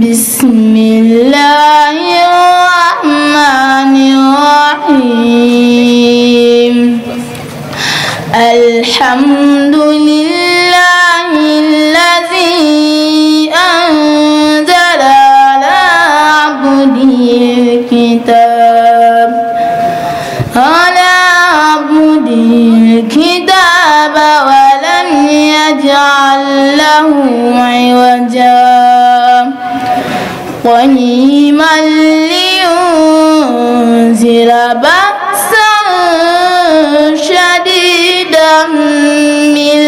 بسم الله قيما لينزل بأسا شديدا من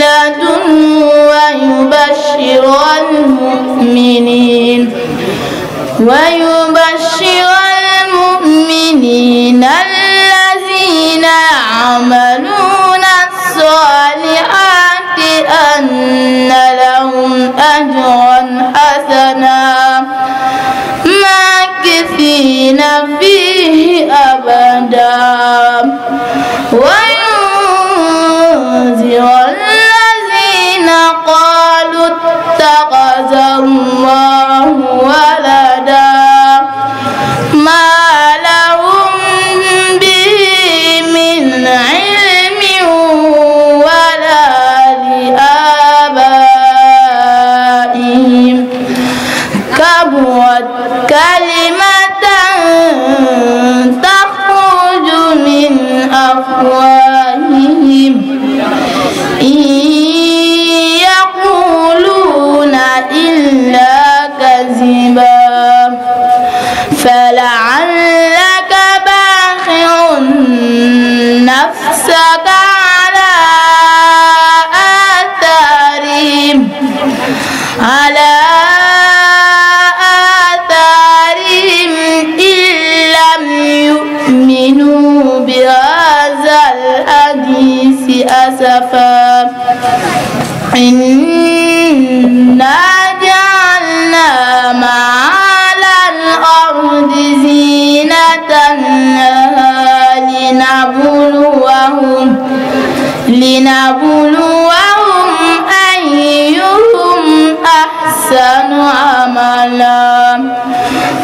لدنه ويبشر المؤمنين ويبشر المؤمنين الذين يعملون الصالحات أن لهم أجرا حسنا خالدين فيه أبدا وينزع الذين قالوا اتخذ الله ولدا بك على آثارهم على آثارهم إن لم يؤمنوا بهذا الحديث أسفا إنا جعلنا ما على الأرض زينة لها لنبلوهم لنبلوهم أيهم أحسن عملا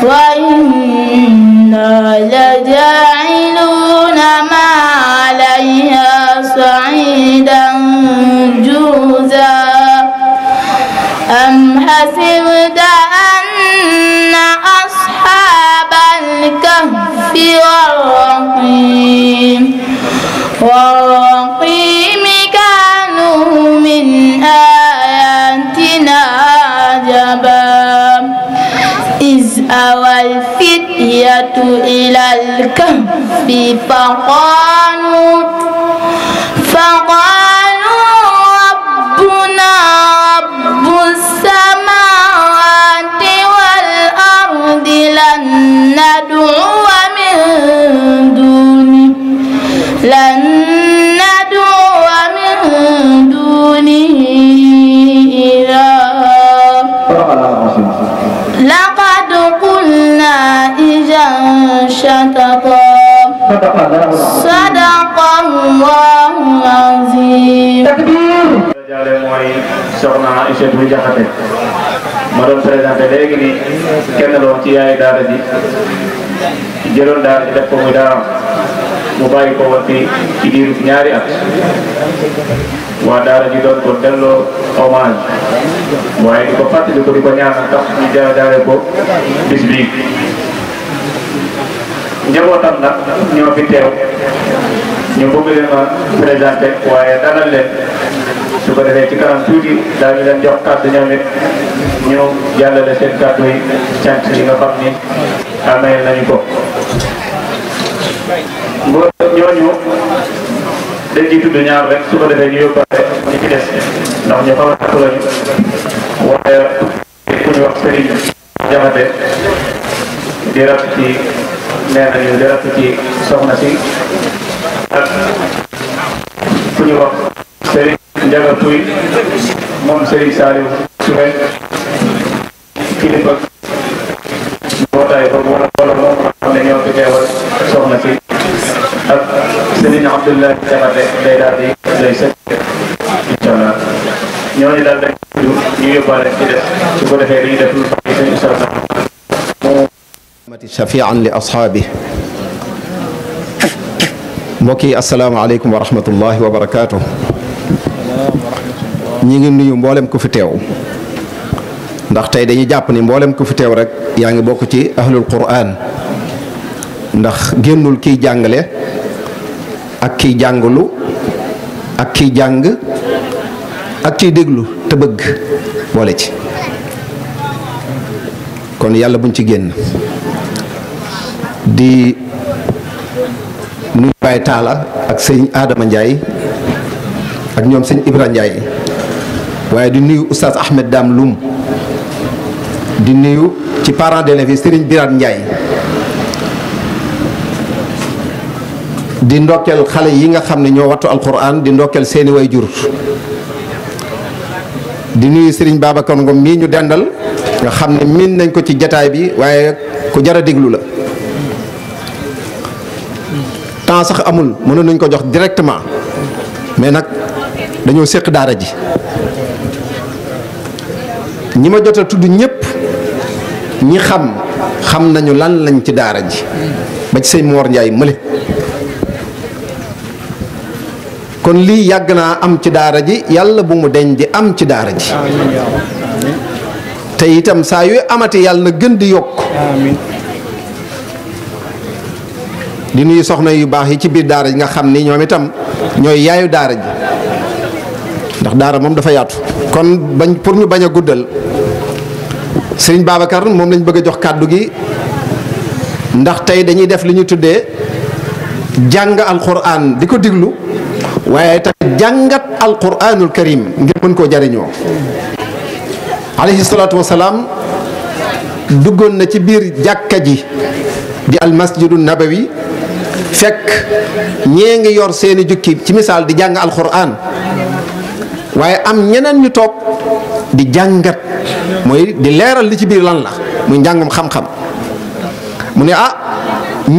وإنا لجاعلون ما عليها صعيدا جوزا أم حسبت والرقيم والرقيم كانوا من آياتنا عجبا إذ أوى الفتية إلى الكهف فقال شططا صدق الله العظيم تكبير jaale mooy soxna Aïssatou Diakhaté ma doon présenté léegi ni kenn loon ci yaay daara ji jëloon daara ji def ko muy daaraam mu bàyyi ko woon fi ci diiru ñaari at waa daara ji doon ko delloo hommage waaye di ko fàttali ko di ko ñaanal tax ñu jaare ko bis bii njabootam nag ñoo fi teew ñu bëgg leen waaye dalal leen su ko defee ci kanam tuuti daañu leen jox kàddu ñoom it ñu jàllale seen kàddu yi cant yi nga xam ni amee nañu ko. boo ñooñu dañ ciy tudd ñaar rek su ko defee ñu yóbbaale ñu ci des ndax ñu xaw a lañu waaye ku ñu wax Serigne Diakhaté di rab ci. nee nañu dara soxna si ak ku ñu wax Serigne Ndiaga Pouy moom Serigne Saliou Touré kilifa mbootaay boobu wala wala moom nga xam ne ñoo fi teewal soxna si ak Serigne Abdoulaye Diakhaté day di lay sëñ incha allah ñooñu daal dañ ñu yóbbaale ci defee dañuy shafian li ashaabi mbokk yi asalaamaaleykum wa rahmatullahi wa barakaatu ñi ngi nuyu mboolem ku fi teew ndax tey dañuy jàpp ni mboolem ku fi teew rek yaa ngi bokk ci ahlul quraan ndax génnul kiy jàngale ak kiy jàngalu ak kiy jàng ak kiy déglu te bëgg boole ci kon yàlla buñ ci génn di nuyu Baye Talla ak sëñ aadama Ndiaye ak ñoom sëñ Ibra Ndiaye waaye di nuyu oustaz Ahmed Dame Loum di nuyu ci parents d'élèves yi Serigne Birane Ndiaye di ndokkeel xale yi nga xam ne ñoo wattu alquran di ndokkeel seeni way jur di nuyu sëriñ Babacar Ngom mii ñu dendal nga xam ne miin nañ ko ci jataay bi waaye ku jar a déglu la. temps sax amul mënoon nañ ko jox directement mais nag dañoo séq daara ji ñi ma jot a tudd ñëpp ñi xam xam nañu lan lañ ci daara ji ba ci sëñ Mor njaay mële kon lii yàgg naa am ci daara ji yàlla bu mu deñ di am ci daara ji te itam saa yu amati yàlla gën di yokk di nuyu soxna yu baax yi ci biir daara ji nga xam ni ñoom itam ñooy yaayu daara ji ndax daara moom dafa yaatu. kon bañ pour ñu bañ a guddal sëriñ Babacar moom lañ bëgg a jox kàddu gi ndax tey dañuy def li ñu tuddee jàng alquran di ko diglu waaye tamit jàngat alquranul karim ngir mën koo jariñoo alayhi salaatu wasalaam duggoon na ci biir jàkka ji di almasjidu nabawi fekk ñee ngi yor seeni jukki ci misaal di jàng al alxuraan waaye am ñeneen ñu toog di jàngat mooy di leeral li ci biir lan la muy njàngum xam-xam mu ne ah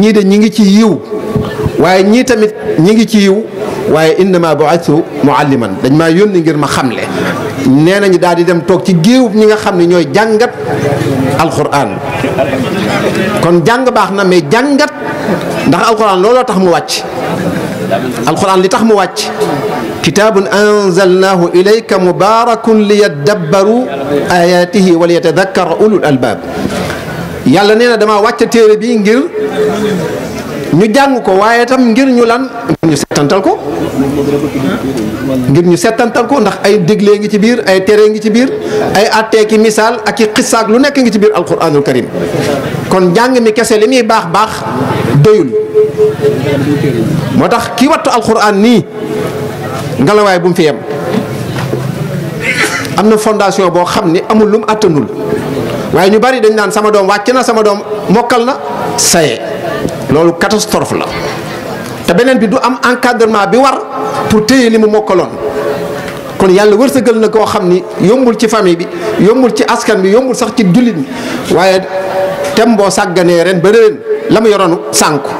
ñii de ñi ngi ci yiw waaye ñii tamit ñi ngi ci yiw waaye innama bu'ithu mualliman dañ maa yónni ngir ma xamle nee nañu daal di dem toog ci géew ñi nga xam ne ñooy jàngat alxuraan kon jàng baax na mais jàngat ndax alxuraan looloo tax mu wàcc alxuraan li tax mu wàcc kitaabun anzalnaahu ilayka mubaarakun liyaddabbaru ayaatihi wa liyatadakkara ulul albaab yàlla nee na dama wàcc téere bi ngir ñu jàng ko waaye tam ngir ñu lan ngir ñu settantal ko ngir ñu setantal ko ndax ay déglee ngi ci biir ay tere ngi ci biir ay attee ki misaal ak i xisaak lu nekk ngi ci biir alquranul karim kon njàng mi kese li muy baax baax doyul moo tax ki wattu alquran nii ngelawaay bu mu fi yem am na fondation boo xam ni amul lu mu àttanul waaye ñu bari dañ naan sama doom wàcc na sama doom mokkal na saye loolu catastrophe la te beneen bi du am encadrement bi war pour téye li mu mokkaloon kon yàlla wërsëgal na koo xam ni yombul ci famille bi yombul ci askan bi yombul sax ci jullit bi waaye tem boo sàgganee ren ba ren la mu yoroonu sànku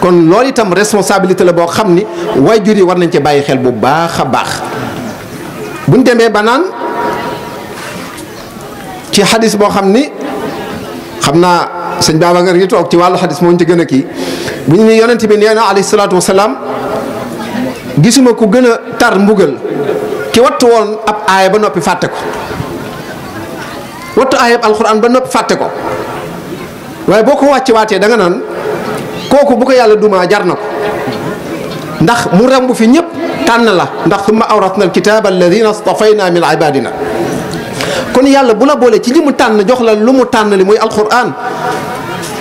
kon loolu itam responsabilité la boo xam ni waajur yi war nañ ci bàyyi xel bu baax a baax buñ demee banaan ci xadis boo xam ni xam naa sëñ Babacar yi toog ci wàllu xadis moo ñu ci gën a kii bu ñu ne yonent bi nee na gën a tar mbugal ki ab aaya ba noppi fàtte ko wattu aaya ba noppi fàtte ko waaye boo ko wàcce waatee da nga naan kooku bu ko yàlla dumaa jar na ko ndax mu ramb fi ñëpp tànn la ndax summa na alkitaaba alladina stafayna min ibadina kon yàlla bu la boolee ci li mu tànn jox la lu mu tànn li muy alquran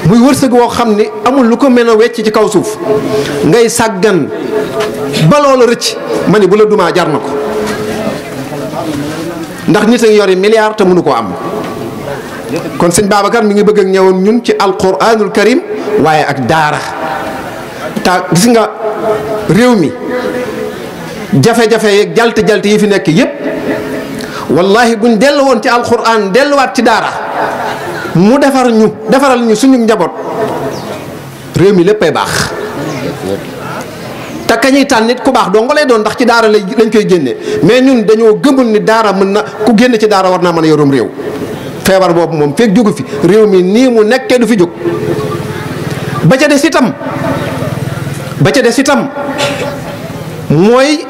muy wërsëg woo xam ni amul lu ko mën a wecc ci kaw suuf ngay sàggan ba loola rëcc ma ni bu la dumaa jar na ko ndax nit a ngi yori milliard te mënu koo am kon sëñ Babacar mi ngi bëgg ak ñëwoon ñun ci alquranul karim waaye ak daara ta gis nga réew mi jafe-jafe yeeg jalte yi fi nekk yépp wallahi buñ dellu woon ci alquran delluwaat ci daara mu defar ñu defaral ñu suñu njaboot réew mi léppay baax te kañuy tànn nit ku baax doo nga lay doon ndax ci daara lañ koy génne mais ñun dañoo gëmul ni daara mën na ku génn ci daara war naa mën a yorum réew feebar boobu moom feeg jógu fi réew mi nii mu nekkee du fi jóg ba ca des itam ba ca des itam mooy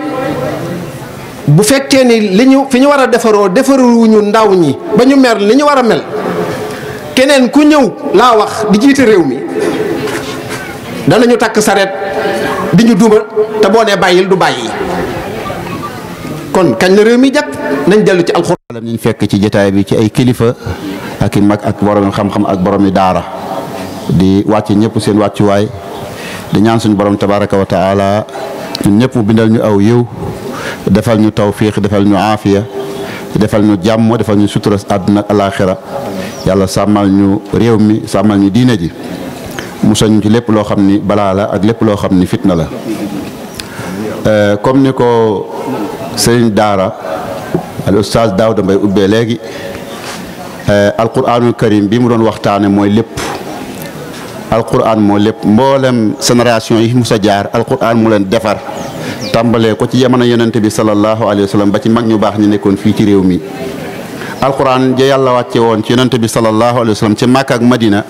bu fekkee ni li ñu fi ñu war a defaroo defaruwuñu ndaw ñi ba ñu mer li ñu war a mel keneen ku ñëw laa wax di jiite réew mi ñu takk saret di ñu duma te boo nee bàyyil du bàyyi kon kañ la réew mi jàpp nañ dellu ci alxuraan ñu fekk ci jotaay bi ci ay kilifa ak i mag ak borom xam-xam ak borom yi daara di wàcc ñëpp seen wàccuwaay di ñaan suñu borom tabaraka wa taala ñun ñëpp mu bindal ñu aw yiw defal ñu tawfiix defal ñu aafiya defal ñu jàmm defal ñu sutura àdduna ak alaaxira yàlla sàmmal ñu réew mi sàmmal ñu diine ji musal ñu ci lépp loo xam ni balaa la ak lépp loo xam ni fitna la euh, comme ni ko sëriñ daara al ustaaz Daawda Mbay ubbee léegi euh, alquraanul karim bi mu doon waxtaane mooy lépp alquran moo lépp mboolem génération yi musa jaar alquran mu leen defar tàmbalee ko ci jamono yonent bi sallallahu alayhi wa sallam ba ci mag ñu baax ñu nekkoon fii ci réew mi alquran ja yàlla wàcce woon ci yonente bi sallallahu alayhi wa sallam ci Màkka ak Madina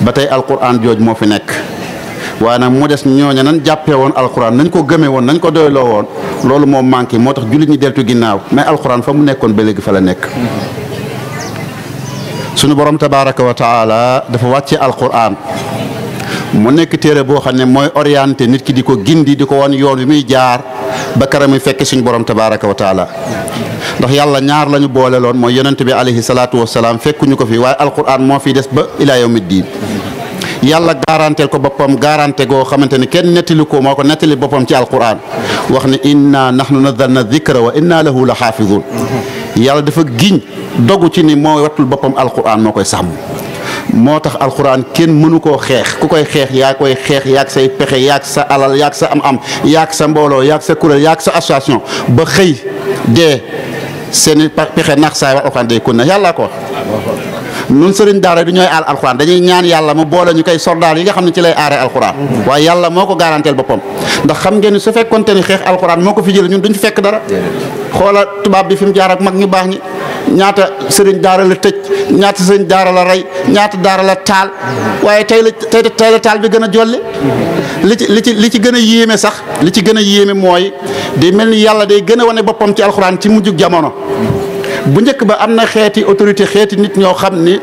ba tey alquran jooj moo fi nekk waaye nag mu des ñooña nan jàppee woon alquran nañ ko gëme woon nañ ko doyloo woon loolu moo manqué moo tax jullit ñi deltu ginnaaw mais alquran fa mu nekkoon ba léegi fa la nekk. suñu borom tabaaraka wa taala dafa wàcce alquran. mu nekk téere boo xam ne mooy orienté nit ki di ko gindi di ko wan yoon wi muy jaar ba karam muy fekk suñu borom tabaraka wa taala ndax yàlla ñaar lañu ñu boole loon mooy yonente bi alayhi salaatu wasalaam fekkuñu ko fi waaye alquran moo fi des ba ilaa yawmi diin yàlla garanteel ko boppam garante goo xamante ne kenn nettali ko moo ko nettali boppam ci alquran wax ne inna nahnu nazzalna dhikra wa inna lahu la xaafidun yàlla dafa giñ dogu ci ni moo wattul boppam alquran moo koy sàmm moo tax alxuraan kenn mënu koo xeex ku koy xeex yaa koy xeex yaag say pexe yaag sa alal yaag sa am-am yaag sa mbooloo yaag sa kuréel yaag sa association ba xëy dee seeni pexe nax saay wax alxuraan day kun na yàlla ko nun sëriñ daara du ñooy aal alxuraan dañuy ñaan yàlla mu boole ñu koy soldaar yi nga xam ne ci lay aaree alxuraan waaye yàlla moo ko garanteel boppam ndax xam ngeen ni su fekkoonte ni xeex alxuraan moo ko fi jëlee ñun duñ fekk dara xoola tubaab bi fi mu jaar ak mag ñu baax ñi ñaata sëriñ daara la tëj ñaata sëriñ daara la rey ñaata daara la taal waaye tey la tey tey taal bi gën a jolli li ci li ci li ci gën a yéeme sax li ci gën a yéeme mooy di mel ni yàlla day gën a wane boppam ci alxuraan ci mujjug jamono. bu njëkk ba am na xeeti autorité xeeti nit ñoo xam ni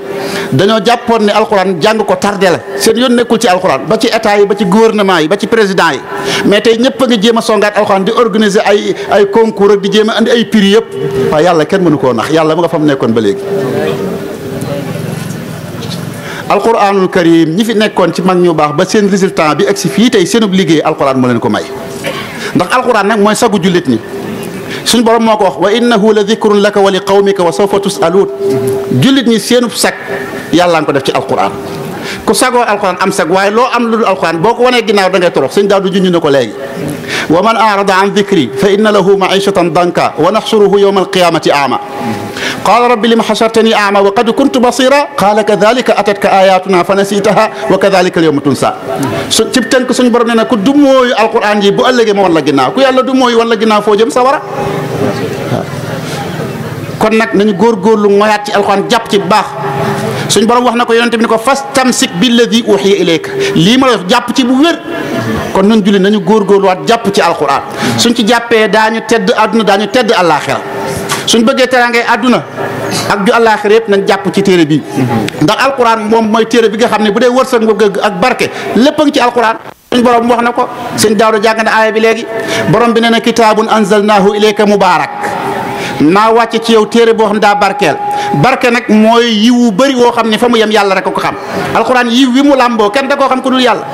dañoo jàppoon ne alxuraan jàng ko tardé la seen yoon nekkul ci alxuraan ba ci état yi ba ci gouvernement yi ba ci président yi mais tey ñëpp a ngi jéem a songaat alxuraan di organiser ay ay concours ak di jéem a ay piri yëpp waaye yàlla kenn mënu koo nax yàlla mu nga fa mu nekkoon ba léegi. alxuraanul karim ñi fi nekkoon ci mag ñu baax ba seen résultat bi egsi fii tey seenub liggéey alxuraan moo leen ko may ndax alxuraan nag mooy sagu jullit ñi. suñu borom moo ko wax wa innahu la dikrun laka wa li qawmika wa sawfa tusaluun jullit ñi seenub sag yàlla nga ko def ci alquran ku sagoo alquran am sag waaye loo am lu dul alquran boo ko wanee ginnaaw da ngay torox sëñ daal du junj ne ko léegi wa man arada an dikri fa inna lahu maishatan danka wa naxsuruhu yowma alqiyamati ama qaala rabbi lima xashartani ama wa qad kuntu basira qaala kadalika atatka ayatuna fa nasitaha wa kadalika al yawma tunsa su cib tënk suñ borom nee na ku du mooyu alquran yi bu ëllëgee ma wan la ginnaaw ku yàlla du mooyu wan la ginnaaw foo jëm sa wara kon nag nañu góorgóorlu ngoyaat ci alquran jàpp ci bu baax suñ borom wax na ko yonente bi ne ko fastamsik billadi uxiya ilayka lii ma la wax jàpp ci bu wér kon nun julli nañu góorgóorluwaat jàpp ci alquran suñ ci jàppee daañu tedd àdduna daañu tedd àllaaxira suñ bëggee teraangay àdduna ak ju àllaaxira yëpp nañ jàpp ci téere bi ndax alquran moom mooy téere bi nga xam ne bu dee wërsëg gëgg ak barke lépp a ngi ci alquran suñ borom wax na ko suñ daaw da jàng na aaya bi léegi borom bi nee na kitaabun anzalnaahu ilayka mubaarak naa wàcce ci yow téere boo xam daa barkeel barke nag mooy yiwu bëri woo xam ne fa mu yem yàlla rek ko xam alquran yiw wi mu làmboo kenn da koo xam ko dul yàlla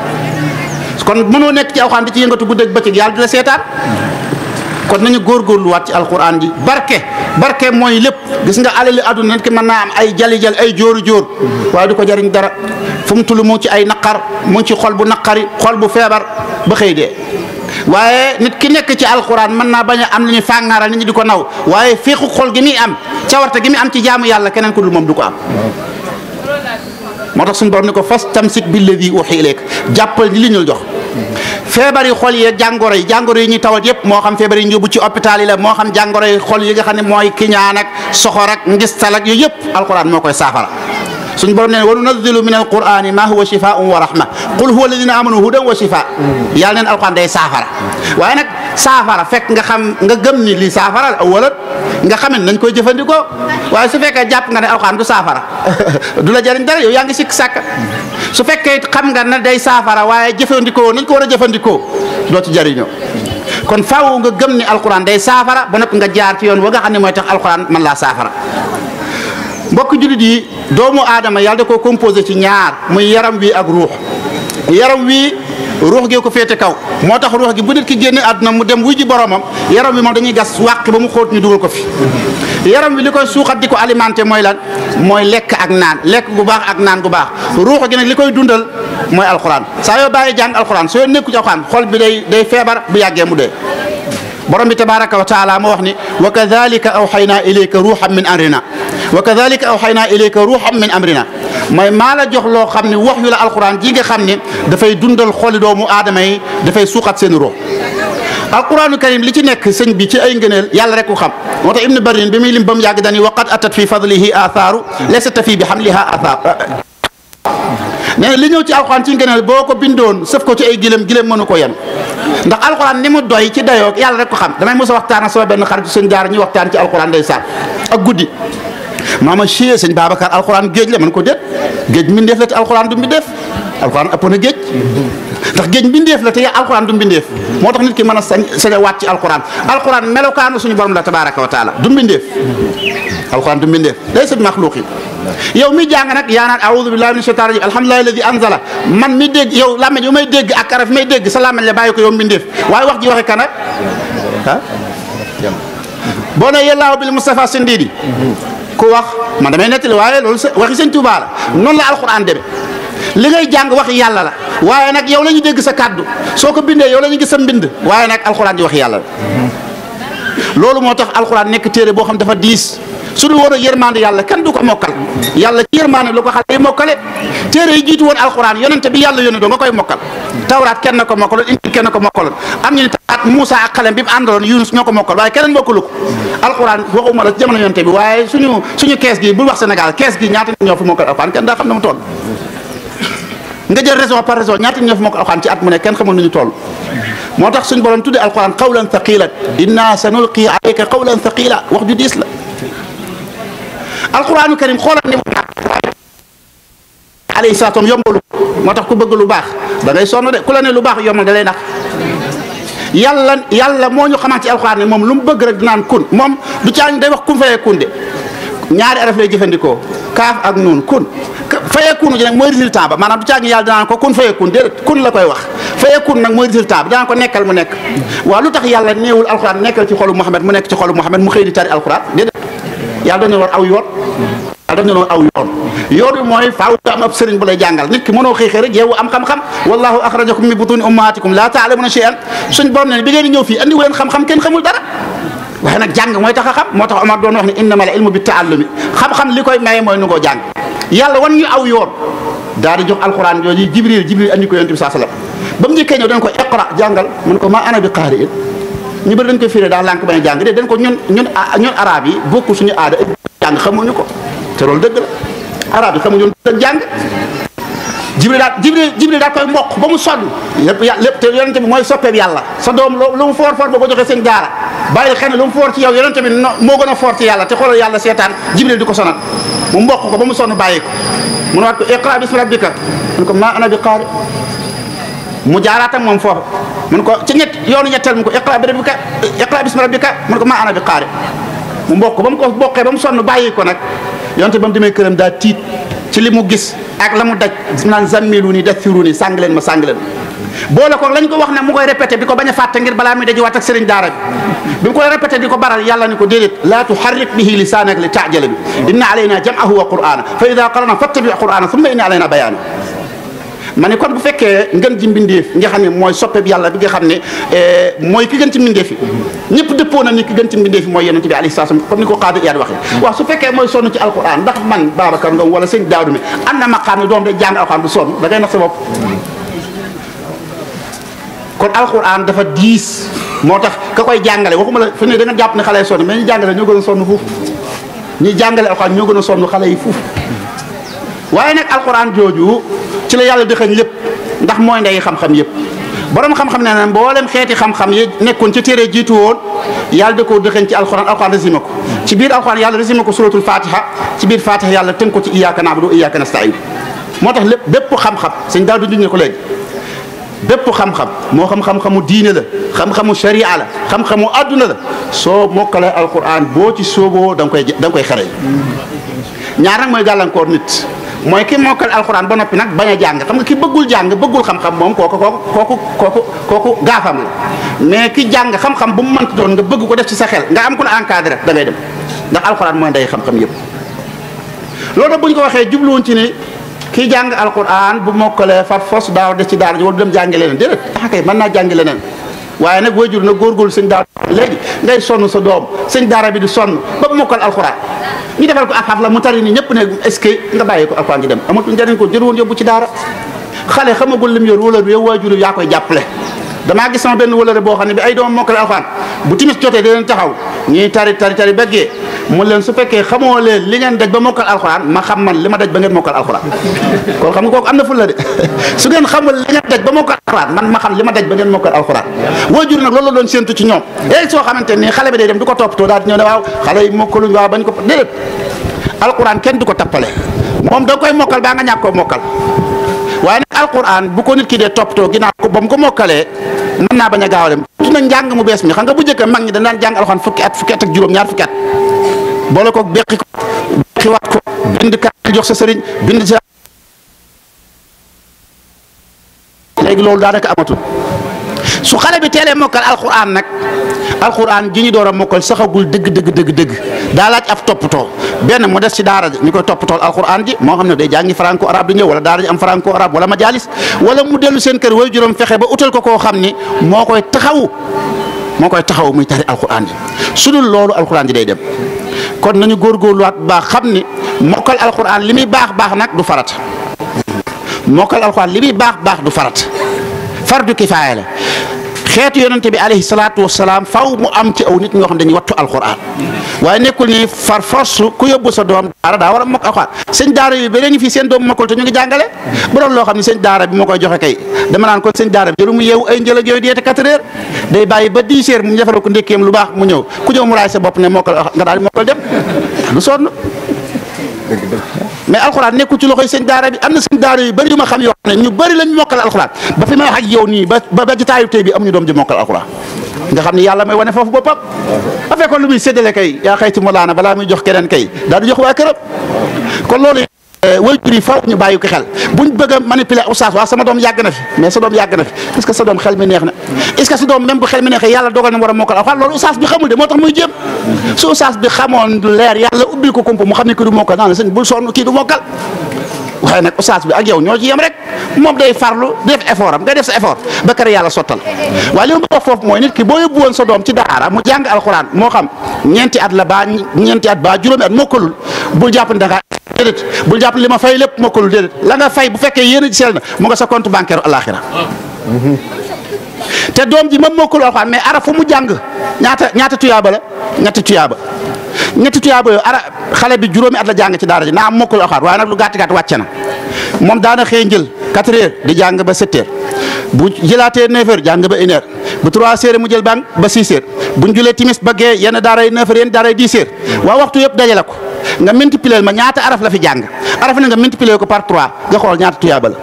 kon mënoo nekk ci alquran di ci yëngatu bu bëccëg yàlla di la kon nañu góor góorgóorluwaat ci alquran ji barke barke mooy lépp gis nga alali àdduna nit ki mën naa am ay jali jal ay jóoru jóor waaye du ko jariñ dara fu mu tulu mu ci ay naqar mu ci xol bu naqari xol bu feebar ba xëy dee waaye nit ki nekk ci alquran mën naa bañ am lu ñu fàngaaral nit ñu di ko naw waaye féexu xol gi muy am cawarte gi muy am ci jaamu yàlla keneen ku dul moom du ko am moo tax suñu borom ni ko fas tamsik billadi uxi ilayk jàppal ni li jox feebar yi xol yee jàngoro yi jàngoro yi ñuy tawat yépp moo xam feebar yi ñu ci hôpital yi la moo xam jàngoro yi xol yi nga xam ne mooy kiñaan ak soxor ak ngistal ak yooyu yëpp alxuraan moo koy saafara suñu borom nee na wa nunazzilu min alqurani ma huwa shifaun wa rahma qul huwa alladina amanu hudan wa shifa yàlla neen alquran day saafara waaye nag saafara fekk nga xam nga gëm ni lii saafara la wala nga xamit nañ koy jëfandikoo waaye su fekkee jàpp nga ne alquran du saafara du la jëriñ dara yow yaa ngi sikk sàkk su fekkee xam nga ne day saafara waaye jëfandikoo nañ ko war a jëfandikoo doo jariñoo kon faaw nga gëm ni alquran day saafara ba nopp nga jaar ci yoon wa nga xam mooy tax alquran man laa saafara mbokk jullit yi doomu aadama yàlla da koo composé ci ñaar muy yaram wi ak ruux yaram wi ruux gee ko féete kaw moo tax ruux gi bu nekk ki génne àdduna mu dem wuy ji boromam yaram wi moom dañuy gas wàq ba mu xóot ñu dugal ko fi yaram wi li koy suuxat di ko alimenté mooy lan mooy lekk ak naan lekk gu baax ak naan gu baax ruux gi nag li koy dundal mooy alxuraan saa yoo bàyyi jàng alxuraan soo nekku ci alxuraan xol bi day day feebar bu yàggee mu dee borom bi tabaraka wa taala moo wax ni wa kadalika awxaynaa ilayka ruuxan min amrina wa kadalika awxaynaa ilayka ruuxan min amrina mooy maa la jox loo xam ne wax yu la alquran ji nga xam ne dafay dundal xooli doomu aadama yi dafay suuxat seen ruux alquranu karim li ci nekk sëñ bi ci ay ngëneel yàlla rek ko xam moo tax ibnu barin bi muy lim ba mu yàgg dañuy waqad atat fi fadlihi athaaru laysata fi bi a athaar nee li ñëw ci alxuraan ci ngëneel boo ko bindoon sëf ko ci ay gileem gileem mënu ko yen ndax alxuraan ni mu doy ci dayoo yàlla rek ko xam damay mos a waxtaan ak sama benn xarit suñ daar ñu waxtaan ci alxuraan day saan ak guddi maama chie sëñ Babacar alxuraan géej la mën ko déet géej mi def la ci alxuraan du mi def alxuraan ëpp na géej ndax géej mbindeef la te yaa alxuraan du mbindeef moo tax nit ki man a sañ sañ a waat ci alxuraan alxuraan melokaanu suñu borom la tabaaraka wa taala du mbindeef alxuraan du mbindeef laysa bi maxluuqin yow mi jàng nag yaa naan aoudu billahi min shaytaan rajim alhamdulilahi alladi anzala man mi dégg yow làmmeñ may dégg ak araf may dégg sa làmmeñ la bàyyi ko yow mbindeef waaye wax ji waxe kan ak boo ne yàllaaw bil Mustafa Sindiidi ku wax man damay nettali waaye loolu waxi sëñ Tuubaa la noonu la alxuraan deme li ngay jàng wax yàlla la waaye nag yow la ñu dégg sa kàddu soo ko bindee yow la ñu gis sa mbind waaye nag alxuraan di wax yàlla la loolu moo tax alxuraan nekk téere boo xam dafa diis su dul woon a yàlla kenn du ko mokkal yàlla ci yërmande lu ko xale yi mokkale téere yi jiitu woon alxuraan yonente bi yàlla yónni doo nga koy mokkal tawraat kenn ko mokkaloon injil kenn ko mokkaloon am ñu ne tawraat Moussa ak xalem bi mu àndaloon Yunus ñoo ko mokkal waaye keneen mokkalu ko alxuraan waxuma la jamono yonente bi waaye suñu suñu kees gi bul wax Sénégal kees gi ñaata ñoo fi mokkal alxuraan kenn daa xam na mu toll nga jël raison par raison ñaata ñëf moo ko alxuraan ci at mu ne kenn xamul nu ñu toll moo tax suñ borom tuddee alxuraan qawlan thaqila inna sanulqi alayka qawlan thaqila wax ju diis la alxuraanu karim xoolal ni alayhi salaatu moo tax ku bëgg lu baax da ngay sonn de ku la ne lu baax yombal da lay nax yàlla yàlla moo ñu xamaat ci alxuraan ne moom lu mu bëgg rek naan kun moom du caañ day wax kun fayee kun de ñaari araf lay jëfandikoo kaaf ak nuun kun fayakun ji nag mooy résultat ba maanaam du caag yàlla danaan ko kun fayakun déedéet kun la koy wax fayakun nag mooy résultat bi danaan ko nekkal mu nekk waaw lu tax yàlla néewul alxuraan nekkal ci xolu Muhammad mu nekk ci xolu Muhammad mu xëy di tari alxuraan déedéet yàlla dañu war yoon yàlla dañu war aw yoon yoon bi mooy faaw nga am ab sëriñ bu lay jàngal nit ki mënoo xëy xëy rek yeewu am xam-xam wallahu axrajakum min butuni ummahatikum la taalamuna shay'an suñ borom ne bi ngeen ñëw fii andi wu xam-xam kenn dara waaye nag jàng mooy tax a xam moo tax Omar doon wax ne innamal ilmu bi taallumi xam-xam li koy maye mooy nu ngoo jàng yàlla wan ñu aw yoon daal di jox alxuraan yooyu jibril jibril andi ko yonent bi saa salaam ba mu njëkkee ñëw dañ ko iqra jàngal mu ne ko maa ana bi qaari ñu bëri dañ koy firé daal lànk bañ a jàng de dañ ko ñun ñun ñun arab yi bokkul suñu aada jàng xamuñu ko te loolu dëgg la arab yi xamuñu jàng jibril daal jibril jibril daal mboq ba mu sonn lépp ya lépp te yonent mooy soppeeb yàlla sa doom lu mu foor foor boo ko joxee seen gaara bàyyi xel ne lu mu foor ci yow yonent bi moo gën a foor ci yàlla te xoolal yàlla seetaan jibril di ko sonal mu mboq ko ba mu sonn bàyyi ko mu ne waat ko iqra bismi rabbika mu ko maa ana bi qaari mu jaaraat ak moom foofu mu ko ci ñett yoonu ñetteel mu ne ko iqra bi rabbika iqra bismi rabbika mu ne ko maa ana bi mu mboq ko ba mu ko mboqee ba mu sonn bàyyi ko nag yonent ba mu demee këram daa tiit ci li mu gis ak la mu daj naan zammilu ni dathiru ni sàng leen ma sàng leen boole ko lañ ko wax ne mu koy répété di ko bañ a fàtte ngir balaa muy dajewaat ak sëriñ daara bi bi mu koy répété di ko baral yàlla ni ko déedéet laa tuharrik bihi lisaanaka li taajala bi inna alayna jam'ahu wa qur'ana fa ida qarana fattabi qur'ana thumma inna alayna bayana ma ne kon bu fekkee ngën ji mbindeef nga xam ne mooy soppeeb yàlla bi nga xam ne eh, mooy ki gën ci mbindeef yi ñëpp dëppoo na ni ki gën ci mbindeef yi mooy yonent bi alayhi salaam comme ni ko xaadi yaat waxe mm. waaw su fekkee mooy sonn ci wala sëñ Daawdu am na maqaam ne doom de jàng alquran du sonn da ngay nax sa bopp kon alquran dafa diis moo tax ka koy jàngale waxuma la fi ne da nga jàpp ne xale yi sonn mais ñu jàngale ñoo gën a sonn fuuf ñi jàngale alquran ñoo gën a sonn xale yi fuuf waaye nag alxuraan jooju ci la yàlla dëxëñ lépp ndax mooy ndey xam-xam yëpp borom xam-xam ne na mboolem xeeti xam-xam yi nekkoon ci téere jiitu woon yàlla da koo dëxëñ ci alxuraan alxuraan résumé ko ci biir alxuraan yàlla résumé ko suratul fatiha ci biir fatiha yàlla ten ko ci iyyaka na'budu wa iyyaka nasta'in moo tax lépp bépp xam-xam sëñ daaw du ne ko léegi bépp xam-xam moo xam xam-xamu diine la xam-xamu sharia la xam-xamu adduna la soo mokkalee alxuraan boo ci sóoboo da koy da koy xare ñaar nit mooy ki mokkal alxuraan ba noppi nag bañ a jàng xam nga ki bëggul jàng bëggul xam-xam moom kooku kooku kooku kooku gaafam la mais ki jàng xam-xam bu mu mënti nga bëgg ko def ci sa xel nga am ku la encadré da ngay dem ndax alxuraan mooy ndey xam-xam yëpp. loolu nag bu ko waxee jubluwoon ci ni ki jàng alxuraan bu mokkalee fa fos daaw des ci daara ji wala dem jàngi leneen déedéet tax ah kay mën naa jàngi leneen. waaye nag waajur na góorgóorlu sëñ daara léegi ngay sa doom sëñ daara bi di sonn ba mokkal alxuraan ñu defal ko ab xaf la mu tari ni ñëpp ne est-ce que nga bàyyi ko alxuraan di dem amatul njëriñ ko jël woon yóbbu ci daara xale xamagul lim yor wala du yow waajur yaa koy jàppale damaa gis sama benn wëlëre boo xam ne bi ay doom mokkal alxuraan bu timis jotee da leen taxaw ñuy tari tari tari ba gee mu leen su fekkee xamoo leen li ngeen daj ba mokkal alxuraan ma xam man li ma daj ba ngeen mokkal alxuraan kon xam nga kooku am na fulla de su ngeen xamul li ngeen daj ba mokkal alxuraan man ma xam li ma daj ba ngeen mokkal alxuraan waajur nag loolu la doon séentu ci ñoom eh soo xamante ni xale bi day dem du ko toppatoo daal di ñëw ne waaw xale yi mokkaluñ waaw bañ ko déedéet alquran kenn du ko tappale moom da koy mokkal baa nga ñàkk koo mokkal waaye nag alquran bu ko nit ki dee toppatoo ginnaaw ko ba mu ko mokkalee mën naa bañ a gaaw a dem na njàng mu bees mi xam nga bu njëkk mag ñi dañ daan jàng fukki at fukki at ak juróom ñaar fukki at boole ko beqi ko bind kaamil jox sa sëriñ bind ci léegi loolu daanaka amatul su xale bi teelee mokkal alxuraan nag alxuraan ji ñu door a mokkal saxagul dëgg dëgg dëgg dëgg daa laaj ab toppatoo benn mu des ci daara ji ñu koy toppatool alxuraan ji moo xam ne day jàngi franco arabe di ñëw wala daara ji am franco arabe wala majalis wala mu dellu seen kër way juróom fexe ba utal ko koo xam ni moo koy taxawu moo koy taxawu muy tari alxuraan ji su dul loolu alxuraan ji day dem kon nañu góor góorgóorluwaat bu baax xam ni mokkal alxuraan li muy baax baax nag du farat mokkal alxuraan li muy baax baax du farat fardu kifaaya la xeetu yonente bi alayhi salaatu wasalaam faw mu am ci aw nit ñoo xam dañuy wattu alquran waaye nekkul ni far force ku yóbbu sa doom daara daa war a mokk alquran sëñ daara yi ba léegi fii seen doom mokkul te ñu ngi jàngale bu doon loo xam ne sëñ daara bi koy joxe kay dama naan kon sëñ daara bi jëru mu yeewu ay njël ak yooyu di day bàyyi ba dix heures mu defaral ko ndékkeem lu baax mu ñëw ku ñëw mu raay sa bopp ne mokkal nga daal di mokkal dem lu sonn mais alxuraan nekku ci loxoy seen daara bi am na seen daara yu bëri yu ma xam yoo xam ne ñu bëri lañ mokkal alxuraan ba fi may wax yow nii ba ba jotaayu tey bi amuñu doom ji mokkal alxuraan nga xam ne yàlla may wane foofu boppam ba fekkoon lu muy séddale kay yaa xayti molaana balaa muy jox keneen kay daal di jox waa këram kon loolu waajur yi faw ñu bàyyi ko xel buñ bëgg a manipuler oustaz waaw sama doom yàgg na fi mais sa doom yàgg na fi est ce que sa doom xel mi neex na est que sa doom même bu xel mi neexee yàlla dogal na war a mokkal alxuraan loolu oustaz bi xamul de moo tax muy jéem su oustaz bi xamoon leer yàlla ubbil ko kumpa mu xam ne kii du mokkal naa ne sëñ bul sonn kii du mokkal waaye nag oustaz bi ak yow ñoo ci yem rek moom day farlu di def effort am nga def sa effort ba kër yàlla sottal waaye li ma wax foofu mooy nit ki boo yóbbu woon sa doom ci daara mu jàng alxuraan moo xam ñeenti at la baa ñeenti at baa juróomi at mokkalul bul jàpp ne dangaa déedéet bul li ma fay lépp mokkalul déedéet la fay bu fekkee yéen a seel na mu nga sa compte bancaire alaxira te doom ji ma mokkul alxuraan mais ara fu mu jàng ñaata ñaata tuyaaba la ñetti tuyaaba. ñetti tuyaaba yooyu ara xale bi juróomi at la jàng ci daara ji naa am mokkul oxaat waaye nag lu gàtt gàtt wàcce na moom daana xëy njël 4 heures di jàng ba 7 bu jëlaatee 9 heures jàng ba 1 heure bu 3 heures mu jël bang ba 6 bu ñu julee timis ba gee yenn daara yi 9 heures yenn daara yi 10 waa waxtu yëpp dajale ko nga multiplier ma ñaata araf la fi jàng araf na nga multiplier ko par 3 nga xool ñaata tuyaaba la.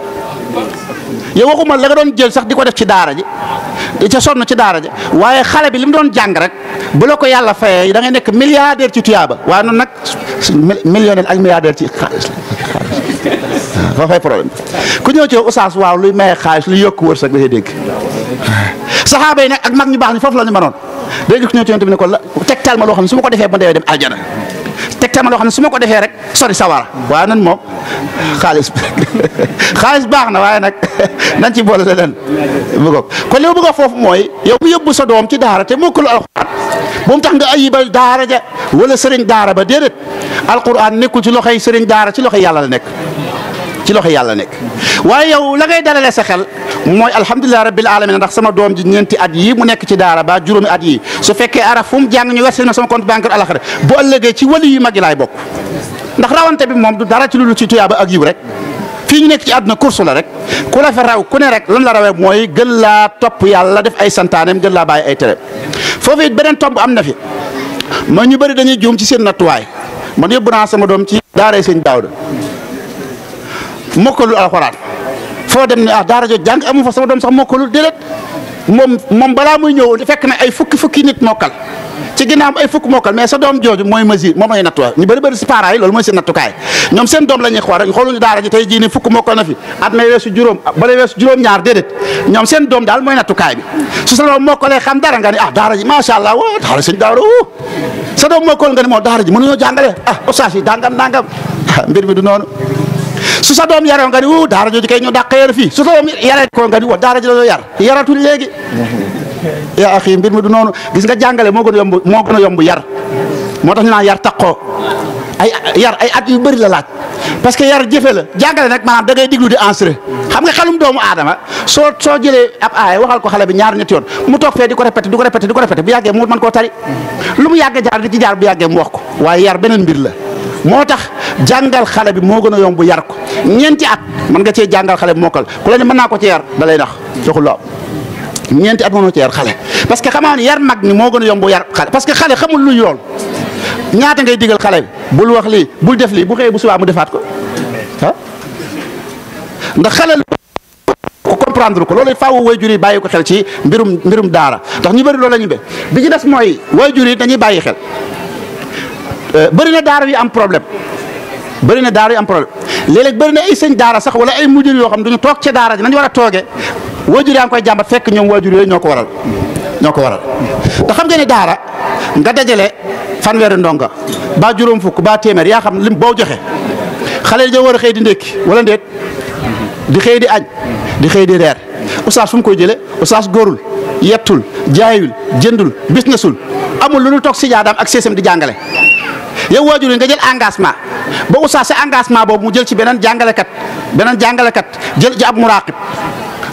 yow waxuma la nga doon jël sax di ko def ci daara ji di ca sonn ci daara ji waaye xale bi li mu doon jàng rek bu la ko yàlla fayee da nekk milliardaire ci tuyaaba waaye noonu nag millionnaire ak milliardaire ci xaalis fa waaw luy maye xaalis luy yokk wërsëg la dégg saxaaba yi nag ak mag baax ñi foofu la ñu mënoon dégg ku ñëw ko la tegtal ma loo xam ne su ma ko defee ba deewee dem aljana tegtal ma loo xam ne su ma ko defee rek sori sawara waaye nan moom xaalis xaalis baax na waaye nag nan ci boole leneen bu ko kon li ma foofu mooy yow bu yóbbu sa doom ci daara te mokkul al bu mu tax nga ayibal daara ja wala sëriñ daara ba déedéet alxuraan nekkul ci loxoy sëriñ daara ci loxoy yàlla la nekk ci loxo yàlla nekk waaye yow la ngay dalalee sa xel mooy alhamdulilah rabbil na ndax sama doom ji ñeenti at yi mu nekk ci daara ba juróomi at yi su fekkee araf fu mu jàng ñu versé ma sama compte bancaire alaxira bu ëllëgee ci wali yu mag yi laay bokk ndax rawante bi moom du dara ci lu ci tuyaaba ak yiw rek fii ñu nekk ci àdduna course la rek ku la fa raw ku ne rek lan la rawee mooy gën laa topp yàlla def ay santaaneem gën laa bàyyi ay tere foof it beneen tomb am na fi ma ñu bëri dañuy juum ci seen nattuwaay man yóbbu naa sama doom ci daaree seen daaw mokkalu alxuraan foo dem ne ah daara jo jàng amu fa sama doom sax mokkalu déedéet moom moom balaa muy ñëw fekk na ay fukki fukki nit mokkal ci ginnaaw ay fukk mokkal mais jooju mooy mesure moom mooy nattuwaay ñu bëri bëri si parents yi loolu mooy seen nattukaay ñoom seen doom la ñuy xool rek xooluñu daara ji tey jii ne fukk na fi at may weesu juróom bala weesu juróom-ñaar déedéet ñoom seen doom daal mooy nattukaay bi su sa doom mokkalee xam dara nga ne ah daara ji macha allah woo daara sëñ daara woo sa doom mokkal nga ne moo daara ji mënuñoo jàngale ah ustaas yi dàngam mbir mi du noonu. su sa doom yaroo nga ni wuu daara jooju kay ñu dàq yar fii su sa doom yaree ko nga ni woo daara ji yar yaratuñ léegi. yaa axi mbir mi du noonu gis nga jàngale moo gën a yomb moo gën a yomb yar moo tax naa naan yar taqoo ay yar ay at yu bëri la laaj parce que yar jëfe la jàngale nag maanaam da ngay diglu di enregistré xam nga xelum doomu aadama soo soo jëlee ab aaya waxal ko xale bi ñaar ñetti yoon mu toog fee di ko répété di ko répété di ko répété bu yàggee mu mën koo tari mu yàggee jaar jaar bu yàggee mu ko waaye yar beneen mbir la. moo tax jàngal xale bi moo gën a yomb yar ko ñeenti at mën nga cee jàngal xale bi mokkal ku la ne mën naa ko ci yar da lay nax joxul loo ñeenti at mënoo ci yar xale parce que xamaa ne yar mag ni moo gën a yomb yar xale parce que xale xamul luy yoon ñaata ngay digal xale bi bul wax lii bul def lii bu xëyee bu subaa mu defaat ko ah ndax xale ko comprendre ko loolu faaw waajur yi bàyyi ko xel ci mbirum mbirum daara ndax ñu bari loolu la ñu be bi ñu des mooy waajur yi dañuy bàyyi xel Euh, bëri na daara yu am problème bëri na daara yu am problème léeg-léeg na ay sëñ daara sax wala ay mujjur yoo xam duñu toog ca daara ji nañu war a toogee waajur yaa ngi koy jàmbat fekk ñoom waajur yooyu ñoo ko waral ñoo ko waral te xam nga ne daara nga dajale fanweeri ndonga ba juróom fukk ba téeméer yaa xam lim boo joxe xale yi war a xëy di ndékki wala ndéet di xëy di añ di xëy reer oustaz fu mu koy jëlee oustaz góorul yettul jaayul jëndul businessul amul lu ñu toog si jaadaam ak seesam di jàngale yow waajur yi nga jël engagement ba oustaz sa engagement boobu mu jël ci beneen jàngalekat beneen jàngalekat jël ci ab muraqib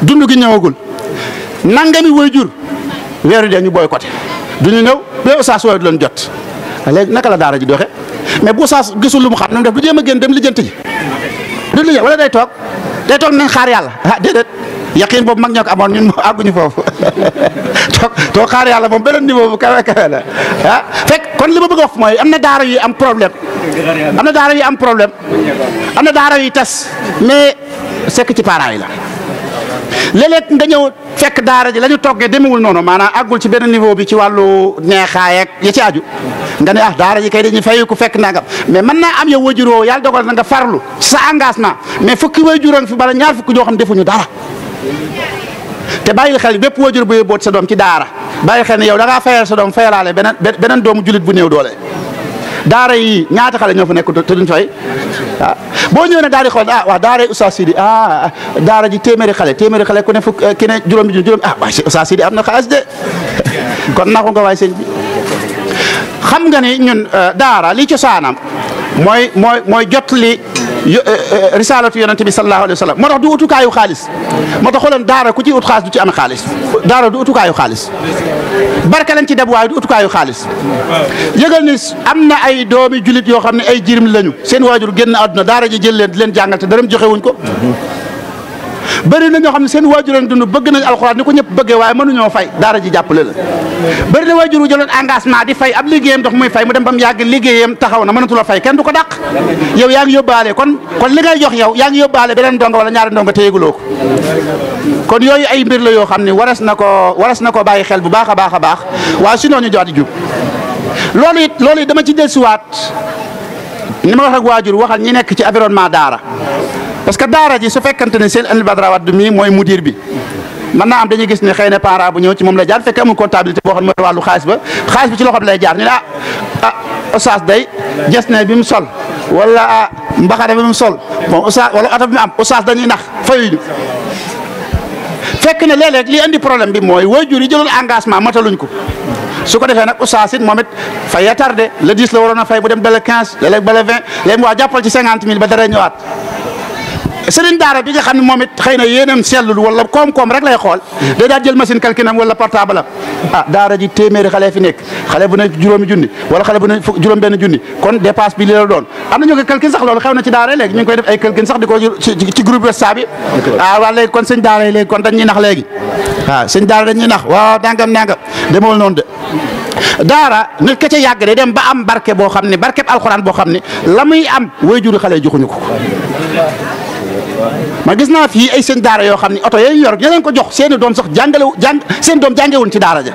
dund gi ñëwagul nangami waajur weeru dee ñu boycotté du ñu ñëw ba oustaz wooyu du leen jot léegi naka la daara ji doxe mais bu oustaz gisul lu mu xam nu mu def du jéem a génn dem lijjanti ji du lijjanti wala day toog day toog nañ xaar yàlla ah déedéet yaqiin boobu mag ñoo ko amoon ñun àgguñu foofu toog toog xaar yàlla moom beneen niveau bu kon li ma bëgg a mooy am na daara yu am problème am na daara yu am problème am na daara yu tas mais sekk ci parents yi la léeg nga ñëw fekk daara ji la ñu toggee demewul noonu maanaam agul ci benn niveau bi ci wàllu neexaay ak ya ci aju nga ne ah daara ji kay dañuy fay ku fekk nangam mais man naa am yow wajuroo yàlla dogal na nga farlu sa engagement mais fukki wajuroo fi bala ñaar fukki joo xam defuñu dara te bàyyil xel bépp waajur bu yóbboot sa doom ci daara bàyyi xel ne yow da ngaa fayal sa doom fayalaale beneen beneen doomu jullit bu new doole. daara yi ñaata xale ñoo fa nekk te duñ fay ah, boo ñëwee nag daal di xool ah waa daara yi Oustaz Sidi ah daara ji téeméeri xale téeméeri xale ku ne fukk eh, ki ne juróomi juróom ah waaye si am na xaalis de kon naxu nga waay sëñ bi xam nga ni ñun eh, daara li cosaanam mooy mooy mooy jot Eh, eh, risaalatu yonente bi sallallahu alayhi wa sallam moo tax du utukaayu xaalis moo tax xooloon daara ku ci ut xaalis ci am xaalis daara du utukaayu xaalis barke lañ ci deb waaye du utukaayu xaalis yëgal ni am na ay doomi julit yoo xam ne ay jirim lañu seen waajur génn àdduna daara ji jël leen di leen jàngal te dërëm joxewuñ ko bëri na ñoo xam ne seen waajuroon dund bëgg nañ alxuraan ni ko ñëpp bëggee waaye mënuñoo fay daara ji jàppale la bëri na waajur wu jëloon engagement di fay ab liggéeyam dox muy fay mu dem ba mu yàgg liggéeyam taxaw na mënatu la fay kenn du ko dàq yow yaa ngi yóbbaale kon kon li ngay jox yow yaa ngi yóbbaale beneen ndongo wala ñaari ndongo te yëguloo ko kon yooyu ay mbir la yoo xam ne warees na ko waras na ko bàyyi xel bu baax a baax a baax waaye sinon ñu jox di jub loolu it loolu dama ci dellusiwaat ni ma wax ak waajur waxal ñi nekk ci environnement daara parce que daara ji su fekkante ne seen Alioune Badara Wade mii mooy mudir bi mën naa am dañuy gis ne xëy na parent bu ñëw ci moom lay jaar fekk amul comptabilité boo xam ne bi lay jaar ñu ne ah ah oustaz day gis ne bi mu sol wala ah, mbaxare bi mu sol bon oustaz wala oto bi mu am oustaz dañuy nax fayuñu fekk ne léeg li andi problème bi mooy waajur yi jëloon engagement mataluñ ko su ko defee nag oustaz it moom it fay ya le 10 la waroon a fay bu dem ba le sëriñ daara bi nga xam ne moom it xëy na yéenam sellul wala koom-koom rek lay xool hmm. day daal jël machine kalkinam wala portable am ah, daara ji téeméeri xale fi nekk xale bu ne juróomi junni wala xale bu ne juróom benn junni kon dépasse bi li la doon am na ñu koy kalkin sax loolu xew na ci daara léegi ñu ngi koy def ay kalkin sax di ko ci groupe whatsapp bi ah waa léegi kon sëñ daara yi léegi kon dañ ñuy nax léegi waaw ah, daara dañ ñuy waaw nangam nangam demewul noonu de daara nit ka yàgg de dem ba am barke boo xam ne barkeb alxuraan boo xam ne la muy am way juri xale joxuñu ko ma gis naa fii ay seen daara yoo xam ne oto yooyu yor yeneen ko jox seeni doom sax jàngale jàng seen doom jàngewuñ ci daara ja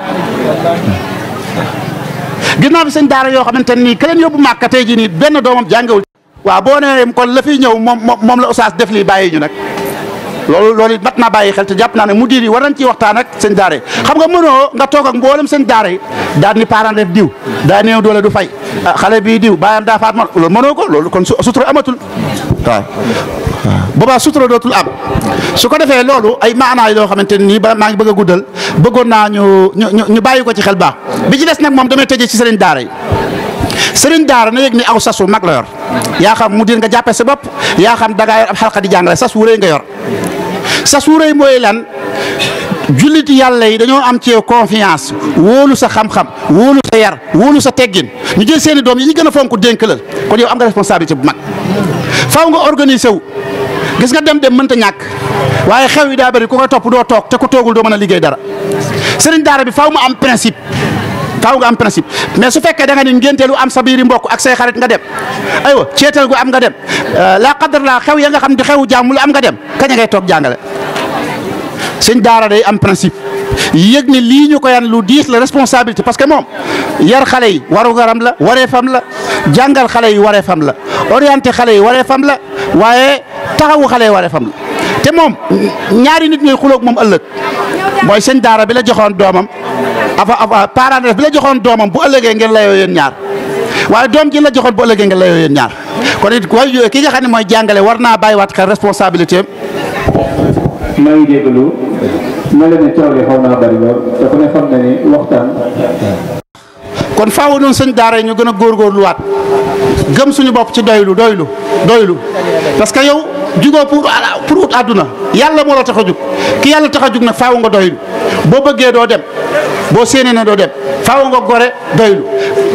gis naa fi seen daara yoo xamante nii keneen yóbbu màkka tey jii nii benn doomam jàngewul waaw boo nee kon la fiy ñëw moom moom la oustaz def lii bàyyi ñu nag loolu loolu it mat naa bàyyi xel te jàpp naa ne mu diir yi war nañ ciy waxtaan ak seen daara xam nga mënoo nga toog ak mboolem seen daara yi daal ni parent def diw daa néew doole du fay ah xale bii diw baayam daa faat ma loolu mënoo ko loolu kon sutura amatul waaw boobaa sutura dootul am su ko defee loolu ay maanaay loo xamante nii ba maa ngi bëgg a guddal bëggoon naa ñu ñu ñu bàyyi ko ci xel baax bi ci des nag moom damay tëjee ci seen daaray sëriñ daara na yëg mi aw sas wu mag la yor yaa xam mu dir nga jàppe sa bopp yaa xam daga ngaa yor ab di jàngale sas wu rëy nga yor sas wu rëy mooy lan jullit yàlla yi dañoo am ci confiance wóolu sa xam-xam wóolu sa yar wóolu sa teggin ñu jël seeni doom yi ñu gën a fonk dénk la ko yow am nga responsabilité bu mag faw nga organiser wu gis nga dem dem mënta ñàkk waaye xew yi daa bëri ku koy topp doo toog te ko toogul doo mën a liggéey dara sëriñ daara bi mu am principe. faaw nga am principe mais su fekkee da nga ni ngénteelu am sa biiri mbokk ak say xarit nga dem aywa ceetal gu am nga dem euh, laa qadar laa xew ya nga xam di xewu jàmm lu am nga dem kañ ngay toog jàngale. sëñ daara day am principe yëg ni lii ñu ko yan lu diis la responsabilité parce que moom yar xale yi warugaram la wareefam la jàngal xale yi ware wareefam la orienté xale yi wareefam la waaye taxawu xale yi wareefam la te moom ñaari nit ñooy xuloog moom ëllëg. mooy sëñ daara bi la joxoon doomam afa afa parent bi la joxoon doomam bu ëllëgee ngeen layoo yéen ñaar waaye doom ji la joxoon bu ëllëgee ngeen layoo yéen ñaar kon it waaye ki nga xam ne mooy jàngale war naa bàyyiwaat xel responsabilité am. maa ngi jégalu ma leen ne coow li kon faaw noonu sëñ daara yi ñu gën a góorgóorluwaat gëm suñu bopp ci doylu doylu doylu parce yow. jugoo pour pour àdduna yàlla moo la tax a jug ki yàlla tax a jug nag faaw nga doylu boo bëggee doo dem boo séenee ne doo dem faaw nga gore doylu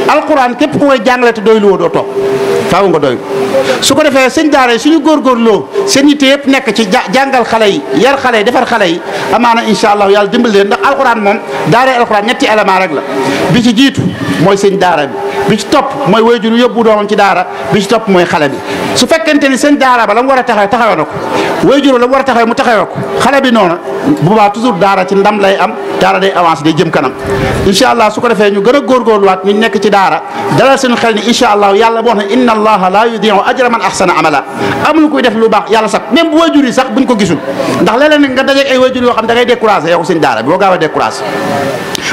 alquran képp ku koy jàngale te doylu woo doo toog faaw nga doylu su ko defee sëñ daara yi suñu góorgóorloo seen yitte yëpp nekk ci jàngal xale yi yar xale yi defar xale yi amaana incha allah yàlla dimbal leen ndax alquran moom daara alquran ñetti élément rek la bi ci jiitu mooy sëñ daara bi bi ci topp mooy wayjur yu yóbbu doomam ci daara bi ci topp mooy xale bi su fekkente ni seen daara ba la mu war a taxawee taxawee na ko a taxawee mu taxawee ko noonu bu boobaa toujours daara ci ndam lay am daara day avancé day jëm kanam incha allah su ko defee ñu gën a góorgóorluwaat ñu nekk ci daara dalal seen xel ni incha allah yàlla boo xam ne inna la yudiu ajra man ahsana amala amul kuy def lu baax yàlla sax même bu wayjur yi sax buñ ko gisul ndax léeg-léeg nga dajeeg ay wayjur yoo da ngay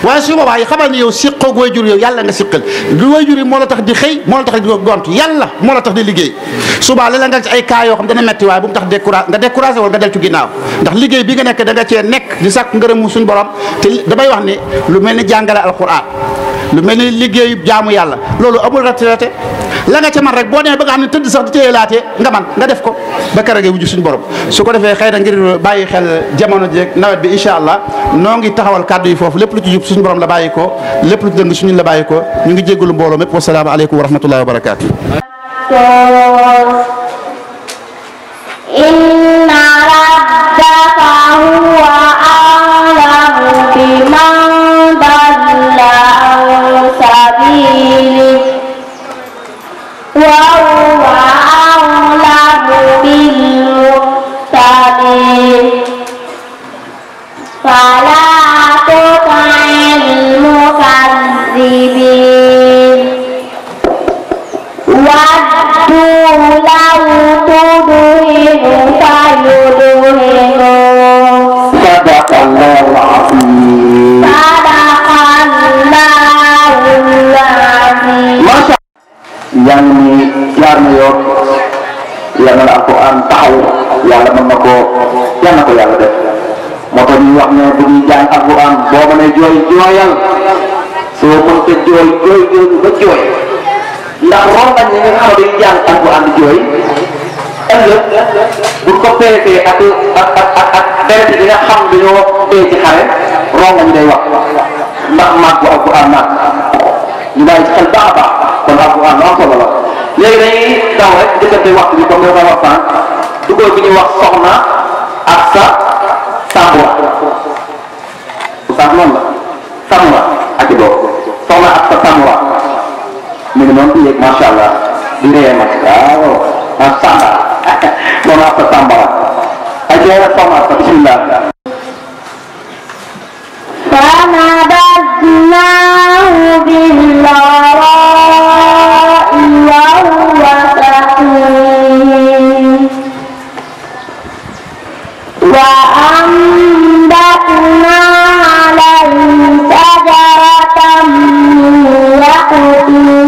waaye su boobaa yi xamal ni yow siqoog waajur yow yàlla nga siqal lu waajur yi moo la tax di xëy moo la tax di gont yàlla moo la tax di liggéey subaa la nga ci ay cas yoo xam dana metti waaye bu mu tax découragé nga découragé wala nga deltu ginnaaw ndax liggéey bi nga nekk da nga nekk di sàkk ngërëmu suñu borom te damay wax ni lu mel ni jàngale alquran lu mel ni liggéeyu jaamu yàlla loolu amul retraité la nga ca man rek boo demee ba nga xam ne tëdd sax di téye laatee nga man nga def ko ba kër gi wujj suñu borom su ko defee xëy na ngir bàyyi xel jamono jeeg nawet bi incha allah noo ngi taxawal kàddu yi foofu lépp lu ci jub suñu borom la bàyyi ko lépp lu ci dëng suñu la bàyyi ko ñu ngi jéggalu mbooloo mépp wassalaamu aleykum wa rahmatullahi wa barakaatu inna وهو أعلم yaakaar na yow yal na la alquran taxaw yàlla mën na koo yal na ko yàlla def moo tax ñu wax ne bu ñuy jàng alquran boo mënee jooy jooyal soo mënta jooy jooy jooy ba jooy ndax romb nañ ñi nga xam ne dañuy jàng alquran di jooy ëllëg bu ko peesee ak ak ak ak peese bi nga xam dañoo pee ci xare romb nañ day wax ndax maag bu alquran maag ñu bàyyi ci xel baax a baax kon alquran lu am solo la léegi dañuy daw rek jëkkante waxtu bi comme ni ma ko wax sànq dugub bi ñuy wax soxna ak sa sàmba sàmba noonu la sàmba ak i boobu soxna ak sa sàmba mi ngi noonu yéeg macha allah di ree ma waaw macha allah soxna ak sa sàmba ak yow soxna ak sa bismillah فنبذناه بالعراء وأنبتنا عليه شجرة من يقطين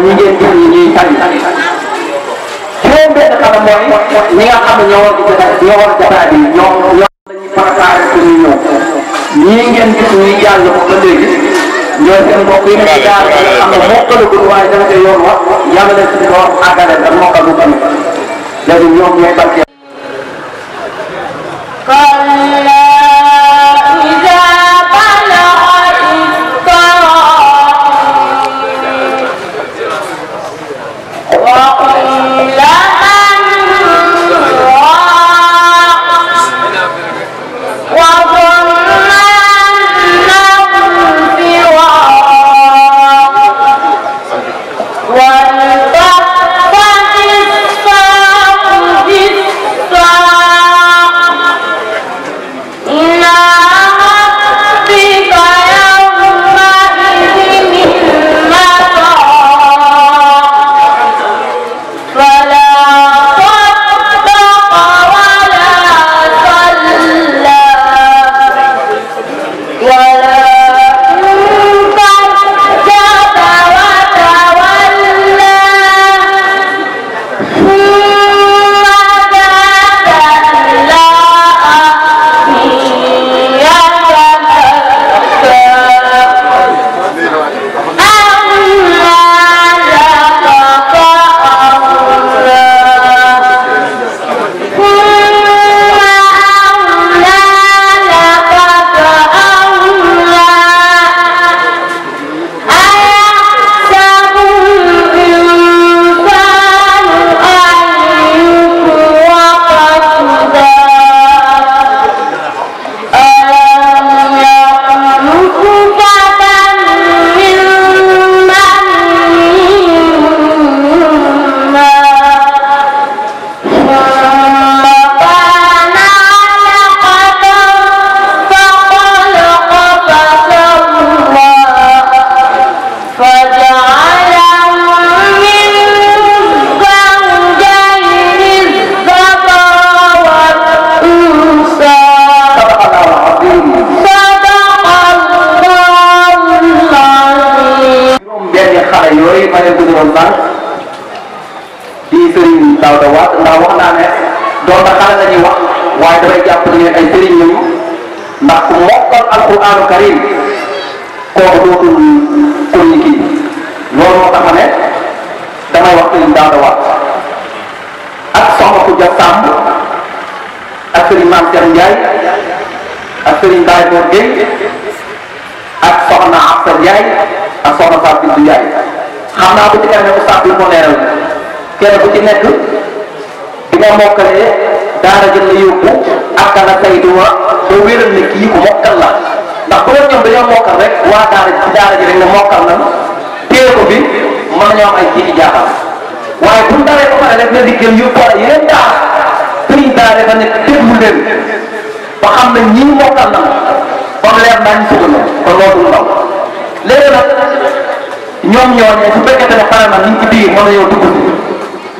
mooy ñi ngeen gis ñi ñuy tànn juróom benn fan mooy ñi nga xam ne ñoo war di ñoo war jotaay bi ñoo ñoo lañuy préparé pour ñu ñëw ñii ngeen gis ñuy jàll ko ba léegi ñoo seen mbokk yi nekk daal nga xam ne mokkalagul waaye dana koy yoon wax yàlla def ci kawam àggale da mokkal bu bëri léegi ñoom ñooy barkeel Serigne Daouda Wade ndax wax naa ne doon na xale la ñuy wax waaye damay jàpp ne ay sëriñ lañu ndax ku mokkal alquranu karim kooku dootul ko ñu kii loolu moo tax ma ne damay wax Serigne Daouda Wade ak soxna ku ja Samb ak Serigne Mame Cheikh Ndiaye ak Serigne Baye Mor ak soxna Afsa Ndiaye ak xam naa bu ci kenn ne oustaz bi kenn bu ci nekk bi nga mokkalee daara jël la yóbbu ak na saytu wa ba wéral ne kii ku mokkal la ndax bu doon ñoom dañoo mokkal rek waa daara ji daara ji rek ne mokkal na téye ko bi mën nañoo am ay jiitu jaaxal waaye bu ñu daree ba na di jël yóbbuwaale yeneen daara prix daara na ba mu leer naa ñu sugal na kon loolu ndaw léegi nag ñoom ñoo ne su fekkee ne pare na ñu ci biir mën na yow dugg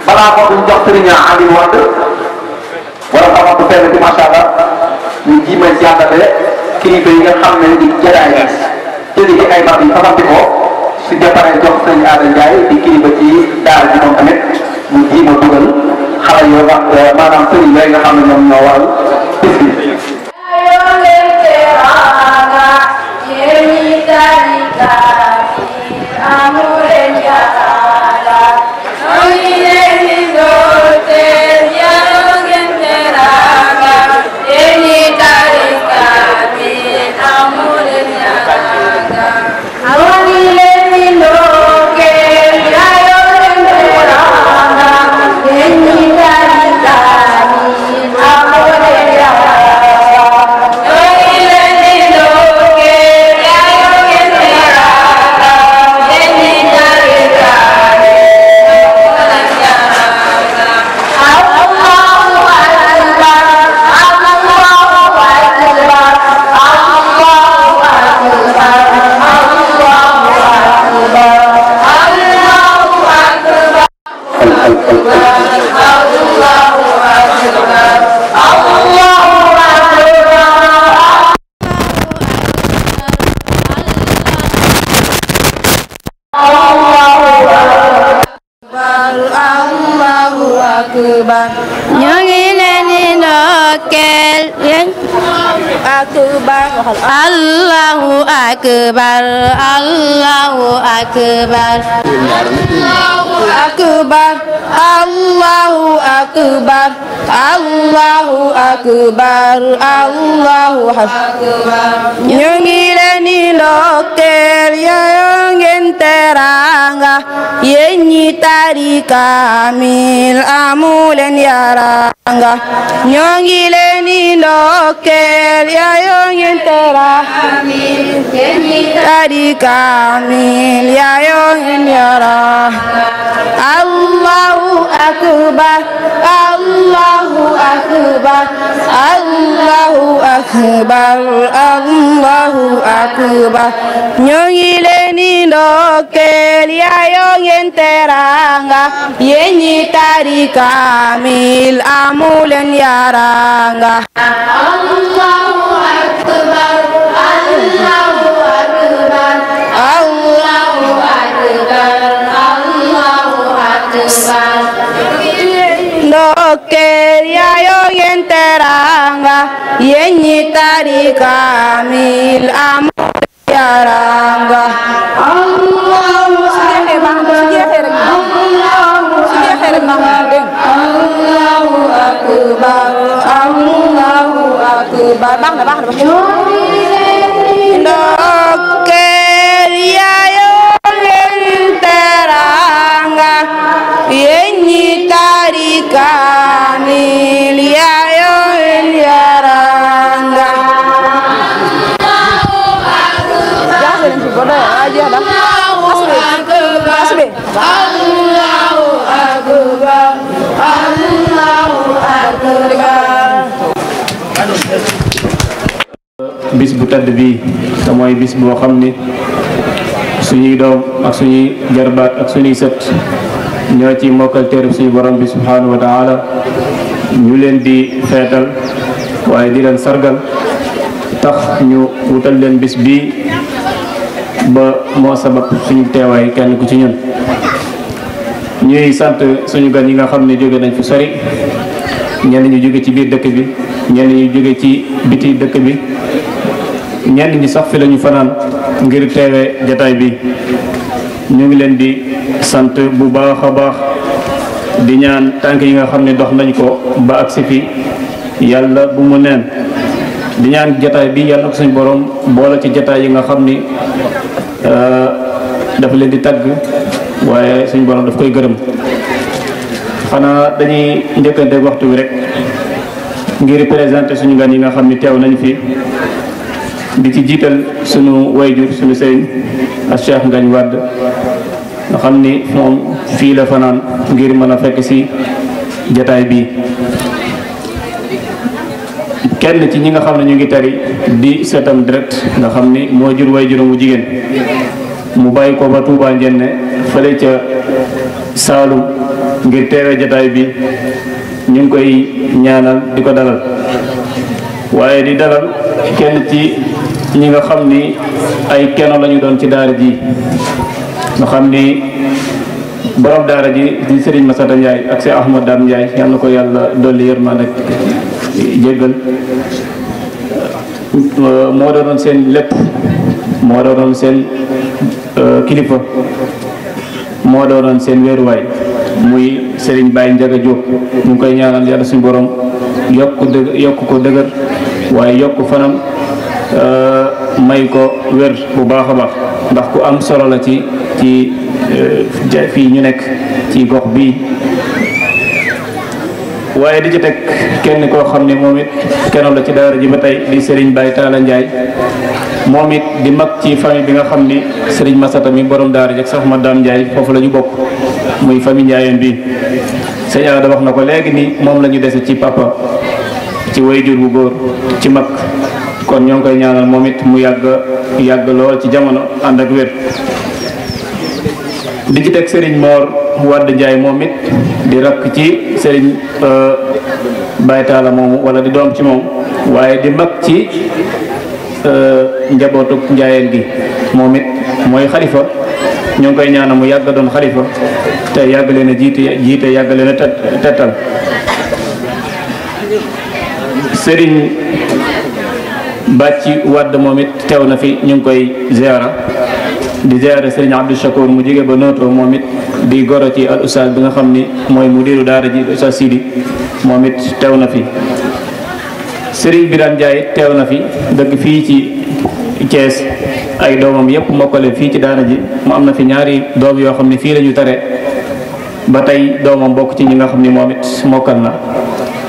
balaa ko duñ jox sëriñ Aliou Wade wala xamal ko fenn ci macha allah ñu ji ma jàllale kilifa yi nga xam ne di jadaay jëli ci ay barab yi xamante ko su defaree jox sëriñ Aliou Ndiaye di kilifa ci daal ma dugal xale yoo wax euh, nga xam ne ñoom ñoo waral bis bi. akbar Allahu akbar Allahu akbar Allahu akbar Allahu akbar Allahu akbar Allahu akbar ñu ngi leen di ndokkeel yoo ngeen teraanga yéen ñi tari kaamil amu leen yara nga ñoo ngi leen di ndokkeel yaa yoo ngi tera tari kaamil yaa yoo ngi yara allahu akbar allahu akbar allahu akbar allahu akbar ñoo ngi leen di ndokkeel yaa yoo ngi tera nga yéen ñi tari kaamil muulen yaranga allahu akbar allahu akbar allahu akbar allahu akbar ndokkeel yaa yoo ngeen teranga yéen ñi tari kaamil amul yaranga allahu akbar Mahathir Allahu Akbar Allahu Akbar baax na baax na bis bu tedd bii te mooy bis boo xam ni suñuy doom ak suñuy jarbaat ak suñuy sët ñoo ci mokkal teerub suñu borom bi subhanahu wa taala ñu leen di feetal waaye di leen sargal tax ñu wutal leen bis bii ba moo sabab suñu teewaay kenn ku ci ñun ñuy sant suñu gan yi nga xam ne jóge nañ fu sori ñenn ñu jóge ci biir dëkk bi ñenn ñu jóge ci biti dëkk bi ñenn ñi sax fi la ñu fanaan ngir teewe jataay bi ñu ngi leen di sant bu baax a baax di ñaan tànk yi nga xam ne dox nañ ko ba agsi fi yàlla bu mu neen di ñaan jataay bi yàlla ko suñ boroom boole ci jataay yi nga xam ni euh, dafa leen di tagg waaye suñ borom daf koy gërëm xanaa dañuy njëkkante waxtu bi rek ngir présenter suñu gan yi nga xam ni teew nañ fi di ci jiital sunu wayjur sunu sëriñ ak Cheikh Ngañ Wàdd nga xam ni moom fii la fanaan ngir mën a fekk ci jataay bi kenn ci ñi nga xam ne ñu ngi tari di setam direct nga xam ni moo jur wayjuram mu jigéen mu bàyyi ko ba Tuubaa Njenne fële ca Saalum ngir teewe jataay bi ñu ngi koy ñaanal di ko dalal waaye di dalal kenn ci ñi nga xam ni ay keno lañu doon ci daara ji nga xam ni borom daara ji di Serigne Massata Ndiaye ak Cheikh Ahmad Dam Ndiaye yal na ko yàlla dolli yërmande ak jéggal moo doonoon seen seen euh, kilifa moo doonoon seen wéeruwaay muy sëriñ Baye Ndiaga Diop ñu ngi koy ñaanal yàlla suñu borom yokk dëgër waaye yokk fanam Euh, may ko wér bu baax a baax ndax ku am solo la ci ci euh, fii ñu nekk ci gox bii waaye di ci teg kenn koo xam ne moom it kenn la ci daara ji ba tey di Serigne Baye Talla moom it di mag ci famille bi nga xam ni sëriñ Masata mi borom daara ji ak sax ma Dame Ndiaye foofu lañu bokk muy famille njaayoon bi sëñ Aada wax na ko léegi ni moom la desee ci papa ci wayjur bu góor ci mag kon ñoo ngi koy ñaanal moom it mu yàgg yàgg lool ci jamono ànd ak wér di ci teg Serigne Mor Wadd Njaay moom it di rakk ci sëriñ euh, Baye Talla moomu wala di doom ci moom waaye di mag ci euh, njabootu njaayeen gi moom it mooy xalifa ñoo ngi koy ñaanal mu yàgg doon xalifa te yàgg leen a jiite jiite yàgg leen a tettal Serigne bàcci wàdd moom it teew na fi ñu ngi koy ziara di ziara sëriñ Abdou Chakour mu jege ba nootoo moom it di goro ci al ustaas bi nga xam ni mooy mu daara ji ustaas Sidi moom it teew na fi sëriñ Birane Ndiaye teew na fi dëkk fii ci Thiès ay doomam yëpp mokkale fii ci daara ji mu am na fi ñaari doom yoo xam ne fii la tare ba tey doomam bokk ci ñi nga xam ni moom it mokkal na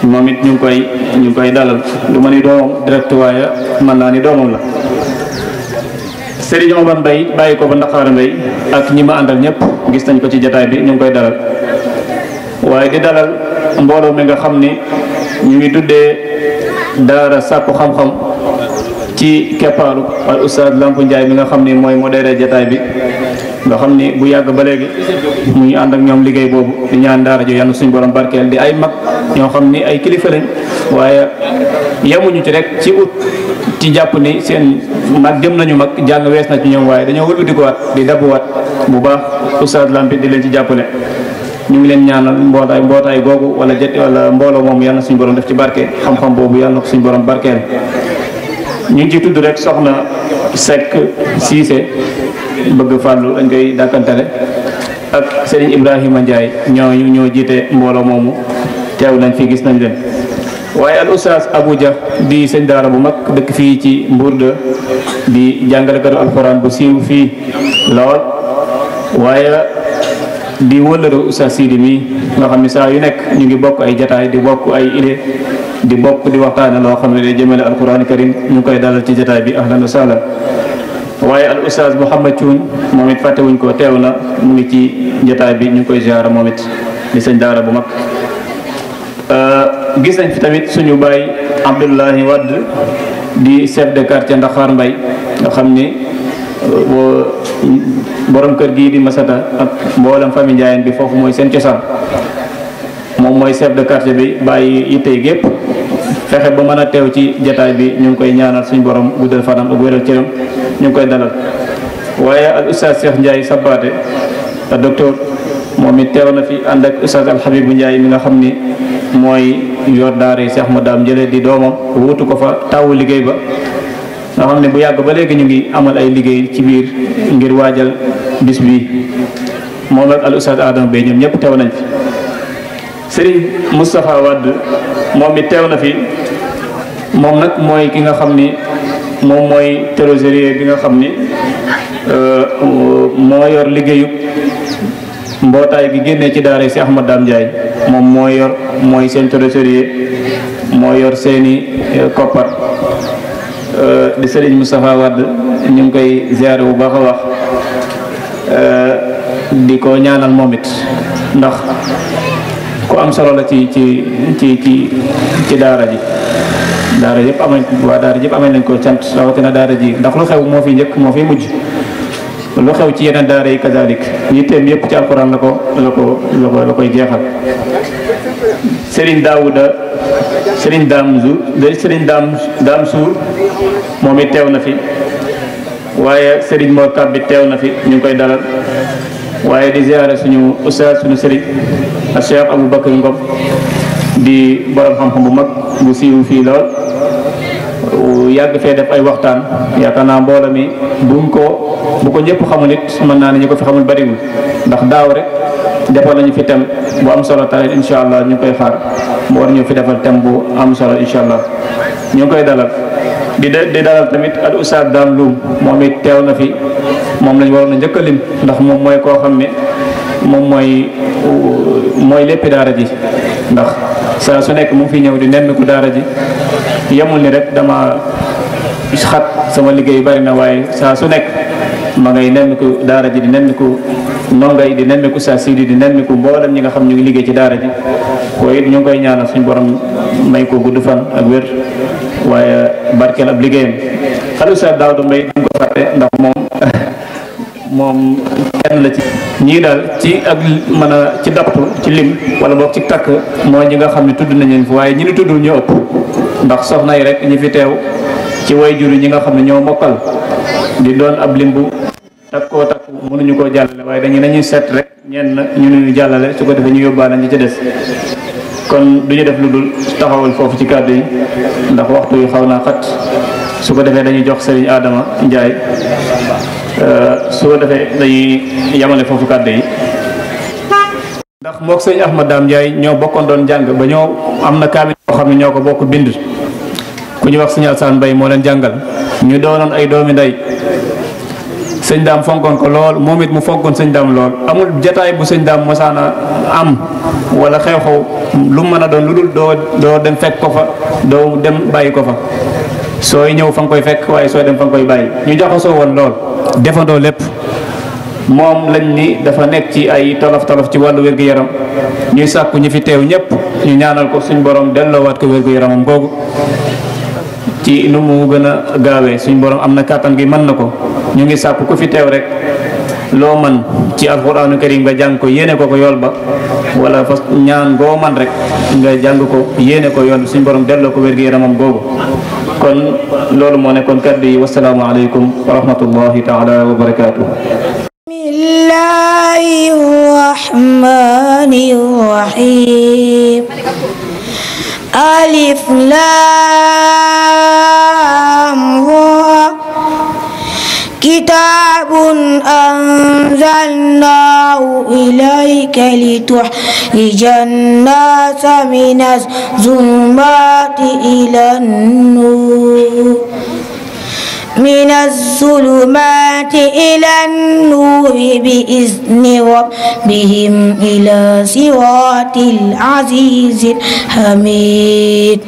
moom it ñu ngi koy ñu ngi dalal du ma ni doomam direct waaye mën naa ni doomam la Serigne Omar Mbaye bàyyi ko ba Ndaxaar Mbaye ak ñi ma àndal ñëpp gis nañ ko ci jataay bi ñu ngi koy dalal waaye di dalal mbooloo mi nga xam ni ñu ngi tuddee daara sàkku xam-xam ci keppaaru al oustaz Lamp njaay bi nga xam ni mooy modéré jataay bi nga xam ni bu yàgg ba léegi mu ngi ànd ak ñoom liggéey boobu di ñaan daara ji yàlla suñu borom barkeel di ay mag ñoo xam ni ay kilifa lañ waaye yemuñu ci rek ci ut ci jàpp ni seen mag jëm nañu mag jàng wees na ci ñoom waaye dañoo wëlbatikuwaat di dabuwaat bu baax oustaz Lamine di leen ci jàppale. ñu ngi leen ñaanal mbootaay mbootaay googu wala jët wala mbooloo moom yàlla suñu borom def ci barke xam-xam boobu yàlla na ko suñu borom barkeel ñu ngi ciy tudd rek soxna Seck Cissé bëgg fàllu dañ koy dàkkantale ak Serigne Ibrahima Ndiaye ñooñu ñoo jiite mbooloo moomu teew nañ fi gis nañ leen waaye al oustaz Abou di sëñ daara bu mag dëkk fii ci Mbourde di jàngalekatu alxuraan bu siiw fii lool waaye di wëllëre oustaz Sidi mi nga xam ne saa yu nekk ñu ngi bokk ay jataay di bokk ay idée di bokk di waxtaane loo xam ne day jëmale alxuraan karim ñu koy dalal ci jataay bi ahlan wa sahlan waaye al oustaz Mouhamed Thioune moom it fàttewuñ ko teew na mu ngi ci jataay bi ñu koy ziara moom it di sëñ daara bu mag gis nañ fi tamit suñu baay Abdoulahi Wadd di chef de quartier Ndaxaar Mbay nga xam ni boroom kër gii di Masata ak mboolem famille Njaayeen bi foofu mooy seen cosaan moom mooy chef de quartier bi bàyyi yittey gépp fexe ba mën a teew ci jataay bi ñu ngi koy ñaanal suñu borom guddal fanam ak wéral cëram ñu ngi koy dalal waaye al oustaz Cheikh Ndiaye Sabaate docteur moom it teew na fi ànd ak oustaz Al Habib Ndiaye mi nga xam ni mooy yor daara Cheikh Madame jële di doomam wuutu ko fa tawu liggéey ba nga xam ne bu yàgg ba léegi ñu ngi amal ay liggéey ci biir ngir waajal bis bi moom ak al ustaad Adama Bey ñoom ñëpp teew nañ fi Serigne Moustapha Wade moom mi teew na fi moom nag mooy ki nga xam ni moom mooy trésorier bi nga xam ni euh, moo yor liggéeyu mbootaay bi génnee ci daara si Ahmad Dame Ndiaye moom moo yor mooy seen trésorier moo yor seeni euh, koppar euh, di Serigne Moustapha Wade ñu ngi koy ziare bu baax a wax euh, di ko ñaanal moom it ndax ku am solo la ci ci ci ci ci daara ji daara yëpp amañ waa daara yëpp amañ nañ ko cant rawatina daara ji ndax lu xew moo fi njëkk moo fi mujj lu xew ci yeneen daara yi kazalik yitteem yëpp ci alxuraan la ko la ko la koy jeexal sëriñ daawuda sëriñ daam zu de sëriñ daam daam suur moom it teew na fi waaye sëriñ Mor Kab bi teew na fi ñu koy dalal waaye di ziare suñu ustaas suñu sëriñ ak Cheikh Abou Bakr Ngom di borom xam-xam bu mag bu siiw fii lool yàgg fee def ay waxtaan yaakaar naa mbooloo mi buñ ko bu ko ñëpp xamul it mën naa ne ñu ko fi xamul bariwul ndax daaw rek defal nañu fi thème bu am solo tamit incha allah ñu koy xaar mu war ñu fi defal thème bu am solo incha allah ñu ngi koy dalal di di dalal tamit al ustaad daam luum moom it teew na fi moom lañ waroon a njëkk a lim ndax moom mooy koo xam ne moom mooy mooy lépp daara ji ndax saa su nekk mu fi ñëw di nemmiku daara ji yemul ni rek dama xat sama liggéey bari na waaye saa su nekk ma ngay nemmiku daara ji di nemmiku ndonga yi di nemmiku saa sidi di nemmiku mboolem ñi nga xam ñu ngi liggéey ci daara ji waaye it ñu ngi koy ñaana suñu borom may ko gudd fan ak wér waaye barkeel ab liggéeyam xalifa Sëriñ Daawda Mbay duñ ko la ci ñii daal ci ak mën a ci daptu ci lim wala boog ci takk moo ñi nga xam ne tudd nañ leen fi waaye ñi ni tudd ñoo ëpp ndax soxna yi rek ñi fi teew ci way jur ñi nga xam ne ñoo mokkal di doon ab lim takkoo takku mënuñu koo jàllale waaye dañu nañuy seet rek ñenn ñu ñu jàllale su ko defee ñu yóbbaale ñi ci des kon duñu def lu dul taxawul foofu ci kàddu yi ndax waxtu yi xaw naa xat su ko defee dañuy jox Serigne Adama Ndiaye euh, su ko defee dañuy yamale foofu kàddu yi ndax mook sëñ Ahmad Dame Ndiaye ñoo bokkoon doon jàng ba ñoo am na kaamil boo xam ne ñoo ko bokk bind ku ñu wax sëñ Mbay moo leen jàngal ñu doonoon ay doomi ndey sëñ daam fonkoon ko lool moom it mu fonkoon sëñ daam lool amul jataay bu suñ daam mosaana am wala xew-xew lu mën a doon lu dul doo doo dem fekk ko fa doo dem bàyyi ko fa sooy ñëw fa nga koy fekk waaye sooy dem fa nga koy bàyyi ñu jaxasoo woon lool defandoo lépp moom lañ ni dafa nekk ci ay tolof tolof ci wàllu wér-gu-yaram ñuy sàkku ñi fi teew ñëpp ñu ñaanal ko suñ borom delloowaat ko wér-gu-yaramam googu ci nu mu gën a gaawee suñ borom am na kàttan gi mën na ko ñu ngi sàkk ku fi teew rek loo man ci alxuraanu karim nga jàng ko yéene ko ko yool ba wala fas ñaan boo man rek nga jàng ko yéene ko yool suñ borom delloo ko wér gi yaramam kon loolu moo nekkoon kaddu yi wa rahmatullahi taala wa barakaatuhu bismillahi rahmani rahim كتاب أنزلناه إليك لتخرج الناس من الظلمات إلى النور من الظلمات إلى النور بإذن ربهم إلى صراط العزيز الحميد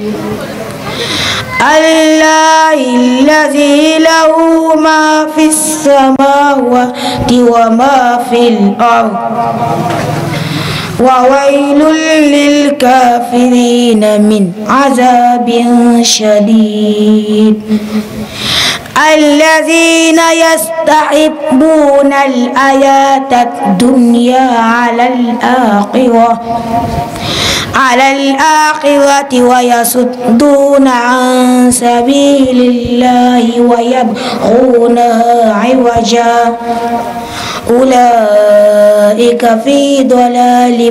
الله الذي له ما في السماوات وما في الأرض وويل للكافرين من عذاب شديد الذين يستحبون الآيات الدنيا على الآخرة على الآخرة ويصدون عن سبيل الله ويبغونها عوجا أولئك في ضلال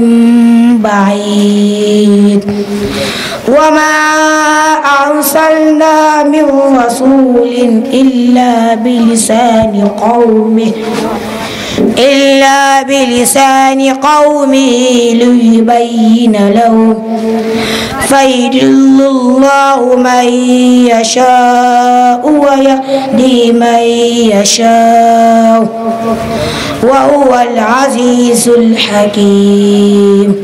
بعيد وما أرسلنا من رسول إلا بلسان قومه إلا بلسان قومه ليبين لهم فيدل الله من يشاء ويهدي من يشاء وهو العزيز الحكيم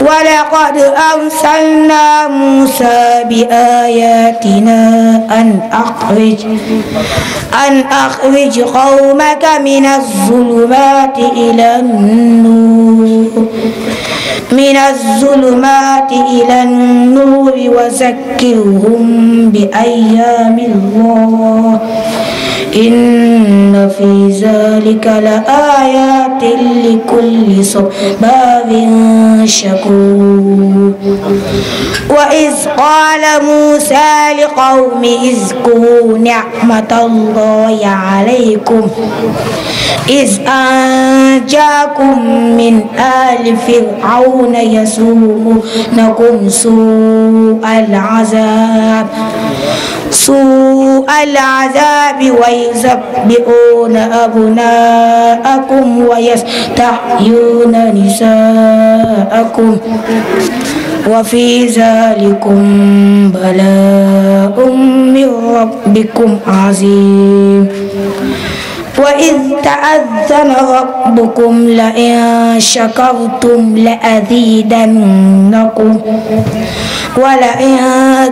ولقد أرسلنا موسى بآياتنا أن أخرج أن أخرج قومك من الظلمات إلى النور من الظلمات إلى النور وذكرهم بأيام الله إن في ذلك لآيات لكل صباب شكور وإذ قال موسى لقومه اذكروا نعمة الله عليكم إذ أنجاكم من آل فرعون يسومونكم سوء العذاب سوء العذاب وي يذبئون أبناءكم ويستحيون نساءكم وفي ذلكم بلاء من ربكم عظيم وإذ تأذن ربكم لئن شكرتم لأزيدنكم ولئن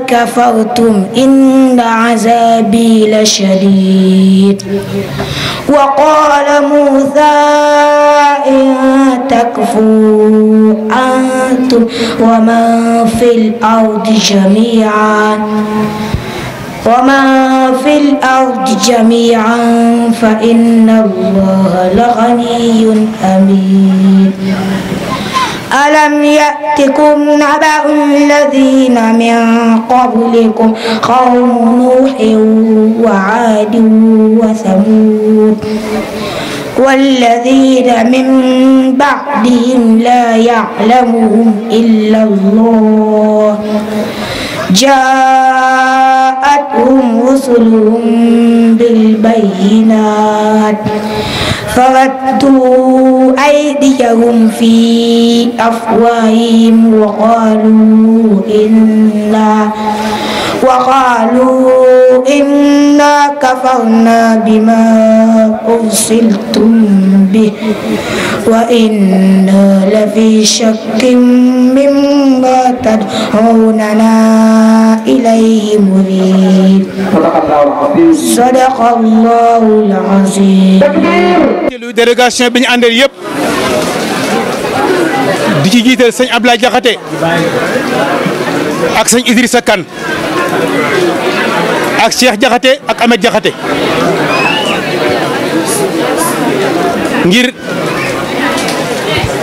كفرتم إن عذابي لشديد وقال موسى إن تكفوا أنتم ومن في الأرض جميعا ومن في الأرض جميعا فإن الله لغني حميد ألم يأتكم نبأ الذين من قبلكم قوم نوح وعاد وثمود والذين من بعدهم لا يعلمهم إلا الله جاء جاءتهم رسلهم بالبينات فردوا أيديهم في أفواههم وقالوا إنا وقالوا إنا كفرنا بما أرسلتم به وإنا لفي شك مما تدعوننا إليه مريب صدق الله العظيم lu délégation bi ñu àndal yëpp di ci jiital sëñ Abdoulaye Diakhaté ak sëñ Idrissa Kane ak Cheikh Jaxate ak Ahmed Jaxate ngir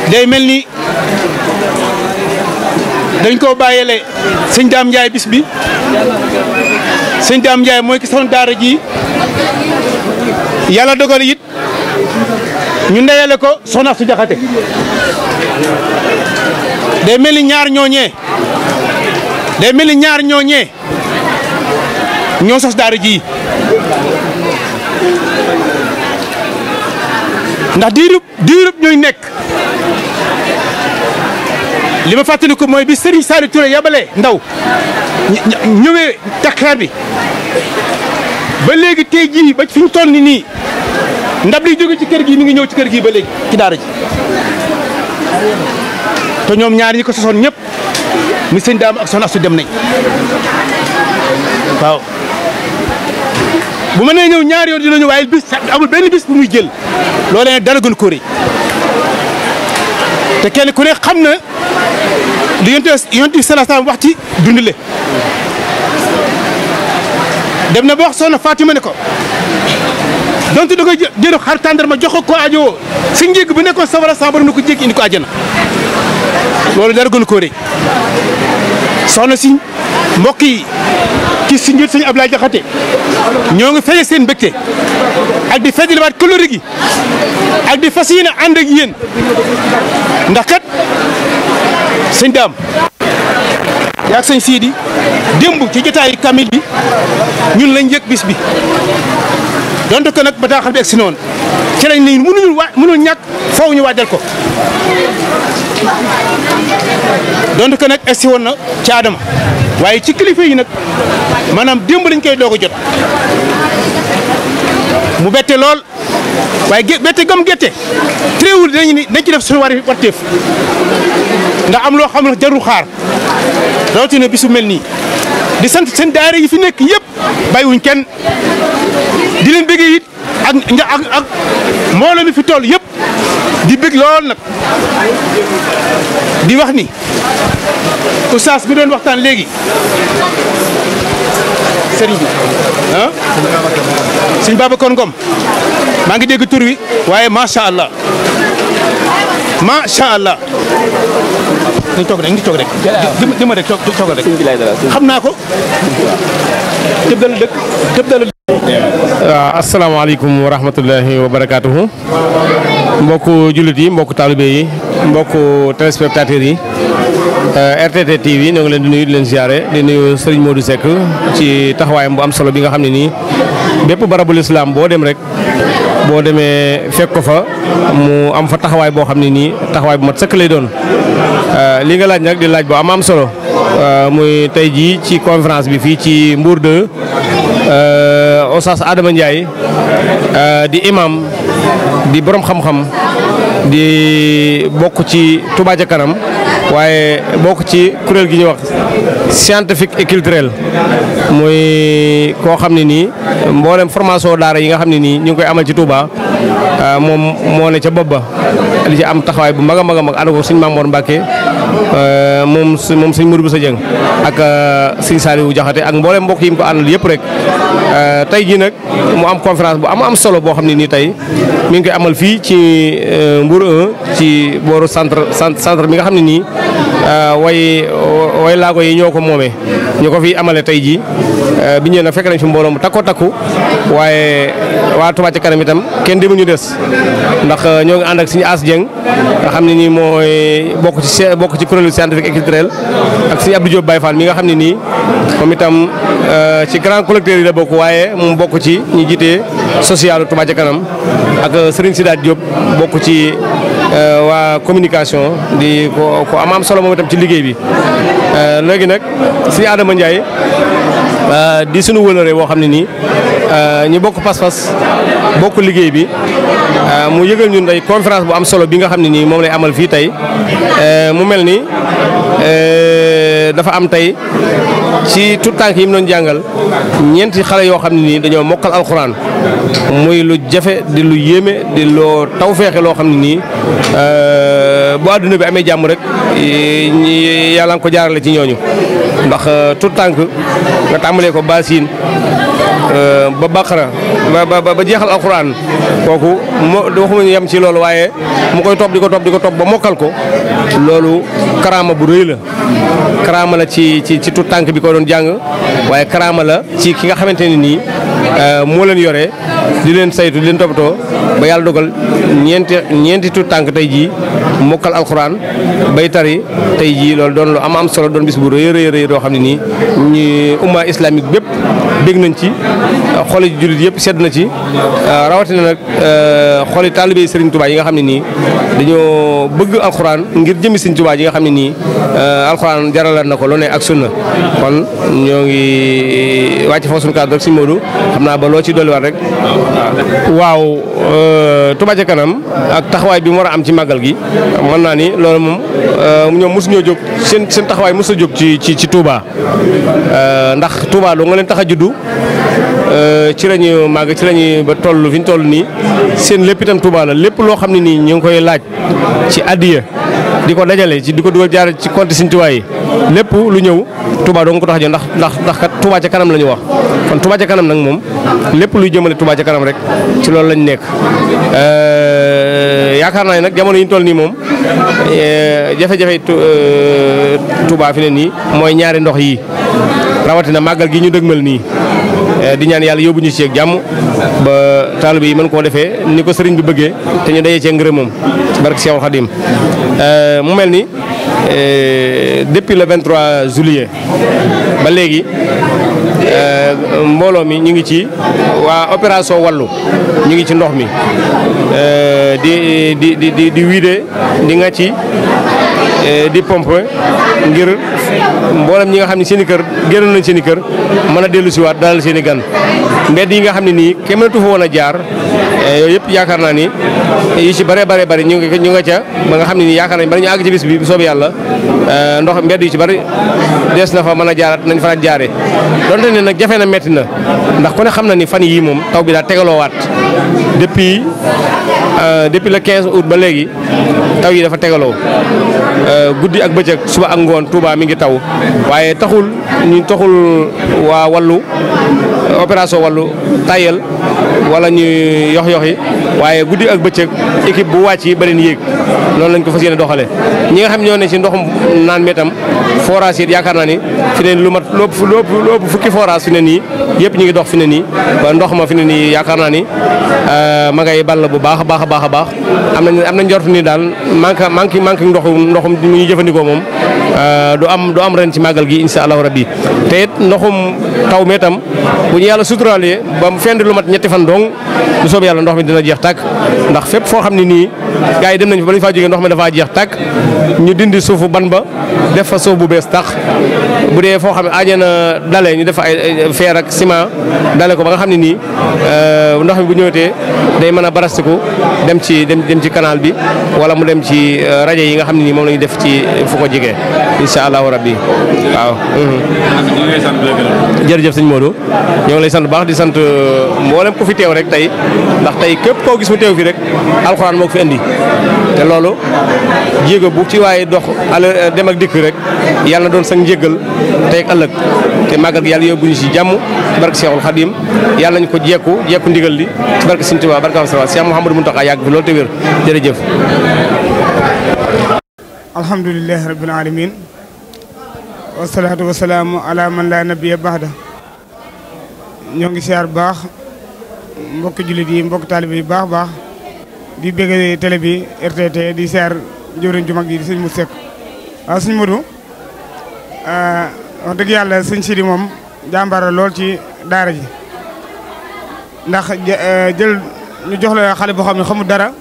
day mel ni dañ koo bàyyele sëñ Daam Njaay bis bi Daam Njaay mooy ki soxna daara ji yàlla dogal it ñu ndeyale ko soxna su Jaxate day mel ni ñaar ñooñee day mel ni ñaar ñooñe ñoo sos daara ndax diirub diirub ñuy nekk li ma fàttaliku mooy bi Serigne Saliou Touré yabale ndaw ñëwee Dakar bi ba léegi tey jii ba fi ñu toll ni nii ndab liy jóge ci kër gi mu ngi ñëw ci kër gi ba léegi ci daara ji te ñoom ñaar ñi ko sosoon ñëpp mu sëñ daam ak soxna su dem nañ waaw bu nee ñëw ñaar yoon dina ñëw waaye bis amul benn bis bu muy jël loolee dara gën ko te kenn ku ne xam na li yonent bi salaam wax ci dundale dem na ba wax soxna Fatima ne ko donte da koy jël xar tàndar ma jox ko koo woo si njëg bu nekkoon safara sa borom na ko jéggi indi ko àjjana loolu dara gën ko rëy soxna si mbokk yi. ci si njët sëñ Ablaye Jaxate ñoo ngi feeñe seen mbégte ak di feddaliwaat kóllëre gi ak di fas yéene ànd ak yéen ndax kat sëñ daam yaag sëñ siidi démb ci jotaayu kamil bi ñun lañ yëg bis bi donte ko nag bataaxal bi egg si noonu ci lañ ne mënuñu wa mënul ñàkk foofu ñu waajal ko donte ko nag egg si woon na ci Adama waaye ci kilifa yi nag maanaam démb lañ koy doog a jot mu bette lool waaye gé bette gam gette téewul dañu ni dañ ci def suñu war warteef ndax am loo xam ne jarul xaar rawatina bisu mel nii di sant seen daara yi fi nekk yëpp bàyyiwuñ kenn di leen bëggee it ak nja ak fi tool yëpp di bëgg lool nag di wax ni oustaz bi doon waxtaan léegi sëriñ bi ah suñ Babacar Ngom maa ngi dégg tur wi waaye macha allah macha allah dañ toog rek ngi toog rek di ma xam naa ko tëb dana dëkk tëb dana waaw asalaamaaleykum wa rahmatullahi wa barakaatuhu mbokku jullit yi mbokku taalibe yi mbokku téléspectateurs yi euh, RTT TV ñoo leen di nuyu di leen ziare di nuyu Serigne Modou sekk ci taxawaayam bu am solo bi nga xam ne nii bépp barabul islam boo dem rek boo demee fekk ko fa mu am fa taxawaay boo xam ne nii taxawaay bu mat sëkk lay doon euh, li nga laaj nag di laaj bu am am solo euh, muy tey jii ci conférence bi fii ci Mbour Oustaz Adama Ndiaye euh, di imam di boroom xam-xam di bokk ci Touba ca kanam waaye bokk ci kuréel gi ñuy wax scientifique et culturel muy koo xam ne nii mboolem formation daara yi nga xam ne nii ñu ngi koy amal ci Touba euh, moom moo ne ca bopp ba li ci am taxawaay bu mag a mag a mag ànd ko sëñ Mamour Mbacke euh, moom moom sëñ Modou Bousso Dieng ak euh, sëñ wu Diakhaté ak mboolem mbokk yi mu ko àndal yëpp rek euh, tey jii nag mu am conférence bu am am solo boo xam ne nii tey mi ngi koy amal fii ci Mbour 1 ci booru centre centre mi nga xam ne nii Euh, way way laago yi ñoo ko moome ñu ko fi amale tey jii euh, bi ñëwee nag fekk nañ fi mbooloo mu takko takku waaye waa Touba ca kanam itam kenn demu ñu des ndax euh, ñoo ngi ànd ak suñu As Dieng nga xam ne nii mooy bokk ci bokk ci kuréelu scientifique et culturel ak suñu Abdou Diop mi nga xam ne nii moom itam ci grand collecteur yi la bokk waaye mu bokk ci ñi jiite socialu Touba ca kanam ak Serigne Sidaat Diop bokk ci Euh, waa communication di ko ko am am solo moom itam ci liggéey bi euh, léegi nag si Adama Ndiaye euh, di sunu wëlëre woo xam ne nii ñu bokk pas-pas bokk liggéey bi mu yëgal ñu day conférence bu am solo bi nga xam ne nii moom lay amal fii tey mu mel ni dafa am tey ci tout tànk yi mu doon jàngal ñeenti xale yoo xam ne nii dañoo mokkal alxuraan muy lu jafe di lu yéeme di loo tawféexe loo xam ne nii euh, bu àdduna bi amee jàmm rek yàlla nga ko jaarale ci ñooñu ndax euh, tout tànk nga tàmbalee ko basin Euh, ba baqara ba ba ba jeexal alxuraan kooku moo waxuma ñu yem ci loolu waaye mu koy topp di ko topp di ko topp ba mokkal ko loolu karaama bu rëy la karaama la ci ci ci tout tànk bi ko doon jàng waaye karaama la ci ki nga xamante nii Euh, moo leen yore di leen saytu di leen toppatoo ba yàlla dogal ñeenti ñeenti tu tànk tey ji mokkal alxuraan bay tari tey jii loolu doon lu am am solo doon bis bu rëy rëy rëy doo xam ne nii ñu umma islamique bépp bég nañ ci xoli jullit yëpp sedd na ci euh, rawatina nag euh, xoli taalibe yi Serigne Touba yi nga xam ne nii dañoo bëgg alxuraan ngir jëmi Serigne Touba yi nga xam ne nii euh, alxuraan jaralaat na ko lone ak sunna kon ñoo ngi wàcc foofu suñu kàddu rek Serigne Modou xam naa ba loo ci dolliwaat rek. waaw Touba ca kanam ak taxawaay bi mu war a am ci màggal gi mën naa ni loolu moom ñoom mosu jóg seen taxawaay mosu jóg ci ci ci Touba ndax Touba doo nga leen tax a juddu Euh, ci la ñu màgg ci lañuy ba toll fi ñu toll nii seen lépp itam Touba lépp loo xam ne nii ñu ngi koy laaj ci addiya di ko dajale ci di ko dugal jaar ci compte Sëñ Touba yi lépp lu ñëw Touba doo ko tax a ndax ndax ndax kat Touba ca kanam la ñu wax kon Touba ca kanam nag moom lépp luy jëmale Touba ca kanam rek ci loolu lañu nekk. Euh, yaakaar naa ne nag jamono yi ñu toll nii moom euh, jafe-jafe Touba fi ne nii mooy ñaari ndox yi rawatina màggal gi ñu dëgmal nii. Eh, di ñaan yàlla yóbbu ñu ci ak jàmm ba taalibe yi man koo defee ni ko sëriñ bi bëggee te ñu dajee cee ngërëmam ci barke Seexul Xadim eh, mu mel ni eh, depuis le 23 juillet ba léegi mbooloo mi ñu ngi ci waa opération wàllu ñu ngi ci ndox mi di di di di wiide di nga ci di pompe ngir mboolem ñi nga xam ne seen i kër génn nañ seen i kër mën a dellu siwaat dalal seen i gan mbedd yi nga xam ne nii kenn mënatu fa woon a jaar eh, yooyu yëpp yaakaar naa ni yu ci bare bare bëri ñu ngi ñu nga ca ba nga xam ne nii yaakaar nañ bari ñu àgg ci bis bi bu soobee eh, ndox mbedd yu ci bëri dees na fa mën a jaarat nañ fa jaare donte ne nag jafe na metti na ndax ku ne xam na ni fan yii moom taw bi daa tegaloowaat depuis Euh, depuis le 15 août ba léegi taw yi dafa tegaloo euh, guddi ak bëccëg suba ak ngoon Touba mi ngi taw waaye taxul ñu taxul waa wàllu opération wàllu tayel wala ñu yox yoxi waaye guddi ak bëccëg équipe bu wàcc yi ba leen yéeg loolu lañ ko fas yéene doxale ñi nga xam ñoo ne ci ndoxum naan mi tam forage yaakaar naa ni ne lu mat lu ëpp fukki forage fi ne nii yëpp ñu ngi dox fi ne nii ba ndox ma fi ne nii yaakaar naa euh, ma ngay ball bu baax baax baax a baax am nañ am nañ njort ni daal manque manque manque ndoxum ndoxum mu ñu jëfandikoo moom euh, du am du am ren ci màggal gi insha allahu rabbi te it ndoxum taw mee tam bu ñu yàlla suturaalee ba mu fend lu mat ñetti fan dong lu soob yàlla ndox mi dina jeex tàkk ndax fépp foo xam ne nii gars yi dem nañu fa ba lañ faa ndox mi dafaa jeex tàkk ñu dindi suufu ban ba def fa suuf bu bees tax bu dee foo xam ne aajee na dalee ñu def fa ay fer ak ciment dale ko ba nga xam ne nii euh, ndox mi bu ñëwatee day mën a barastiku dem ci dem ci canal bi wala mu dem ci euh, rajo yi nga xam ne nii moom la def ci fu ko jege incha allahu rabbi waaw. Mhm. jërëjëf sëñ Modou ñoo ngi lay sant baax di sant euh, mboolem ku fi teew rek tey ndax tey képp koo gis mu teew fi rek alxuraan moo ko fi te loolu jéego bu ci waaye dox ala euh, dikk rek yàlla na doon sax njéggal tey ëllëg te màggal gi yàlla yóbbuñu ci jàmm ci barke Seexul Xadim yàlla nañu ko jekku jekku ndigal li ci barke Sëñ Tuubaa barke am sawa Cheikh Mouhamadou Mountakha yàgg fi loolu te wér jërëjëf alhamdulilahi rabbil alamin wasalaatu wasalaamu ala man laa nabiya baxda ñoo ngi siyaar baax mbokki jullit yi mbokki taalibe yi baax baax di bëgg télé bi RTT di seer jëwriñ ju mag yi mu sëñ Modou Seck waaw sëñ Modou euh, wax dëgg yàlla sëñ Sidi moom jàmbaar lool ci daara ji ndax euh, jël ñu jox la xale boo xam ne xamul dara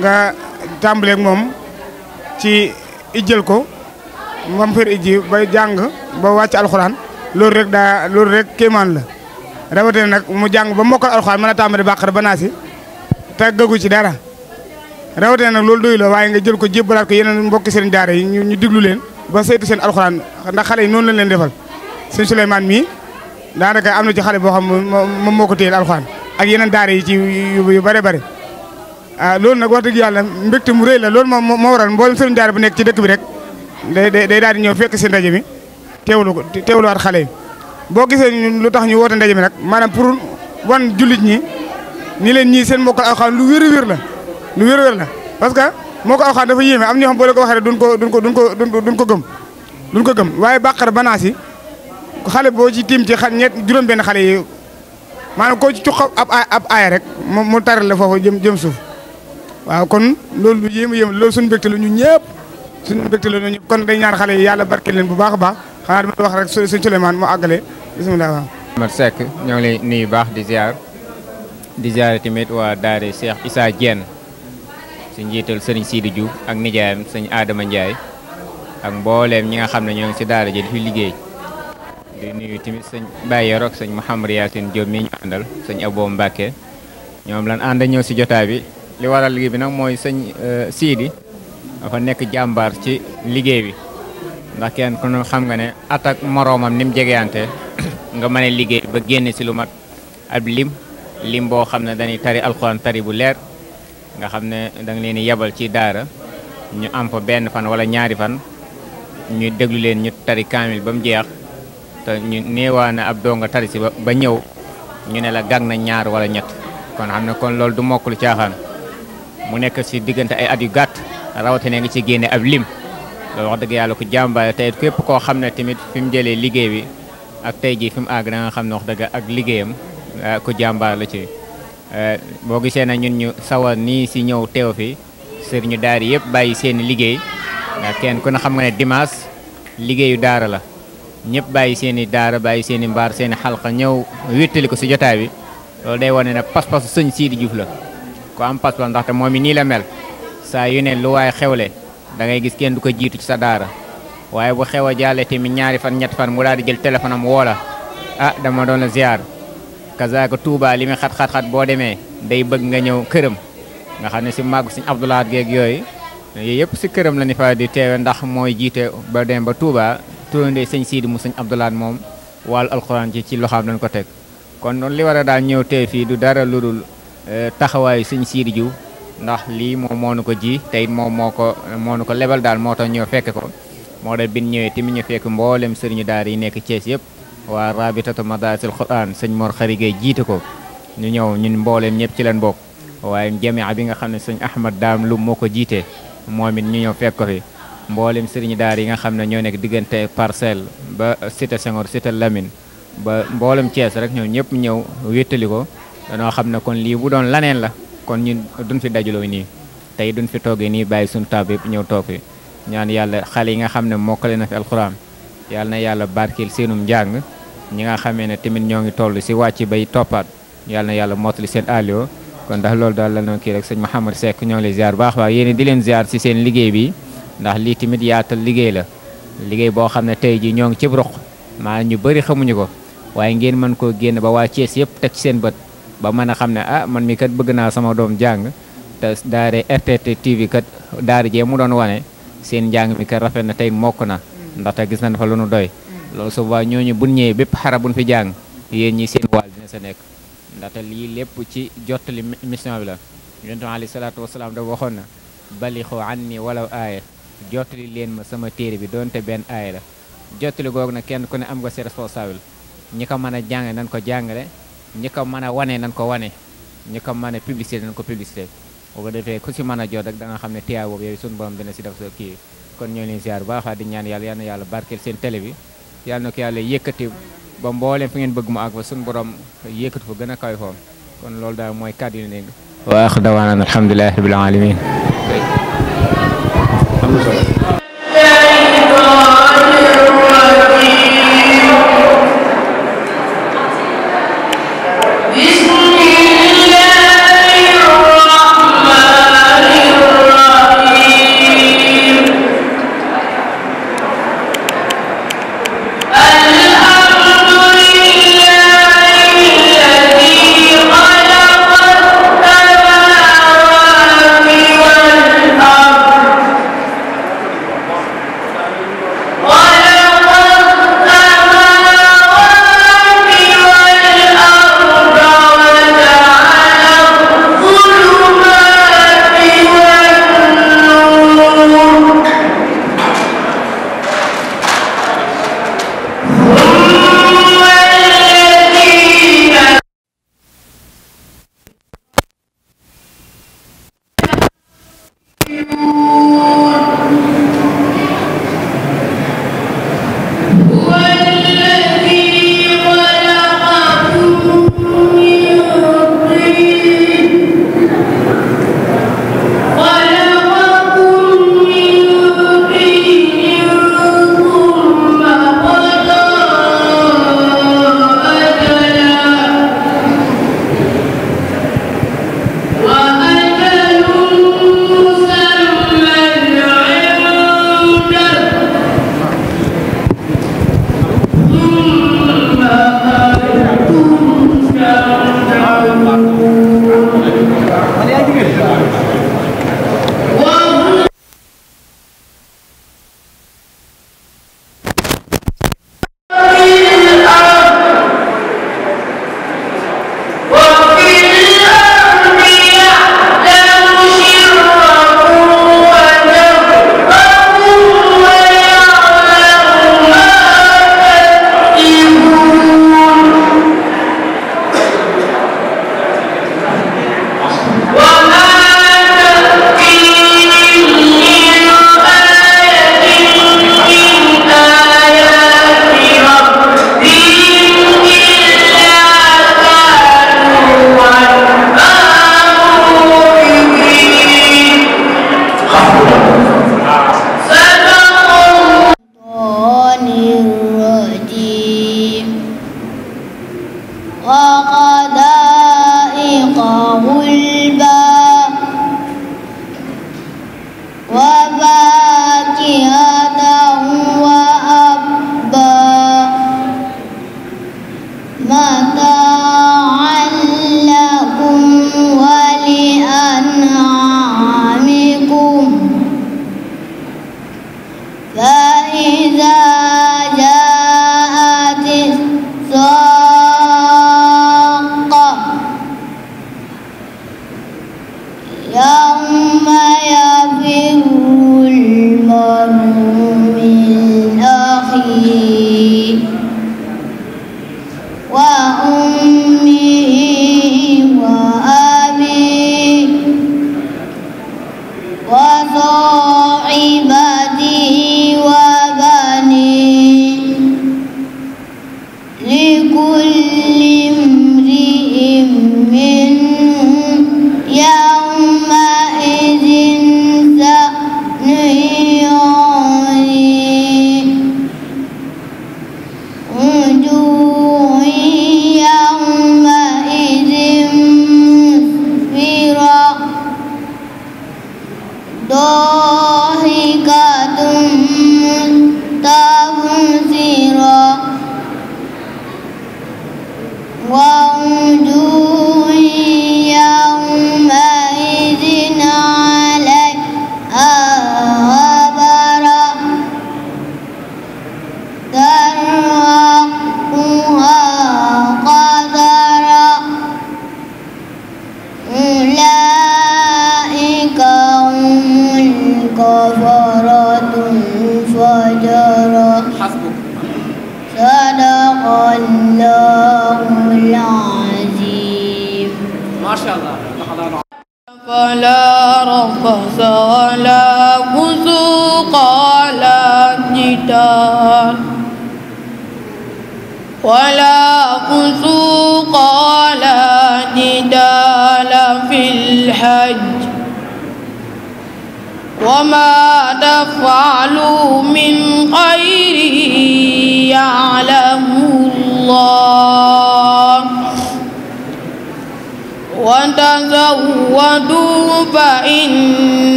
nga tàmbaleeg moom ci jël ko mam i ji ba jàng ba wàcc alxuraan loolu rek daa loolu rek kéemaan la rawatina nag mu jàng ba mokkal alxuraan mën a tàmbali bàqara ba naasi tàggagu ci dara rawatina nag loolu doyu la waaye nga jël ko jébbalaat ko yeneen mbokki seen daara yi ñu diglu leen ba saytu seen alxuraan ndax xale yi noonu lañ leen defal sëñ Souleymane mii daanaka am na ci xale boo xam moom moo ko téyel alxuraan ak yeneen daara yi ci yu bare bare ah loolu nag wax dëgg yàlla mbégte mu rëy la loolu moo moo waral mboolem sëriñ daara bu nekk ci dëkk bi rek day day daal di ñëw fekk si ndaje mi teewlu ko teewluwaat xale yi boo gisee lu tax ñu woote ndaje mi nag maanaam pour wan jullit ni leen ñii seen mokkal alxuraan lu wér wér la lu wér wér la parce que mokkal alxuraan dafa yéeme am ñoo xam boo leen ko waxee rek ko duñ ko duñ ko duñ ko gëm duñ ko gëm waaye bàqara banaas yi xale boo ci tiim ci xa ñett juróom benn xale yi maanaam koo ci cuqa ab ab aaya rek mu taral la foofu jëm jëm suuf waaw kon loolu lu yéem yéem loolu suñu mbégte la ñu ñëpp suñu mbégte la ñu kon day ñaan xale yi yàlla barke leen bu baax a baax xanaa dama wax rek sëñ Souleymane moo àggale bisimilah waaw Mar Seck ñoo ngi baax di ziar di jaare tamit waa daare Cheikh Issa Diène si njiital sëriñ Sidi Diouf ak nijaayam sëñ aadama Ndiaye ak mbooleem ñi nga xam ne ñoo ngi si daara ji di fi liggéey di nuyu tamit sëñ Baye sañ sëñ Mouhamadou Yacine Diop mi ñu àndal sëñ Abo Mbacke ñoom lan ànd ñëw si jotaay bi li waral liggéey bi nag mooy sëñ euh, Sidi dafa nekk jàmbaar ci liggéey bi ndax kenn ku ne xam nga ne at moroomam ni mu jegeyante nga mën a liggéey ba génn si lu mat ab lim lim boo xam ne dañuy tari alxuraan tari bu leer nga xam ne danga leen di yebal ci daara ñu am fa benn fan wala ñaari fan ñu déglu leen ñu tari kaamil ba mu jeex te ñu néewaana ab donga tari si ba ñëw ñu ne la gàgg na ñaar wala ñett kon xam ne kon loolu du mokkul caaxaan mu nekk si diggante ay at yu gàtt rawatina nga ci génne ab lim loolu wax dëgg yàlla ku jàmbaale tey képp koo xam ne tamit fi mu jëlee liggéey bi ak tey jii fi mu àgg da xam ne wax dëgg ak liggéeyam Eh, ku jàmbaar la ci eh, boo gisee na ñun ñu sawar nii si ñëw teew fi sëriñu daara yëpp bàyyi seeni liggéey eh, kenn ku ne xam nga ne dimanche liggéeyu daara la ñëpp bàyyi seeni daara bàyyi seeni mbaar seeni xalqa ñëw wéttali ko si jotaay bi loolu day wane ne pas-pasu sëñ Sidi Diouf la ku am pas-pas ndaxte moom i nii la mel saa yu ne lu waaye xewle da ngay gis kenn du ko jiitu ci sa daara waaye bu xew a jàllee tamit ñaari fan ñett fan mu daal di jël téléphone kazaaka Touba li muy xat xat xat boo demee day bëgg nga ñëw këram nga xam ne si màggu suñu Abdoulahat geeg yooyu yooyu yëpp si këram la ni di teewe ndax mooy jiite ba dem ba Touba turandee sëñ Siidi mu sëñ Abdoulahat moom wàllu alxuraan ci ci loxaam lañ ko teg kon noonu li war a daan ñëw tey fii du dara lu dul eh, taxawaayu sëñ Siidi Juuf ndax lii moom moo nu ko ji tey moom moo ko moo nu ko lebal daal moo tax ñëw fekk ko moo tax bin ñëwee tamit ñu fekk mboolem sëriñu daara yi nekk Thiès yëpp waa rabitatu madaarisil quran sëñ Mor Khary Gueye jiite ko ñu ñëw ñun mbooleem ñëpp ci leen bokk waaye jamia bi nga xam ne sëñ Ahmad Daam Loum moo ko jiite moom it ñu ñëw fekk ko fi mboolem sëriñ daar yi nga xam ne ñoo nekk diggante parcelle ba cité Senghor cité Lamine ba mboolem Thiès rek ñoom ñëpp ñëw wéttali ko danoo xam ne kon lii bu doon laneen la kon ñun duñ fi dajuloo nii tey duñ fi toogee nii bàyyi suñu taab yëpp ñëw toog fi ñaan yàlla xal yi nga xam ne mokkale na fi alxuraan yàlla na yàlla barkeel seenum njàng ñi nga xamee ne tamit ñoo ngi toll si wàcc bay toppaat yàlla na yàlla mootali seen alio kon ndax loolu daal la noon kii rek sëñ Mouhamed Seck ñoo ngi lay ziar baax baax yéen di leen ziar si seen liggéey bi ndax lii tamit yaatal liggéey la liggéey boo xam ne tey ji ñoo ngi cib ruq maa ñu bëri xamuñu ko waaye ngeen mën koo génn ba waa Thiès yëpp teg ci seen bët ba mën a xam ne ah man mi kat bëgg naa sama doom jàng te daare RTT TV mu doon wane seen njàng mi rafet na tey mokk na ndaxte gis nañ fa lu nu doy loolu su boobaa ñooñu buñ ñëwee bépp xara buñ fi jàng yéen ñi seen waal dina sa nekk ndaxte lii lépp ci jottali mission bi la yonent bi alayhi salaatu wasalaam da waxoon na balixu anni walaw aaya jottali leen ma sama téere bi doonte benn aaya la jottali googu na kenn ku ne am nga sa responsable ñi ko mën a jàngale nañ ko jàngale ñi ko mën a wane nañ ko wane ñi ko mën a publicité nañ ko publicité ko defee ku si mën a jot rek da xam ne tiyaa boobu yooyu suñu borom dina si def sa kii kon ñoo leen ziar bu baax di ñaan yàlla yàlla barkeel seen télé bi yal na ko yàlla yëkkati ba mbooleem fi ngeen bëgg mu àgg fa suñu borom yëkkati fa gën a kaw foom kon loolu daal mooy kàddu yi nekk. wa aaxiru da'waanaa alhamdulillahi rabbil aalamiin.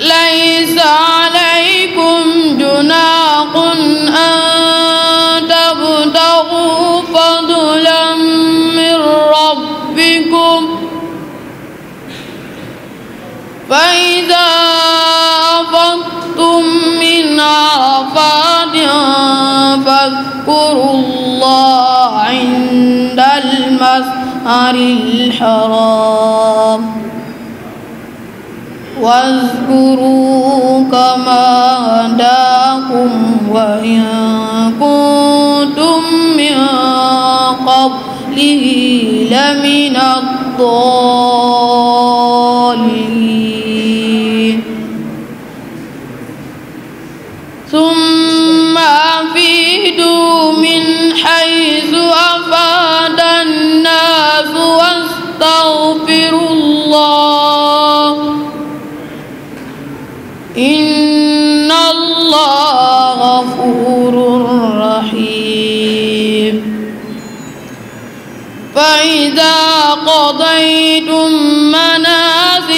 ليس عليكم جناح أن تبتغوا فضلا من ربكم فإذا أفضتم من عرفات فاذكروا الله عند المسعر الحرام واذكروا كما هداكم وإن كنتم من قبله لمن الضالين ثم أفيدوا من حيث أفاد الناس واستغفروا الله إن الله غفور رحيم فإذا قضيتم مناسككم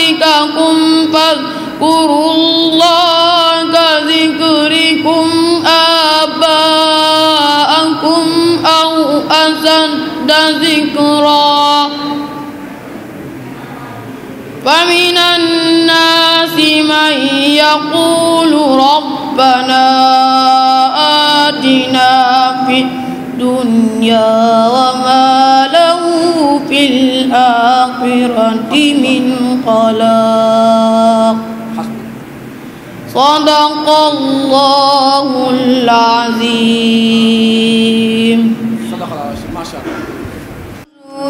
فاذكروا الله ومن الناس من يقول ربنا آتنا في الدنيا وما له في الآخرة من خلاق صدق الله العظيم صدق الله ما شاء الله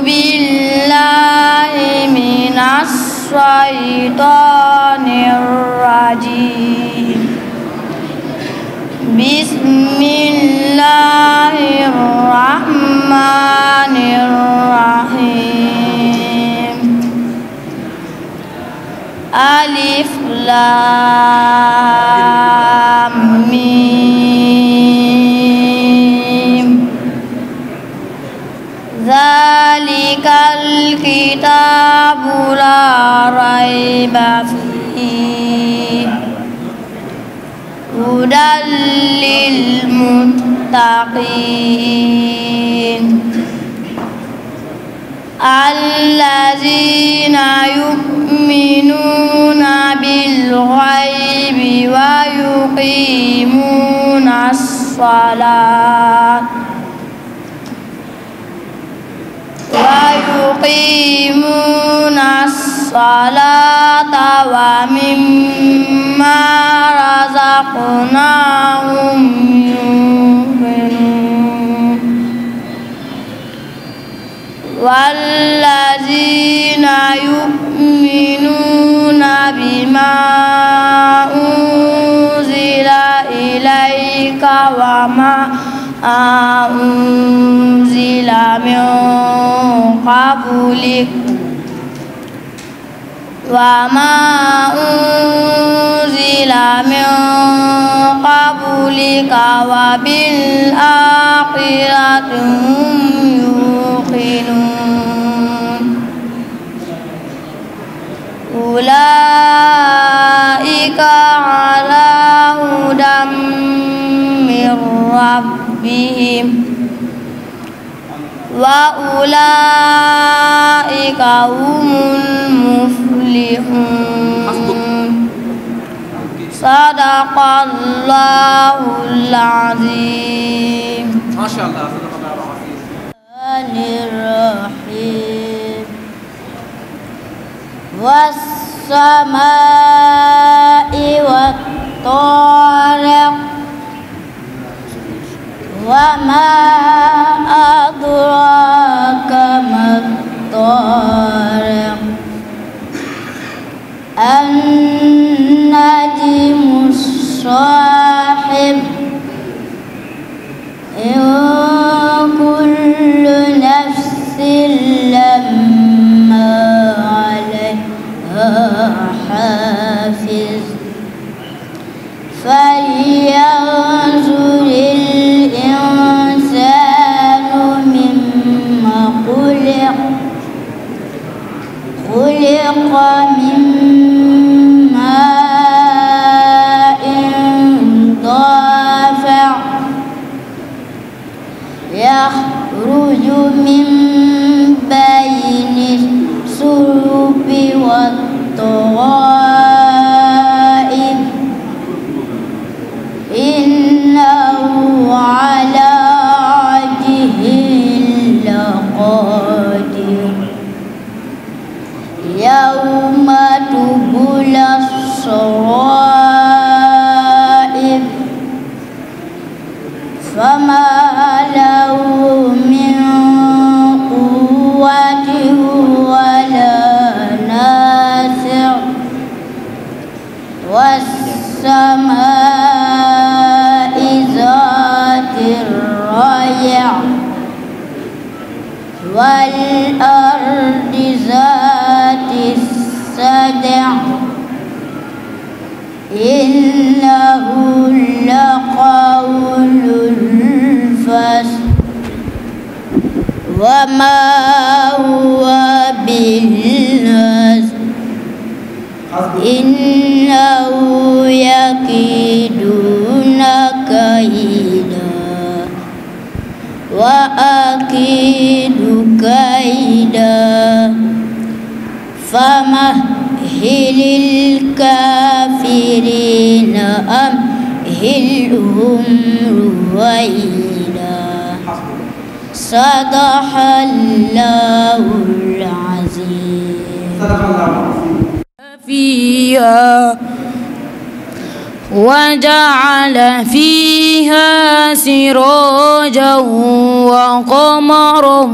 بالله من الشيطان الشيطان الرجيم بسم الله الرحمن الرحيم ألف لام ميم ذلك ذلك الكتاب لا ريب فيه هدى للمتقين الذين يؤمنون بالغيب ويقيمون الصلاة ويقيمون الصلاة ومما رزقناهم ينفقون والذين يؤمنون بما أنزل إليك وما أنزل من قبلك وما أنزل من قبلك وبالآخرة هم يوقنون أولئك على هدى من ربهم ربهم وأولئك هم المفلحون صدق الله العظيم ما شاء الله صدق الله العظيم الرحيم والسماء والطارق ما وما هو بالنصر إنه يكيدون كيدا وأكيد كيدا فمهل الكافرين أمهلهم رويدا صدق الله العظيم صدق الله فيها وجعل فيها سراجا وقمرا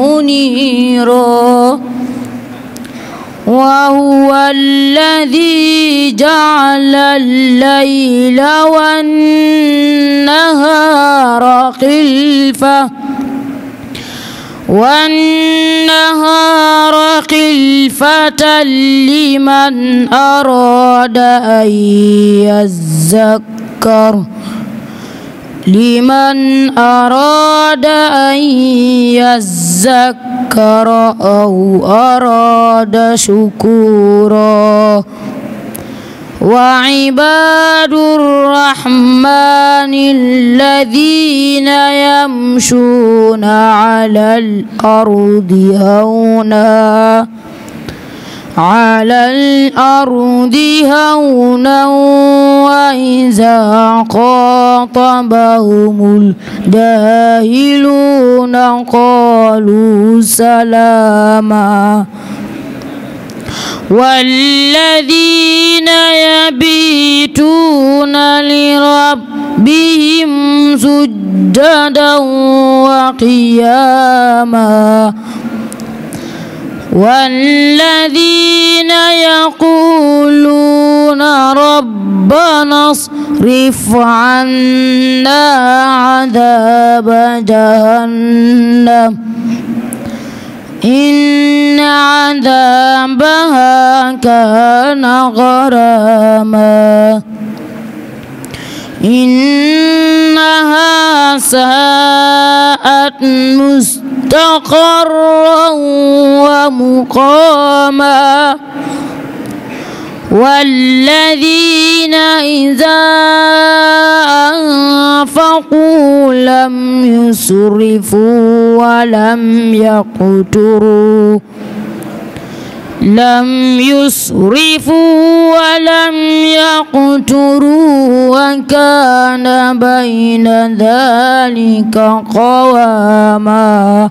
منيرا وهو الذي جعل الليل والنهار خلفه والنهار خلفة لمن أراد أن يذكر لمن أراد أن يذكر أو أراد شكورا وعباد الرحمن الذين يمشون على الأرض هونا على الأرض هونا وإذا خاطبهم الجاهلون قالوا سلاما والذين يبيتون لربهم سجدا وقياما والذين يقولون ربنا اصرف عنا عذاب جهنم إن ذنبها كان غراما إنها ساءت مستقرا ومقاما والذين إذا أنفقوا لم يسرفوا ولم يقتروا لم يسرفوا ولم يقتروا وكان بين ذلك قواما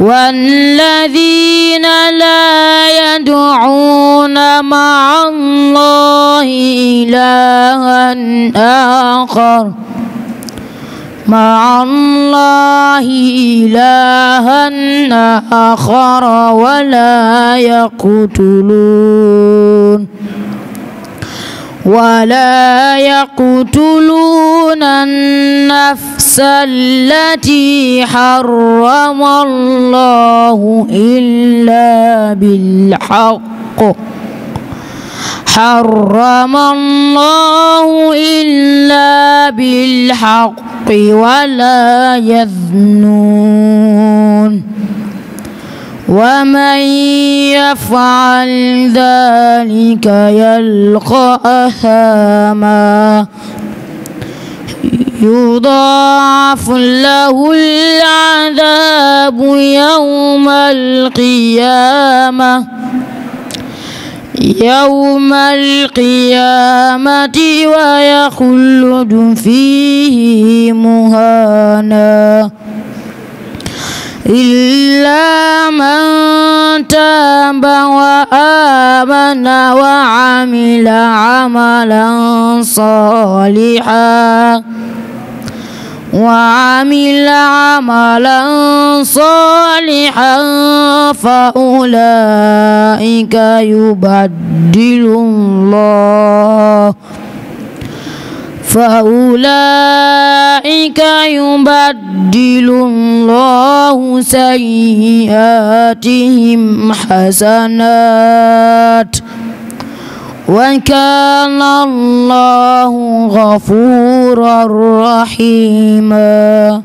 والذين لا يدعون مع الله إلها آخر مع الله إلها آخر ولا يقتلون ولا يقتلون النفس التي حرم الله إلا بالحق حرم الله إلا بالحق ولا يذنون ومن يفعل ذلك يلقى أثاما يضاعف له العذاب يوم القيامة يوم القيامة ويخلد فيه مهانا إلا من تاب وآمن وعمل عملا صالحا وعمل عملا صالحا فأولئك يبدل الله فأولئك يبدل الله سيئاتهم حسنات وكان الله غفورا رحيما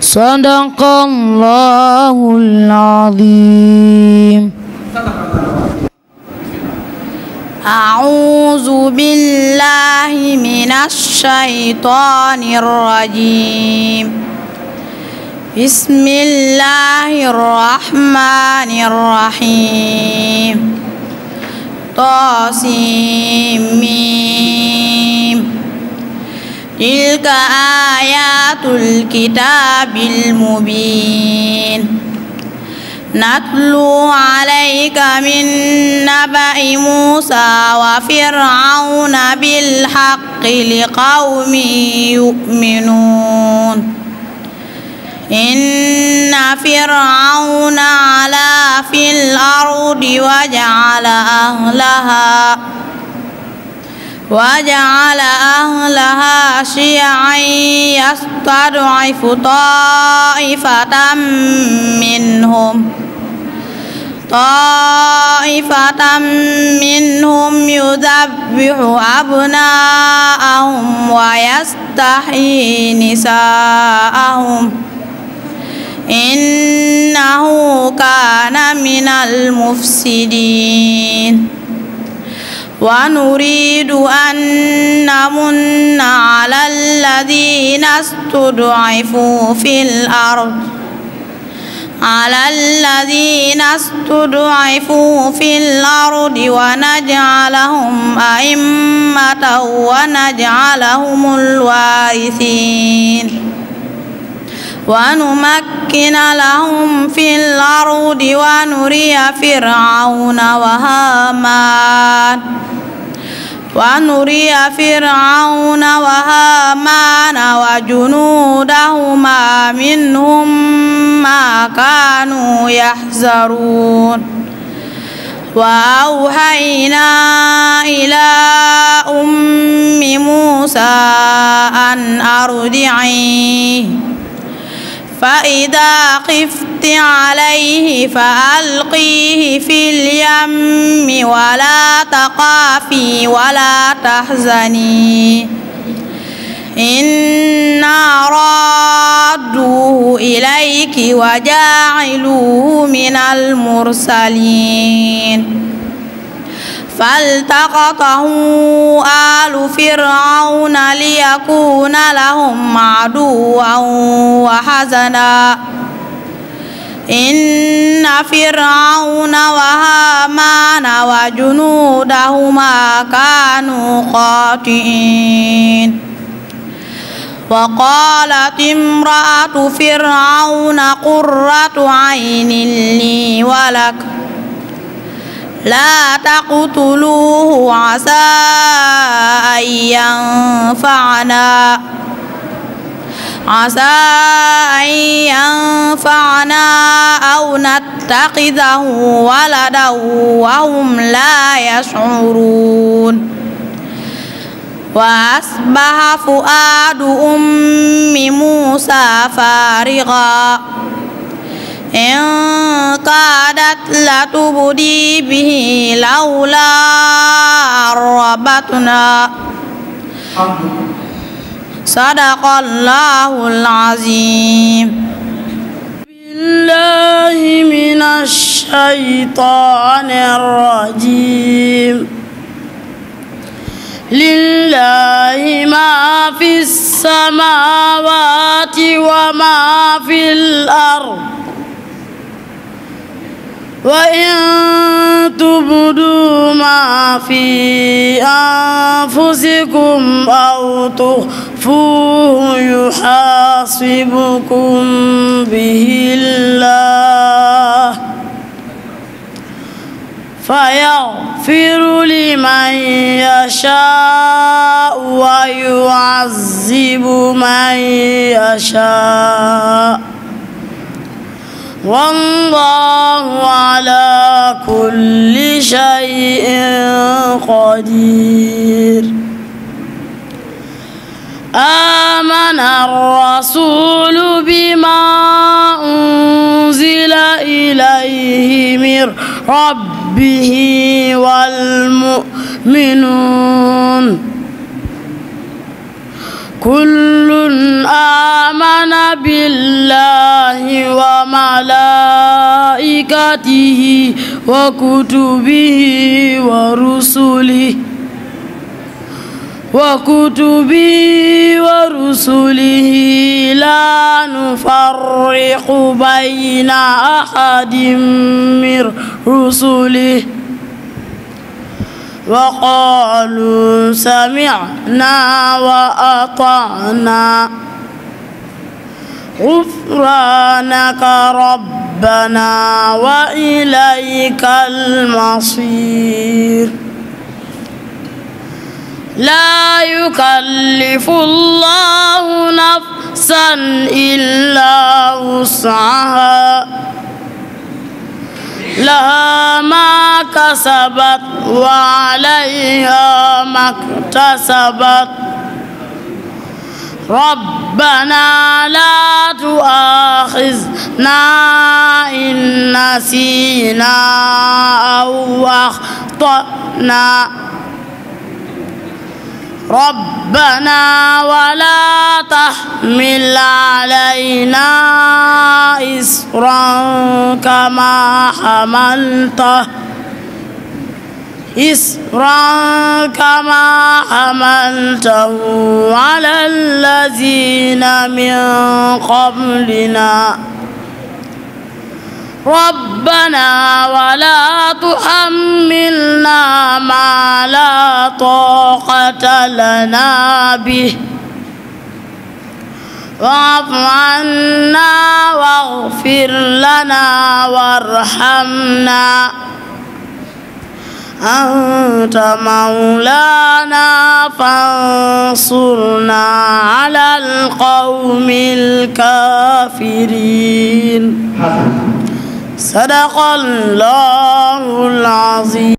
صدق الله العظيم أعوذ بالله من الشيطان الرجيم بسم الله الرحمن الرحيم طاسيم تلك آيات الكتاب المبين نتلو عليك من نبأ موسى وفرعون بالحق لقوم يؤمنون إن فرعون علا في الأرض وجعل أهلها وجعل أهلها شيعا يستضعف طائفة منهم طائفة منهم يذبح أبناءهم ويستحيي نساءهم إنه كان من المفسدين ونريد أن نمن على الذين استضعفوا في الأرض على الذين استضعفوا في الأرض ونجعلهم أئمة ونجعلهم الوارثين ونمكن لهم في الأرض ونري فرعون وهامان ونري فرعون وهامان وجنودهما منهم ما كانوا يحذرون وأوحينا إلى أم موسى أن أرضعيه فإذا خفت عليه فألقيه في اليم ولا تخافي ولا تحزني إنا رادوه إليك وجاعلوه من المرسلين فالتقطه آل فرعون ليكون لهم عدوا وحزنا إن فرعون وهامان وجنودهما كانوا خاطئين وقالت امرأة فرعون قرة عين لي ولك لا تقتلوه عسى أن ينفعنا عسى أن ينفعنا أو نتخذه ولدا وهم لا يشعرون وأصبح فؤاد أم موسى فارغا إن كادت لتبدي به لولا ربتنا صدق الله العظيم بالله من الشيطان الرجيم لله ما في السماوات وما في الأرض وإن تبدوا ما في أنفسكم أو تخفوه يحاسبكم به الله فيغفر لمن يشاء ويعذب من يشاء والله على كل شيء قدير آمن الرسول بما أنزل إليه من ربه والمؤمنون كل آمن بالله وملائكته وكتبه ورسله وكتبه ورسله لا نفرق بين أحد من رسله وقالوا سمعنا وأطعنا غفرانك ربنا وإليك المصير لا يكلف الله نفسا إلا وسعها لها ما kasabat wa alayha maktasabat rabbana la tu'akhizna in nasina aw akhtana ربنا ولا تحمل علينا إصرا كما حملته إصرا كما حملته على الذين من قبلنا ربنا ولا تحملنا ما لا طاقة لنا به واعف عنا واغفر لنا وارحمنا أنت مولانا فانصرنا على القوم الكافرين صدق الله العظيم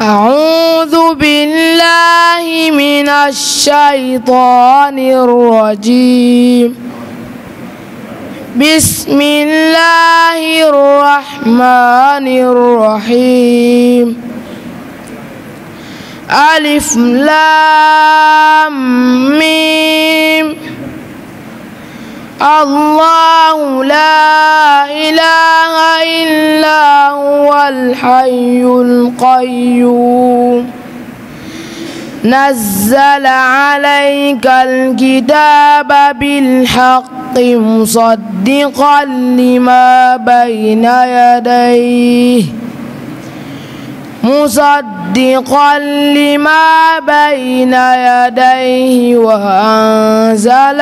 أعوذ بالله من الشيطان الرجيم بسم الله الرحمن الرحيم ألف لام ميم الله لا إله إلا هو الحي القيوم نزل عليك الكتاب بالحق مصدقا لما بين يديه مصدقا لما بين يديه وأنزل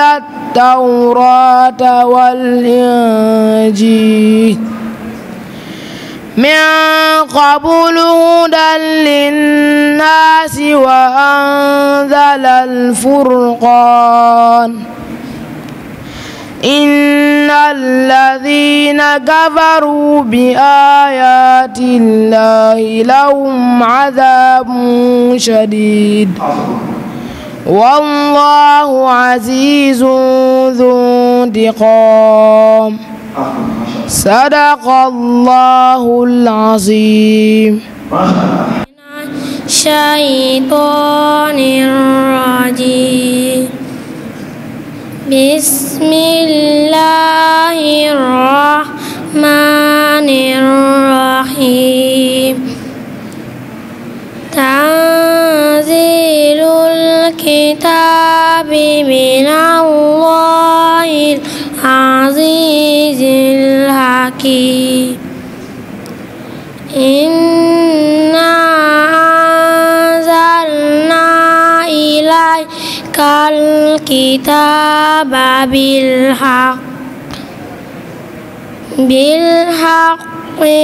التوراة والإنجيل من قبل هدى للناس وأنزل الفرقان إن الذين كفروا بآيات الله لهم عذاب شديد والله عزيز ذو انتقام sadaqallahul azim shaytanir rajim bismillahir rahmanir rahim tanzilul min allahil العزيز الحكيم إنا أنزلنا إليك الكتاب بالحق بالحق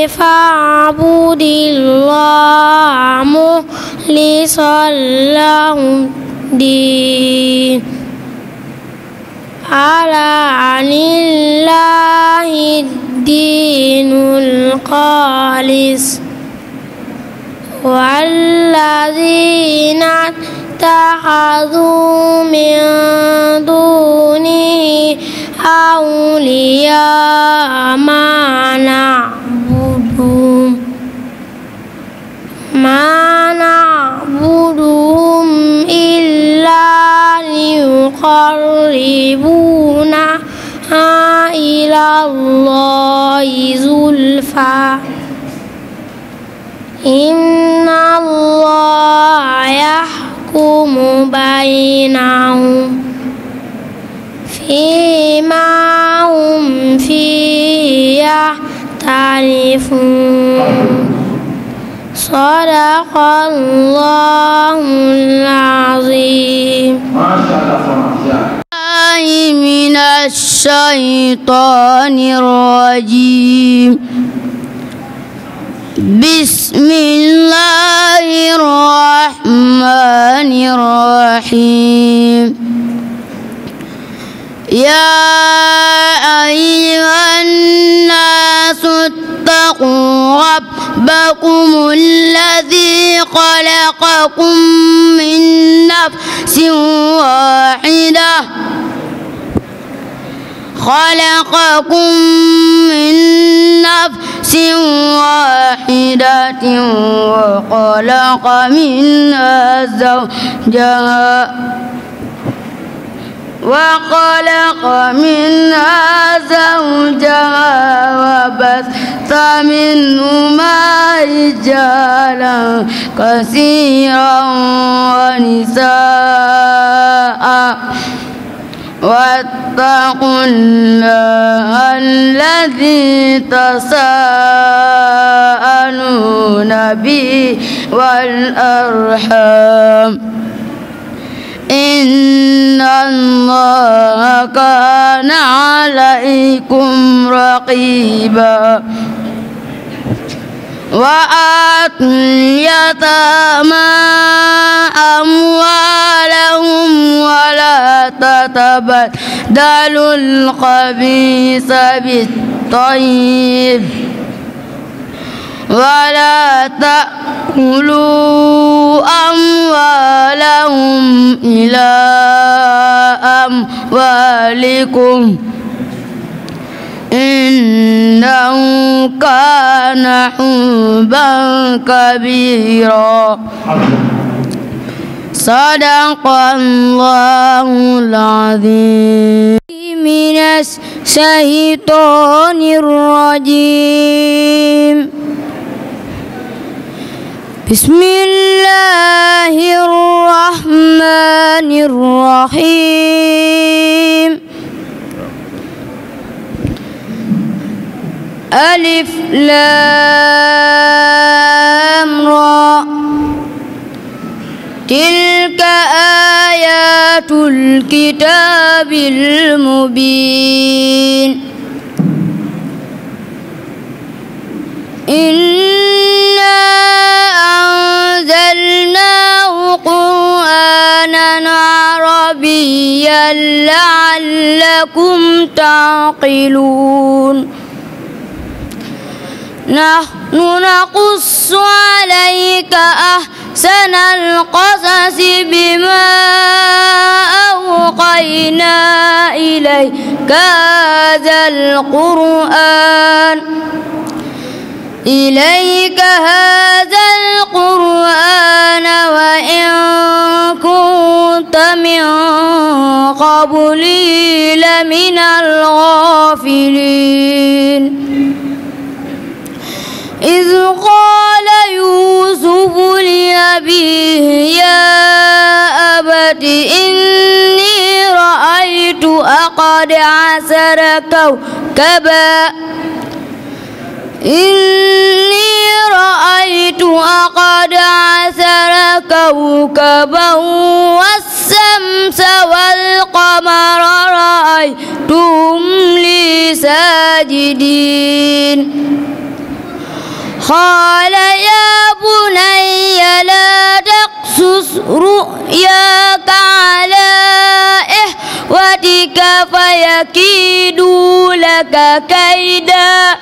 فاعبد الله مخلصا له الدين على عن الله الدين الخالص والذين اتخذوا من دونه أولياء ما نعبدهم ما نعبدهم رجلان يقربونا إلى الله زلفى إن الله يحكم بينهم فيما هم فيه يختلفون Sadaqallahul azim. Minash shaytanir rajim. Bismillahir rahmanir rahim. يا أيها الناس اتقوا ربكم الذي خلقكم من نفس واحدة خلقكم من نفس واحدة وخلق منها زوجها وخلق منها زوجها وبث منهما رجالا كثيرا ونساء واتقوا الله الذي تساءلون به والأرحام إن الله كان عليكم رقيبا وآتوا اليتامى أموالهم ولا تتبدلوا الخبيث بالطيب ولا تأكلوا أموالهم إلى أموالكم إنه كان حبا كبيرا صدق الله العظيم من الشيطان الرجيم بسم الله الرحمن الرحيم ألف لام را تلك آيات الكتاب المبين إِنَّا جعلناه قرآنا عربيا لعلكم تعقلون نحن نقص عليك أحسن القصص بما أوقينا إليك هذا القرآن إليك هذا القرآن وإن كنت من قبلي لمن الغافلين إذ قال يوسف لأبيه يا أبت إني رأيت أقد عسر كوكبا إني رأيت أحد عشر كوكبا والشمس والقمر رأيتهم لي ساجدين قال يا بني لا تقصص رؤياك على إخوتك فيكيدوا لك كيدا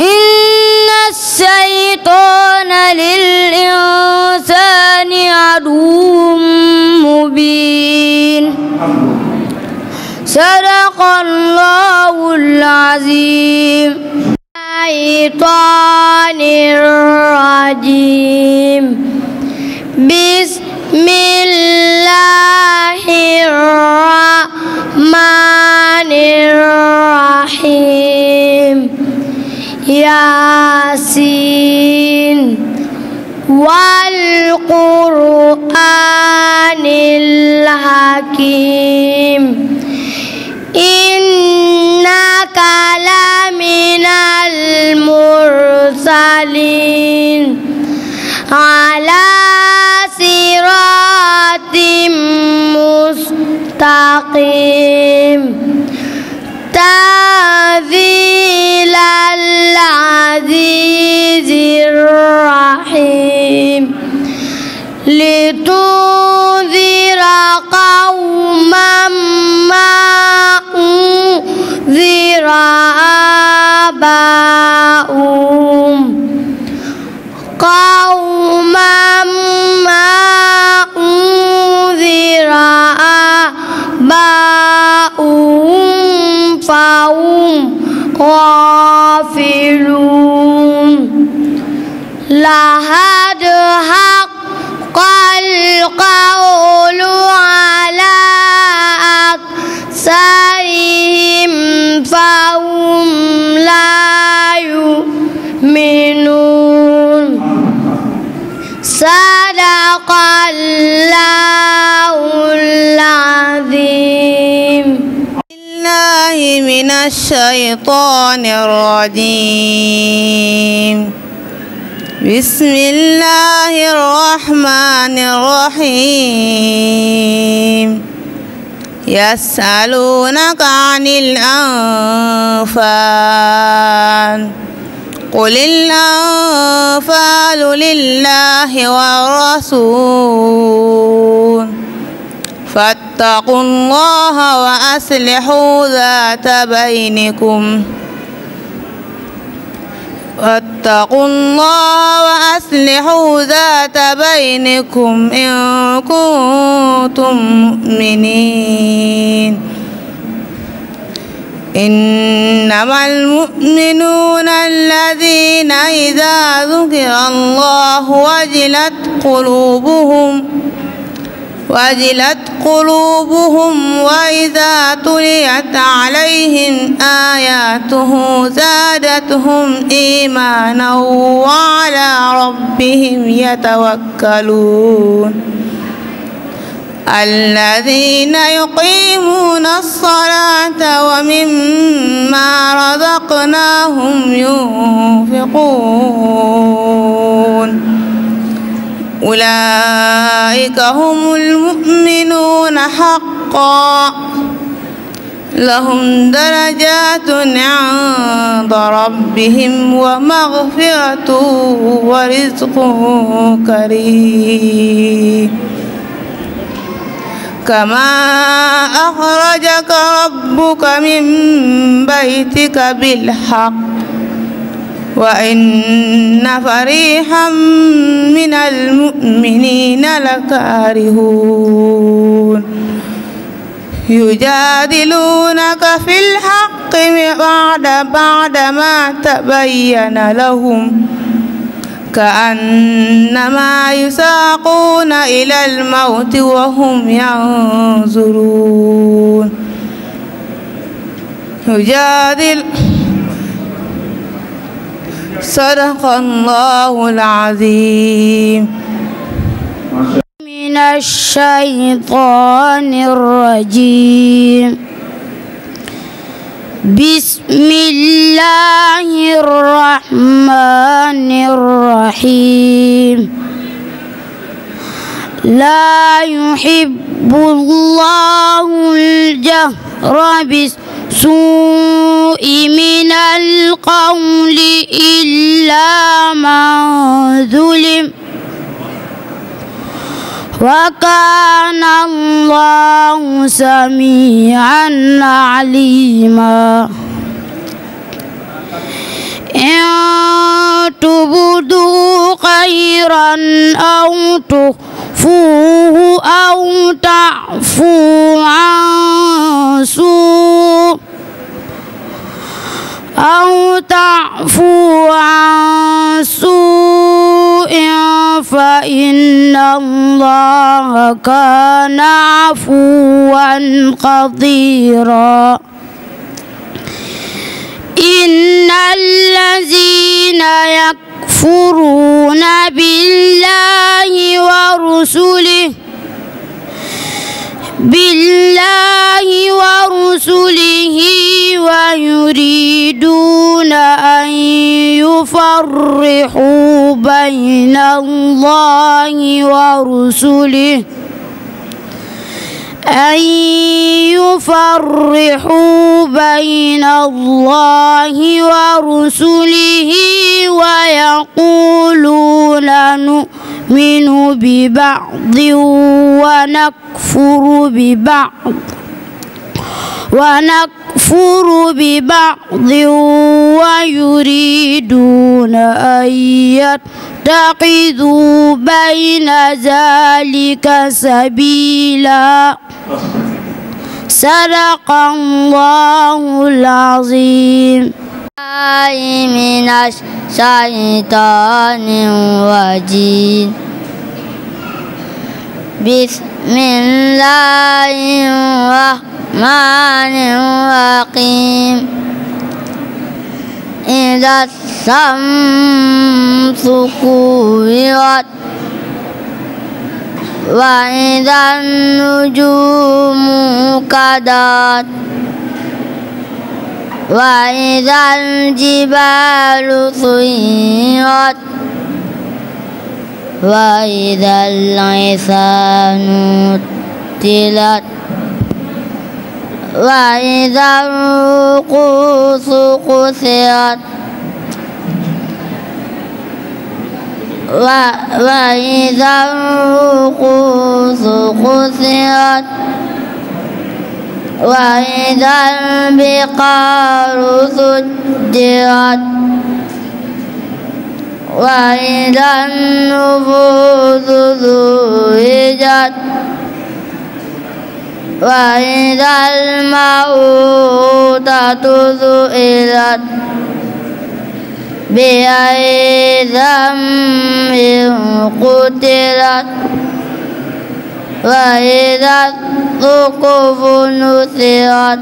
إن الشيطان للإنسان عدو مبين صدق الله العظيم الشيطان الرجيم بسم الله الرحمن الرحيم ياسين والقرآن الحكيم إنك لمن المرسلين على صراط مستقيم العزيز الرحيم لتنذر قوما ما أنذر آباؤهم قوما ما أنذر آباؤهم فهم غافلون يعقلون لها دها من الشيطان الرجيم بسم الله الرحمن الرحيم يسألونك عن الأنفال قل الأنفال لله والرسول فاتقوا الله وأصلحوا ذات بينكم واتقوا الله وأصلحوا ذات بينكم إن كنتم مؤمنين إنما المؤمنون الذين إذا ذكر الله وجلت قلوبهم وجلت قلوبهم وإذا تليت عليهم آياته زادتهم إيمانا وعلى ربهم يتوكلون الذين يقيمون الصلاة ومما رزقناهم ينفقون أولئك هم المؤمنون حقا لهم درجات عند ربهم ومغفرة ورزق كريم كما أخرجك ربك من بيتك بالحق وإن فريحا من المؤمنين لكارهون يجادلونك في الحق بعد بعدما تبين لهم كأنما يساقون إلى الموت وهم ينظرون يجادل sadaqallahul aziim mina shaytaanir rajiim bismillaahir rahmaanir rahiim laa yuhibbullahu al-jahra bis السوء من القول إلا من ظلم وكان الله سميعا عليما إن تبدوا خيرا أو تخفوه أو تعفوا عن سوء أو تعفوا عن سوء فإن الله كان عفوا قديرا إن الذين يكفرون بالله ورسله بالله ورسله ويريدون أن يفرحوا بين الله ورسله أن يفرحوا بين الله ورسله ويقولون نؤمن ببعض ونكفر ببعض ونكفر ببعض ويريدون أن يتخذوا بين ذلك سبيلا صدق الله العظيم من الشيطان الرجيم بسم الله الرحمن الرحيم إذا الشمس كورت وإذا النجوم كدرت وإذا الجبال سيرت وإذا العصام عطلت وإذا الرقوس قصرت وإذا الرقوس قصرت وإذا البقار سجرت وإذا النفوس زوجت وإذا الموءودة سئلت بأي ذنب قتلت وإذا الصحف نشرت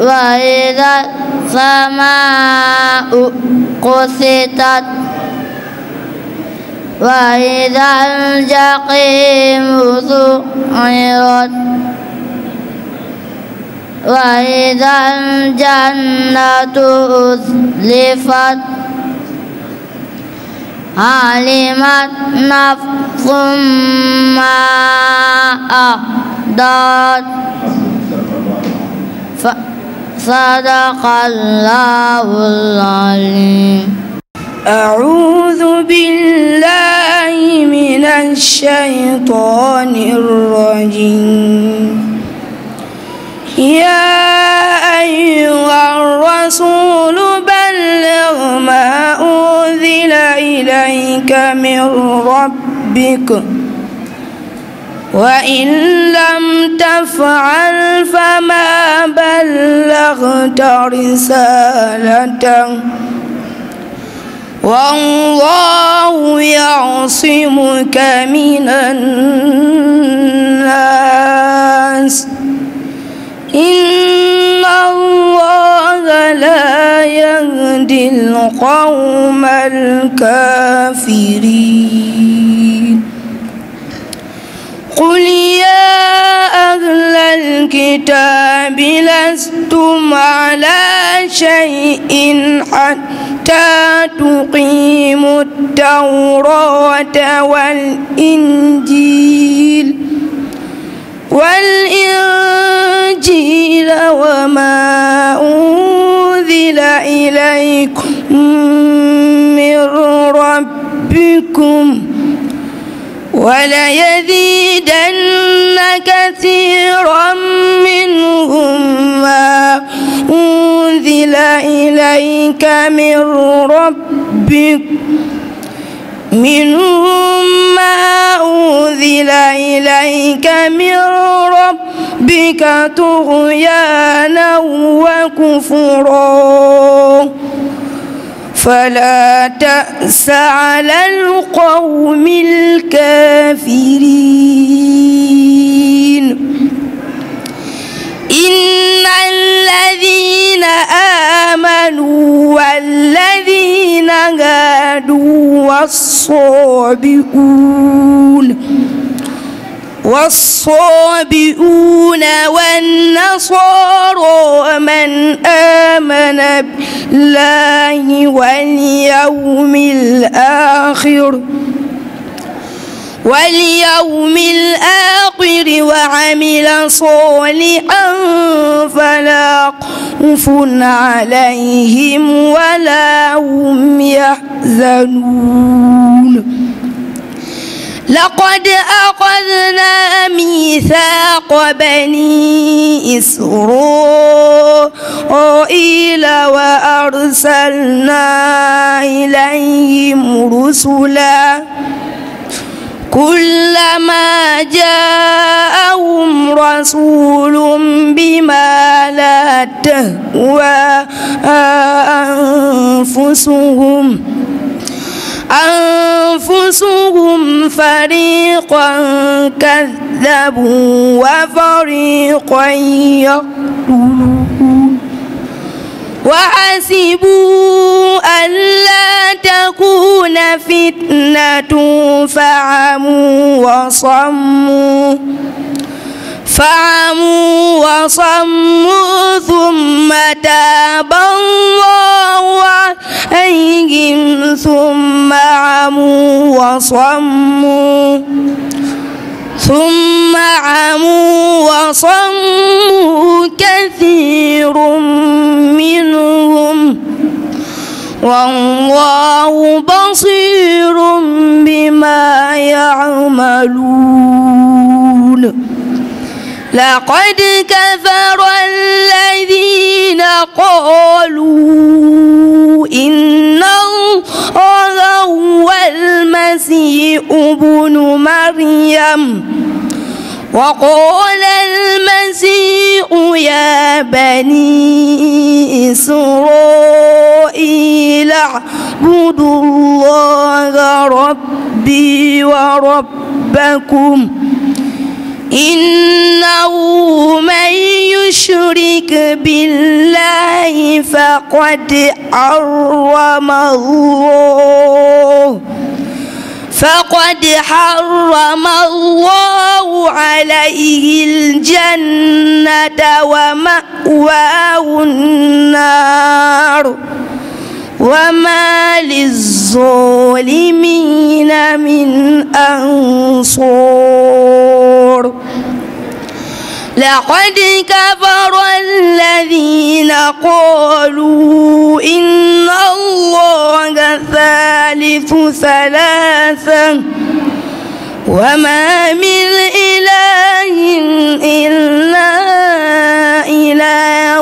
وإذا السماء قسطت وإذا الجحيم سعرت وإذا الجنة أزلفت علمت نفس ما أحضرت sadaqallaahul aliim أعوذ بالله من الشيطان الرجيم يا أيها الرسول بلغ ما أنزل إليك من ربك وإن لم تفعل فما بلغت رسالته والله يعصمك من الناس إن الله لا يهدي القوم الكافرين قل يا أهل الكتاب لستم على شيء حتى تقيموا التوراة والإنجيل والإنجيل وما أنزل إليكم من ربكم وليزيدن كثيرا منهم ما أنزل إليك من ربك منهم ما أنزل إليك من ربك طغيانا وكفرا فلا تأس على القوم الكافرين إن الذين آمنوا والذين هادوا والصابئون والصابئون والنصارى من آمن بالله واليوم الآخر واليوم الآخر وعمل صالحا فلا خوف عليهم ولا هم يحزنون لقد أخذنا ميثاق بني إسرائيل وأرسلنا إليهم رسلا كلما جاءهم رسول بما لا تهوى أنفسهم أنفسهم فريقا كذبوا وفريقا يقتلون وحسبوا ألا تكون فتنة فعموا وصموا فعموا وصموا ثم تاب الله عليهم ثم عموا وصموا ثم عموا وصموا كثير منهم والله بصير بما يعملون لقد كفر الذين قالوا إن الله هو المسيح ابن مريم وقال المسيح يا بني إسرائيل اعبدوا الله ربي وربكم إنه من يشرك بالله فقد حرم الله فقد حرم الله عليه الجنة ومأواه النار وما للظالمين من أنصار لقد كفر الذين قالوا إن الله ثالث ثلاثة وما من إله إلا إله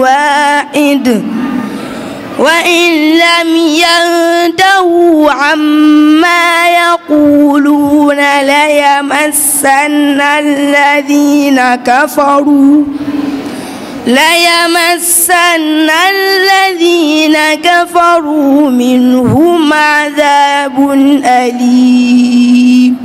واحد وإن لم ينتهوا عما يقولون ليمسن الذين كفروا ليمسن الذين كفروا منهم عذاب أليم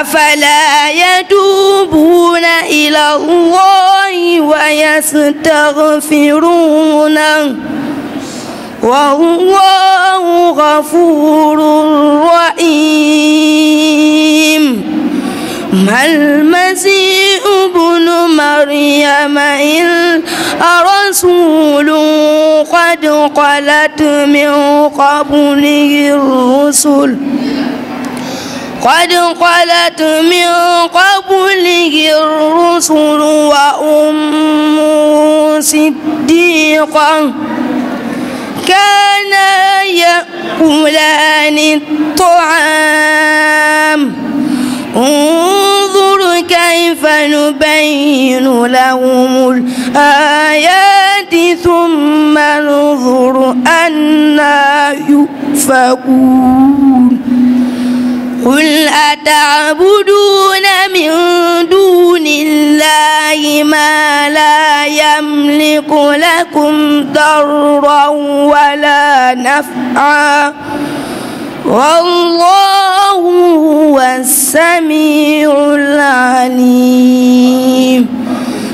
أفلا يتوبون إلى الله ويستغفرونه والله غفور رحيم ما المسيح ابن مريم إلا رسول قد خلت من قبله الرسل قد خلت من قبله الرسل وأمه صديقة كانا يأكلان الطعام انظر كيف نبين لهم الآيات ثم انظر أنا يؤفكون قل أتعبدون من دون الله ما لا يملك لكم ضرا ولا نفعا والله هو السميع العليم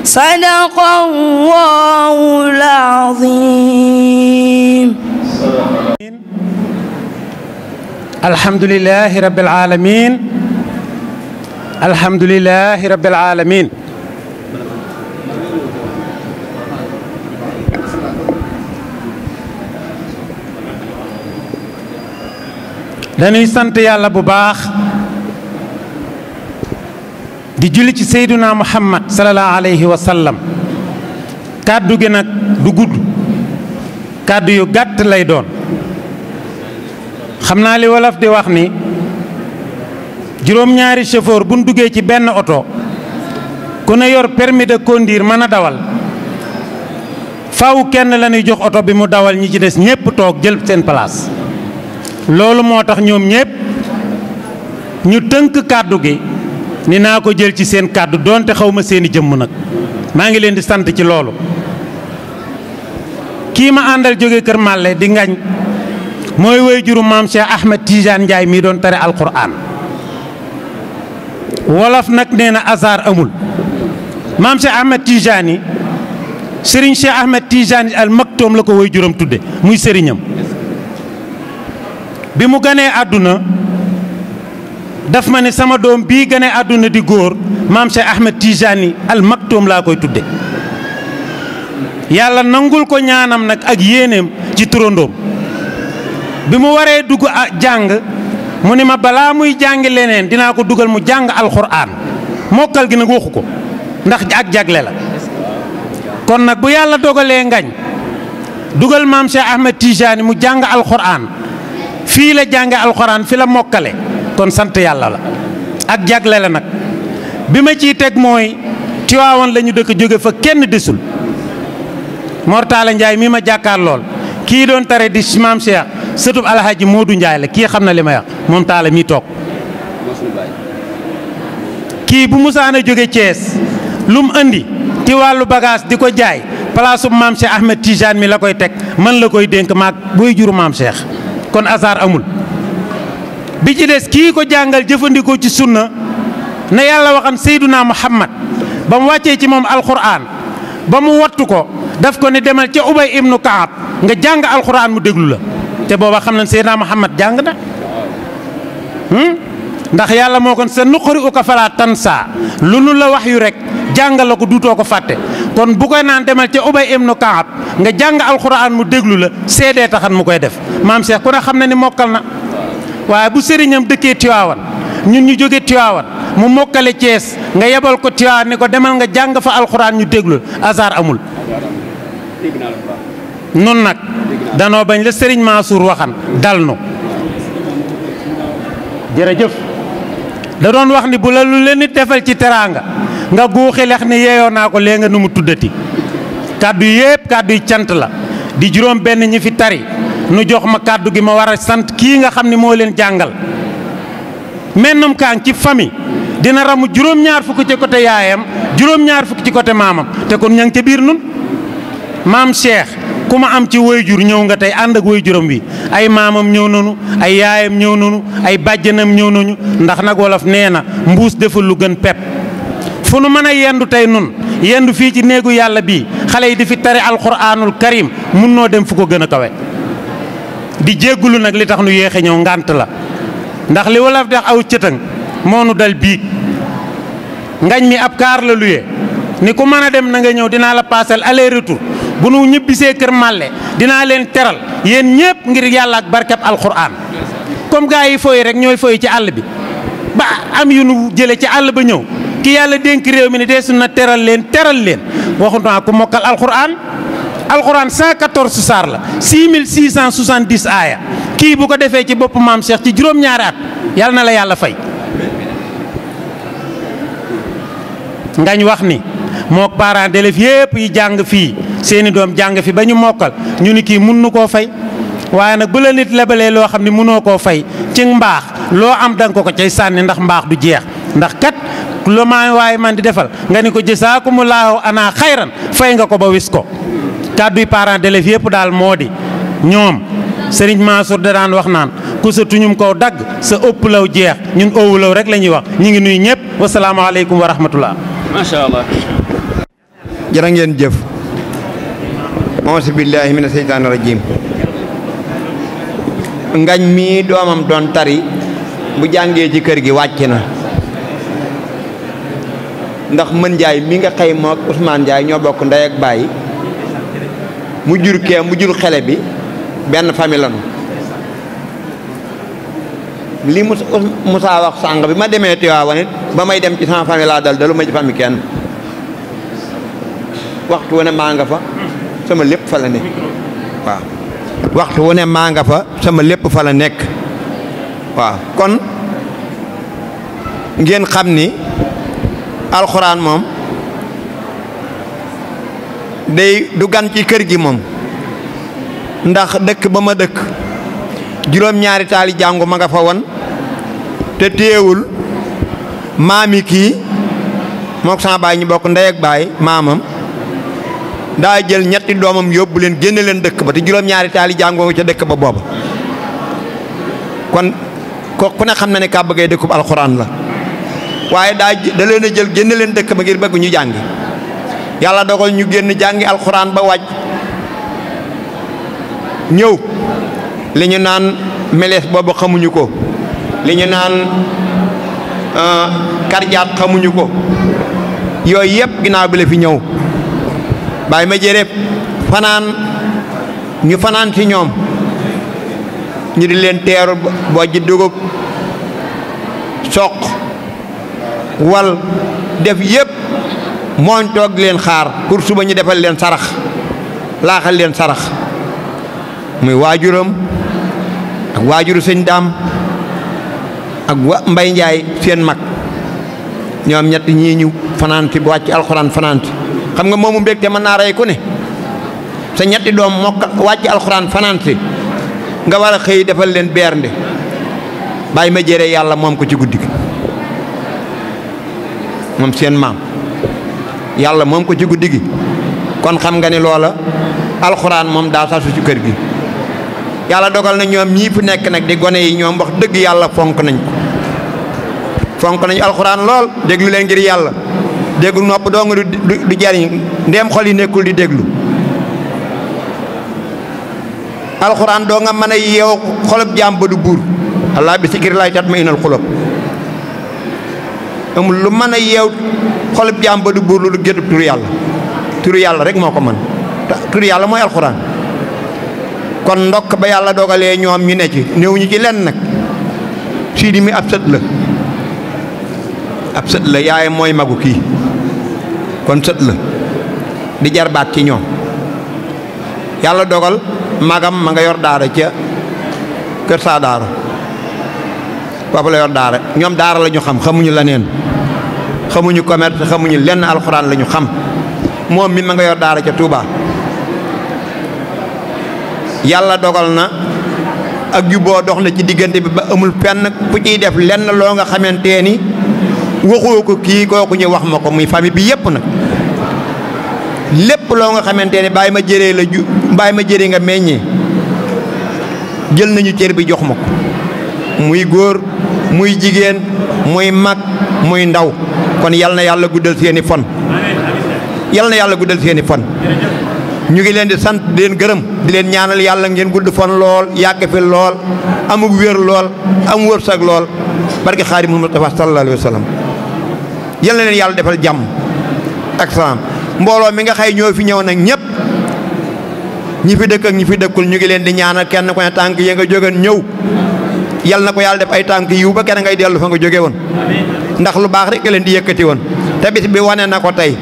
صدق الله العظيم alhamdulilahi rabbil alamin alhamdulilahi rabbil alamin dañuy sant yàlla bu baax di julli ci seyduna muhammad sallallahu alayhi wa kàddu gi nag du gudd kàddu yu gàtt lay doon xam naa li wolof di wax ni juróom-ñaari chauffeur bu duggee ci benn oto ku ne yor permis de mën a dawal faw kenn la jox oto bi mu dawal ñi ci des ñépp toog jël seen place loolu moo tax ñoom ñépp ñu tënk kàddu gi ni naa ko jël ci seen kàddu doonte xaw ma seeni jëmm nag maa ngi leen di sant ci loolu kii ma àndal jóge Kër Màlle di ngañ mooy way juru maam Cheikh Ahmed Tidiane Ndiaye mii doon tere alquran wolof nag nee na hasard amul maam Cheikh Ahmed Tidiane yi Serigne Cheikh Ahmed Tidiane al maktoom la ko way juram tudde muy sëriñam bi mu ganee àdduna daf ma ne sama doom bii gane àdduna di góor maam Cheikh Ahmed Tidiane al maktoom laa koy tudde yàlla nangul ko ñaanam nag ak yéeneem ci turandoom bi mu waree dugg a jàng mu ni ma balaa muy jàngi leneen dinaa ko dugal mu jàng alxuraan mokkal gi nag waxu ko ndax ak jàgle la kon nag bu yàlla dogalee ngañ dugal maam Cheikh Ahmed Tijaani mu jàng alxuraan fii la jànge alxuraan fi la mokkale kon sant yàlla la ak jàgle la nag bi ma ciy teg mooy Tiwaawan lañu ñu dëkk jóge fa kenn desul Mortala Njaay mi ma jàkkaar lool kii doon tare di maam Cheikh sëtub alxaaji Modou njaay la kii xam na li may wax moom taala mi toog kii bu musaana jóge cees lu mu indi ci wàllu bagage di ko jaay palaasu maam Cheikh Ahmed Tijane mi la koy teg man la koy dénk maag booy juru maam Cheikh kon hasard amul bi ci des kii ko jàngal jëfandikoo ci sunna na yàlla waxan Seyduna Muhammad ba mu wàccee ci moom alxuraan ba mu wattu ko daf ko ne demal ca Ubay ibnu Kaab nga jàng alxuraan mu déglu la te booba xam nañ Seydina Muhammad jàng na hmm? ndax yàlla moo kon sa nuqari uka falaa tansa lu nu la wax yu rek jàngal la ko duutoo ko fàtte kon bu koy naan demal ca Ubay ibnu Kaab nga jàng alxuraan mu déglu la seedee taxan mu koy def maam Cheikh ku ne xam na ni mokkal na waaye bu sëriñam dëkkee Tiwaawan ñun ñu jóge Tiwaawan mu mokkale Cees nga yebal ko Tiwaawan ni ko demal nga jàng fa alxuraan ñu déglu azar amul nun nag danoo bañ la sëriñ Mansour waxan dal nu jërëjëf da doon wax ni bu la lu leen nit defal ci teraanga nga guuxi lex ni yeeyoo naa ko lee nga nu mu tuddati kàddu yépp kàddu yi cant la di juróom benn ñi fi tari nu jox ma kàddu gi ma war a sant kii nga xam ni moo leen jàngal mennum kaan ci famille dina ramu juróom-ñaar fukk ci côté yaayam juróom-ñaar fukk ci côté maamam te kon ña ngi ca biir nun maam Cheikh ku ma am ci wayjur ñëw nga tey ànd ak wayjuram wi ay maamam ñëw nañu ay yaayam ñëw nañu ay bàjjanam ñëw nañu ndax nag wolof nee na mbuus deful lu gën pepp fu nu mën a yendu tey nun yendu fii ci néegu yàlla bii xale yi di fi tari alxuraanul karim mun noo dem fu ko gën a kawe di jéggulu nag li tax nu yéex a ñëw ngànt la ndax li wolof dex aw cëtëng moo nu dal biig ngañ mi ab kaar la luye ni ku mën a dem nanga ñëw dinaa la paasal aller bu nu ñibbisee kër Màlle dinaa leen teral yéen ñëpp ngir yàlla ak barkeb alxuraan comme gaa yi fooy rek ñooy fooy ci àll bi ba am yu nu jële ci àll ba ñëw ki yàlla dénk réew mi ne deesu na teral leen teral leen waxu naa ko mokkal alxuraan alxuraan 114 saar la 6670 aaya kii bu ko defee ci boppu maam seex ci juróom-ñaari at yàlla na la yàlla fay ngañ wax ni mook parents d'élèves yépp yi jàng fii seeni doom jàng fi ba ñu mokkal ñu kii mun nu koo fay waaye nag bu la nit lebalee loo xam ne mënoo koo fay ci mbaax loo am danga ko ko cay sànni ndax mbaax du jeex ndax kat lu ma waaye man di defal nga ni ko jazaakumullaahu ana xayran fay nga ko ba wis ko kàdduy parents d'élèves yëpp daal moo di ñoom Serigne Mansour da daan wax naan ku sa tuñum kaw dagg sa ëpp law jeex ñun ëwu law rek la ñuy wax ñu ngi nuy ñëpp wasalaamaaleykum wa rahmatullah macha allah jërë ngeen jëf mawsi billaahi mina seytaani rajiim ngañ mii doomam doon tari bu jàngee ci kër gi wàcc na ndax mën njaay mi nga xëy moo ak Njaay ñoo bokk ndey ak baay mu jur kee mu jur xele bi benn famille lii li Moussa Moussa wax sàng bi ma demee Tiwaawan it ba may dem ci sama famille dal dalu ma ci kenn waxtu wu maa nga fa lépp fa la waxtu wu maa nga fa sama lépp fa la nekk waaw kon ngeen xam ni alxuraan moom day du gan ci kër gi moom ndax dëkk ba ma dëkk juróom-ñaari taali jàngu ma nga fa won te téewul maami kii mook sama baay ñu bokk ndey baay maamam daa jël ñetti doomam yóbbu leen génne leen dëkk ba te juróom-ñaari taali jàngoo ca dëkk ba booba kon ko ku ne xam na ne Kaaba Gueye dëkkub alxuraan la waaye daa da a jël génne leen dëkk ba ngir bëgg ñu jàngi yàlla dogal ñu génn jàngi alxuraan ba waaj ñëw li ñu naan melees boobu xamuñu ko li ñu naan euh, karjaat xamuñu ko yooyu yëpp ginnaaw bi fi ñëw bàyyi ma jërëb fanaan ñu fanaan ci ñoom ñu di leen teeru bojji dugub soq wal def yépp mooñ toog leen xaar pour suba ñu defal leen sarax laaxal leen sarax muy waajuram ak waajuru sëñ daam ak wa mbay njaay seen mag ñoom ñett ñii ñu fanaan ci wàcc alxuraan fanaan xam nga moomu mbégte mën naa rey ku ne sa ñetti doom mokk wàcc alxuraan fanaan si nga war a xëy defal leen beernde bàyyi ma jëre yàlla moom ko ci guddi gi moom seen maam yàlla moom ko ci guddi gi kon xam nga ni loola alxuraan moom daa sasu ci kër gi yàlla dogal na ñoom ñii fi nekk nag di gone yi ñoo wax dëgg yàlla fonk nañ ko fonk nañu alxuraan lool déglu leen ngir yàlla déggu nopp doo nga du du jariñ ndeem xol yi nekkul di déglu alxuraan doo nga mën a yeew xolub jaam ba du buur allah bi sikir laay tat ma inal xolob amul lu mën a yeew xolub jaam ba du buur lu gétub turu yàlla turu yàlla rek moo ko mën turu yàlla mooy alxuraan kon ndokk ba yàlla dogalee ñoom ñu ne ci néew ñu ci lenn nag sii mi ab sët la ab sët la yaay mooy magu kii kon sët la di jarbaat ci ñoom yàlla dogal magam ma nga yor daara ca kër saa daara foofu la yor daara ñoom daara la ñu xam xamuñu leneen xamuñu commerce xamuñu lenn alxuraan la ñu xam moom mi ma nga yor daara ca Touba yàlla dogal na ak juboo dox na ci diggante bi ba amul fenn ku ciy def lenn loo nga xamante ni waxoo ko kii kooku ñu wax ma ko muy famille bi yépp nag lépp loo nga xamante ne bàyyi ma jëree la ju bàyyi ma jëree nga meññee jël nañu cër bi jox ma ko muy góor muy jigéen muy mag muy ndaw kon yal na yàlla guddal seeni fon yal na yàlla guddal seeni fon ñu ngi leen di sant di leen gërëm di leen ñaanal yàlla ngeen gudd fon lool yàgg fi lool amug wéer lool am wërsëg lool barke xaari Muhammad sallallahu alayhi wa sallam yal na leen yàlla defal jàmm ak salaam mbooloo mi nga xay ñoo fi ñëw nag ñëpp ñi fi dëkk ñi fi dëkkul ñu ngi leen di ñaanal kenn ku ne tànk ya nga jógeen ñëw yal na ko yàlla def ay tànk yiw ba kenn ngay dellu fa nga jóge woon ndax lu baax rek leen di yëkkati woon te bis bi wane na ko tey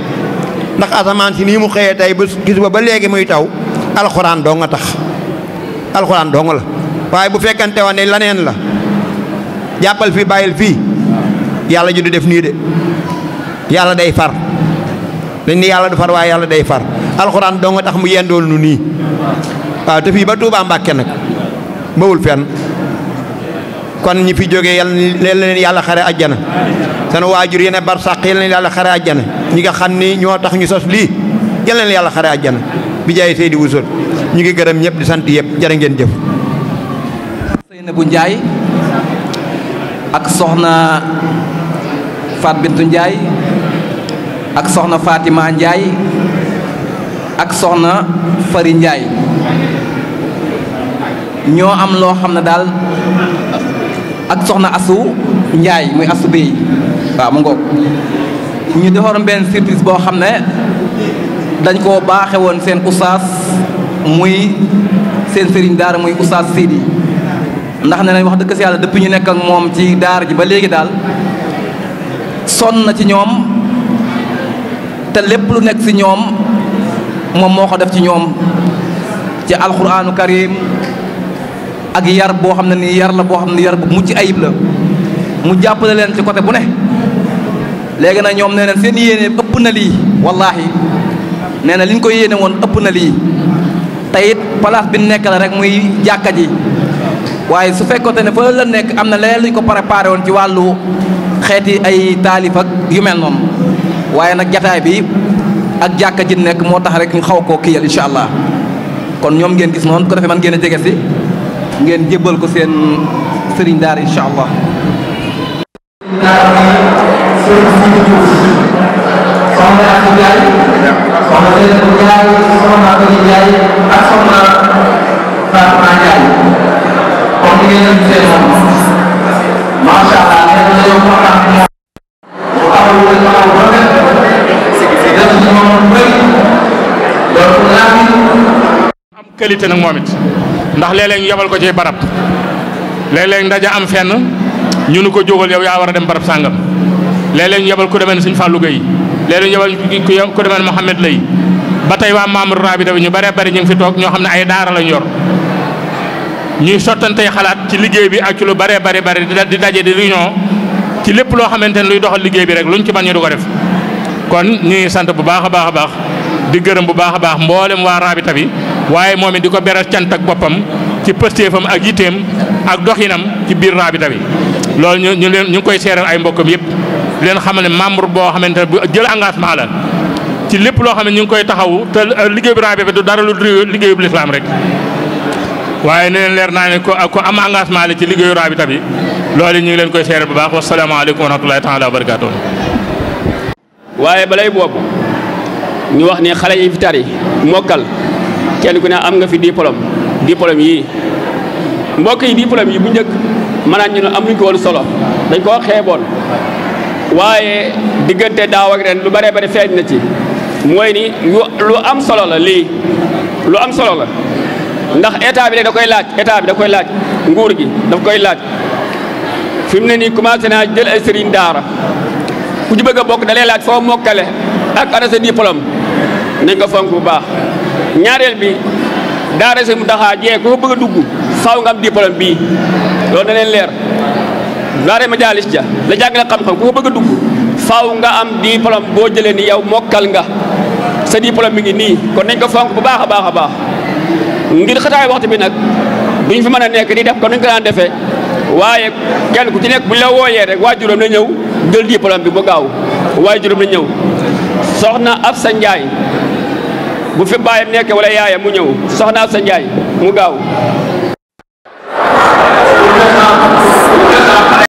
ndax asamaan si nii mu xëyee tey ba gis ba ba léegi muy taw alxuraan doo a tax alxuraan doo la waaye bu fekkante woon ne laneen la jàppal fii bàyyil fii yàlla ju du def nii yàlla day far dañ ne yàlla du far waaye yàlla day far alxuraan doo tax mu yendool nii waaw te fii ba Touba Mbàkke nag bawul fenn kon ñi fi jóge yal na leen yàlla xare ajjana seen waajur yi ne barsàq yal na leen yàlla xare ajjana ñi nga xam ni ñoo tax ñu sos lii yal yàlla xare ajjana bi jaay Seydi Wusoot ñu ngi gërëm ñëpp di sant yëpp jërë ngeen jëf. Seynabou Ndiaye ak soxna Fatou Bintou ak soxna Fatima Ndiaye ak soxna Fari njaay ñoo am loo xam ne daal ak soxna Asu njaay muy Asu Bey waaw mu ngoog ñu defaroon benn surprise boo xam ne dañ koo baaxe woon seen oustaz muy seen sëriñ daara muy oustaz Sidi ndax ne nañ wax dëgg si yàlla dëpp ñu nekk ak moom ci daara ji ba léegi daal sonn na ci ñoom lépp lu nekk ci ñoom moom moo ko def ci ñoom ci alxuraanu karim ak yar boo xam ne nii yar la boo xam ne yar bu mucc ayib la mu jàppale leen ci côté bu ne léegi nag ñoom nee na seen yéene ëpp na lii wallaahi nee na liñ ko yéene woon ëpp na lii te it place bi nekk la rek muy jàkka ji waaye su fekkoonte ne fa la nekk am na leneen lu ñu ko préparé woon ci wàllu xeeti ay taalif ak yu mel noonu. waaye nag jataay bi ak jàkka ji nekk moo tax rek ñu xaw koo kiyal incha allah kon ñoom ngeen gis noonu ko defee man ngeen jege si ngeen jébbal ko seen sëriñ daar incha allah macha allah qualité nag moom it ndax léeg-léeg yebal ko ci barab léeg-léeg ndaje am fenn ñu nu ko jógal yow yaa war a dem barab sàngam léeg-léeg ñu yebal ku demee ne Sëñ Fallou Gueye léeg-léeg ñu yebal ku demee ne Mouhamed Lay ba tey waa membre rabita bi ñu bëree bëri ñu ngi fi toog ñoo xam ne ay daara lañ yor ñuy sottantey xalaat ci liggéey bi ak ci lu bëree bëri bëri di daje di réunion ci lépp loo xamante ne luy doxal liggéey bi rek luñ ci mën ñu du ko def kon ñu sant bu baax a baax a baax di gërëm bu baax a baax mboolem waa rabita bi waaye moom it di ko beral cant ak boppam ci pëstéefam ak yitteem ak doxinam ci biir raabita bi loolu ñu ñu leen ñu ngi koy seeral ay mbokkam yëpp leen xam ne membre boo xamante ne bu jël engagement la ci lépp loo xam ne ñu ngi koy taxaw te euh, liggéey bi raabita bi du dara lu liggéeyu bu rek waaye ne leer naa ne ko ko am engagement la ci liggéeyu raabita bi loolu ñu ngi leen koy seeral bu baax wasalaamaaleykum wa rahmatulahi taala wa barakatuh waaye balay boobu ñu wax ne xale yi fi tari mokkal kenn ku ne am nga fi diplôme diplôme yii mbokk yi diplôme yi bu njëkk maanaam ñu ne amuñ ko woon solo dañ koo xeeboon waaye diggante daaw ren lu baree bari feeñ na ci mooy ni lu am solo la lii lu am solo la ndax état bi de da koy laaj état bi da koy laaj nguur gi daf koy laaj fi mu ne nii commencé naa jël ay sëriñ daara ku ci bëgg a bokk da laaj foo mokkale ak ana sa diplôme nañ ko fonk bu baax ñaareel bi daara sëñ Muntaxa jee ku ko bëgg a dugg faaw nga am diplôme bii loolu na leen leer daara majalis ja la jàngale xam-xam ku ko bëgg a dugg faaw nga am diplôme boo jëlee ni yow mokkal nga sa diplôme mi ngi nii kon nañ ko fonk bu baax a baax a baax ngir xataay waxtu bi nag duñ fi mën a nekk di def kon nañ ko daan defee waaye kenn ku ci nekk bu ñu la wooyee rek waa waajuram na ñëw jël diplôme bi bu gaaw waajuram na ñëw soxna Absa Ndiaye bu fi baayam nekkee wala yaaya mu ñëw soxnaa sa njaay mu gaaw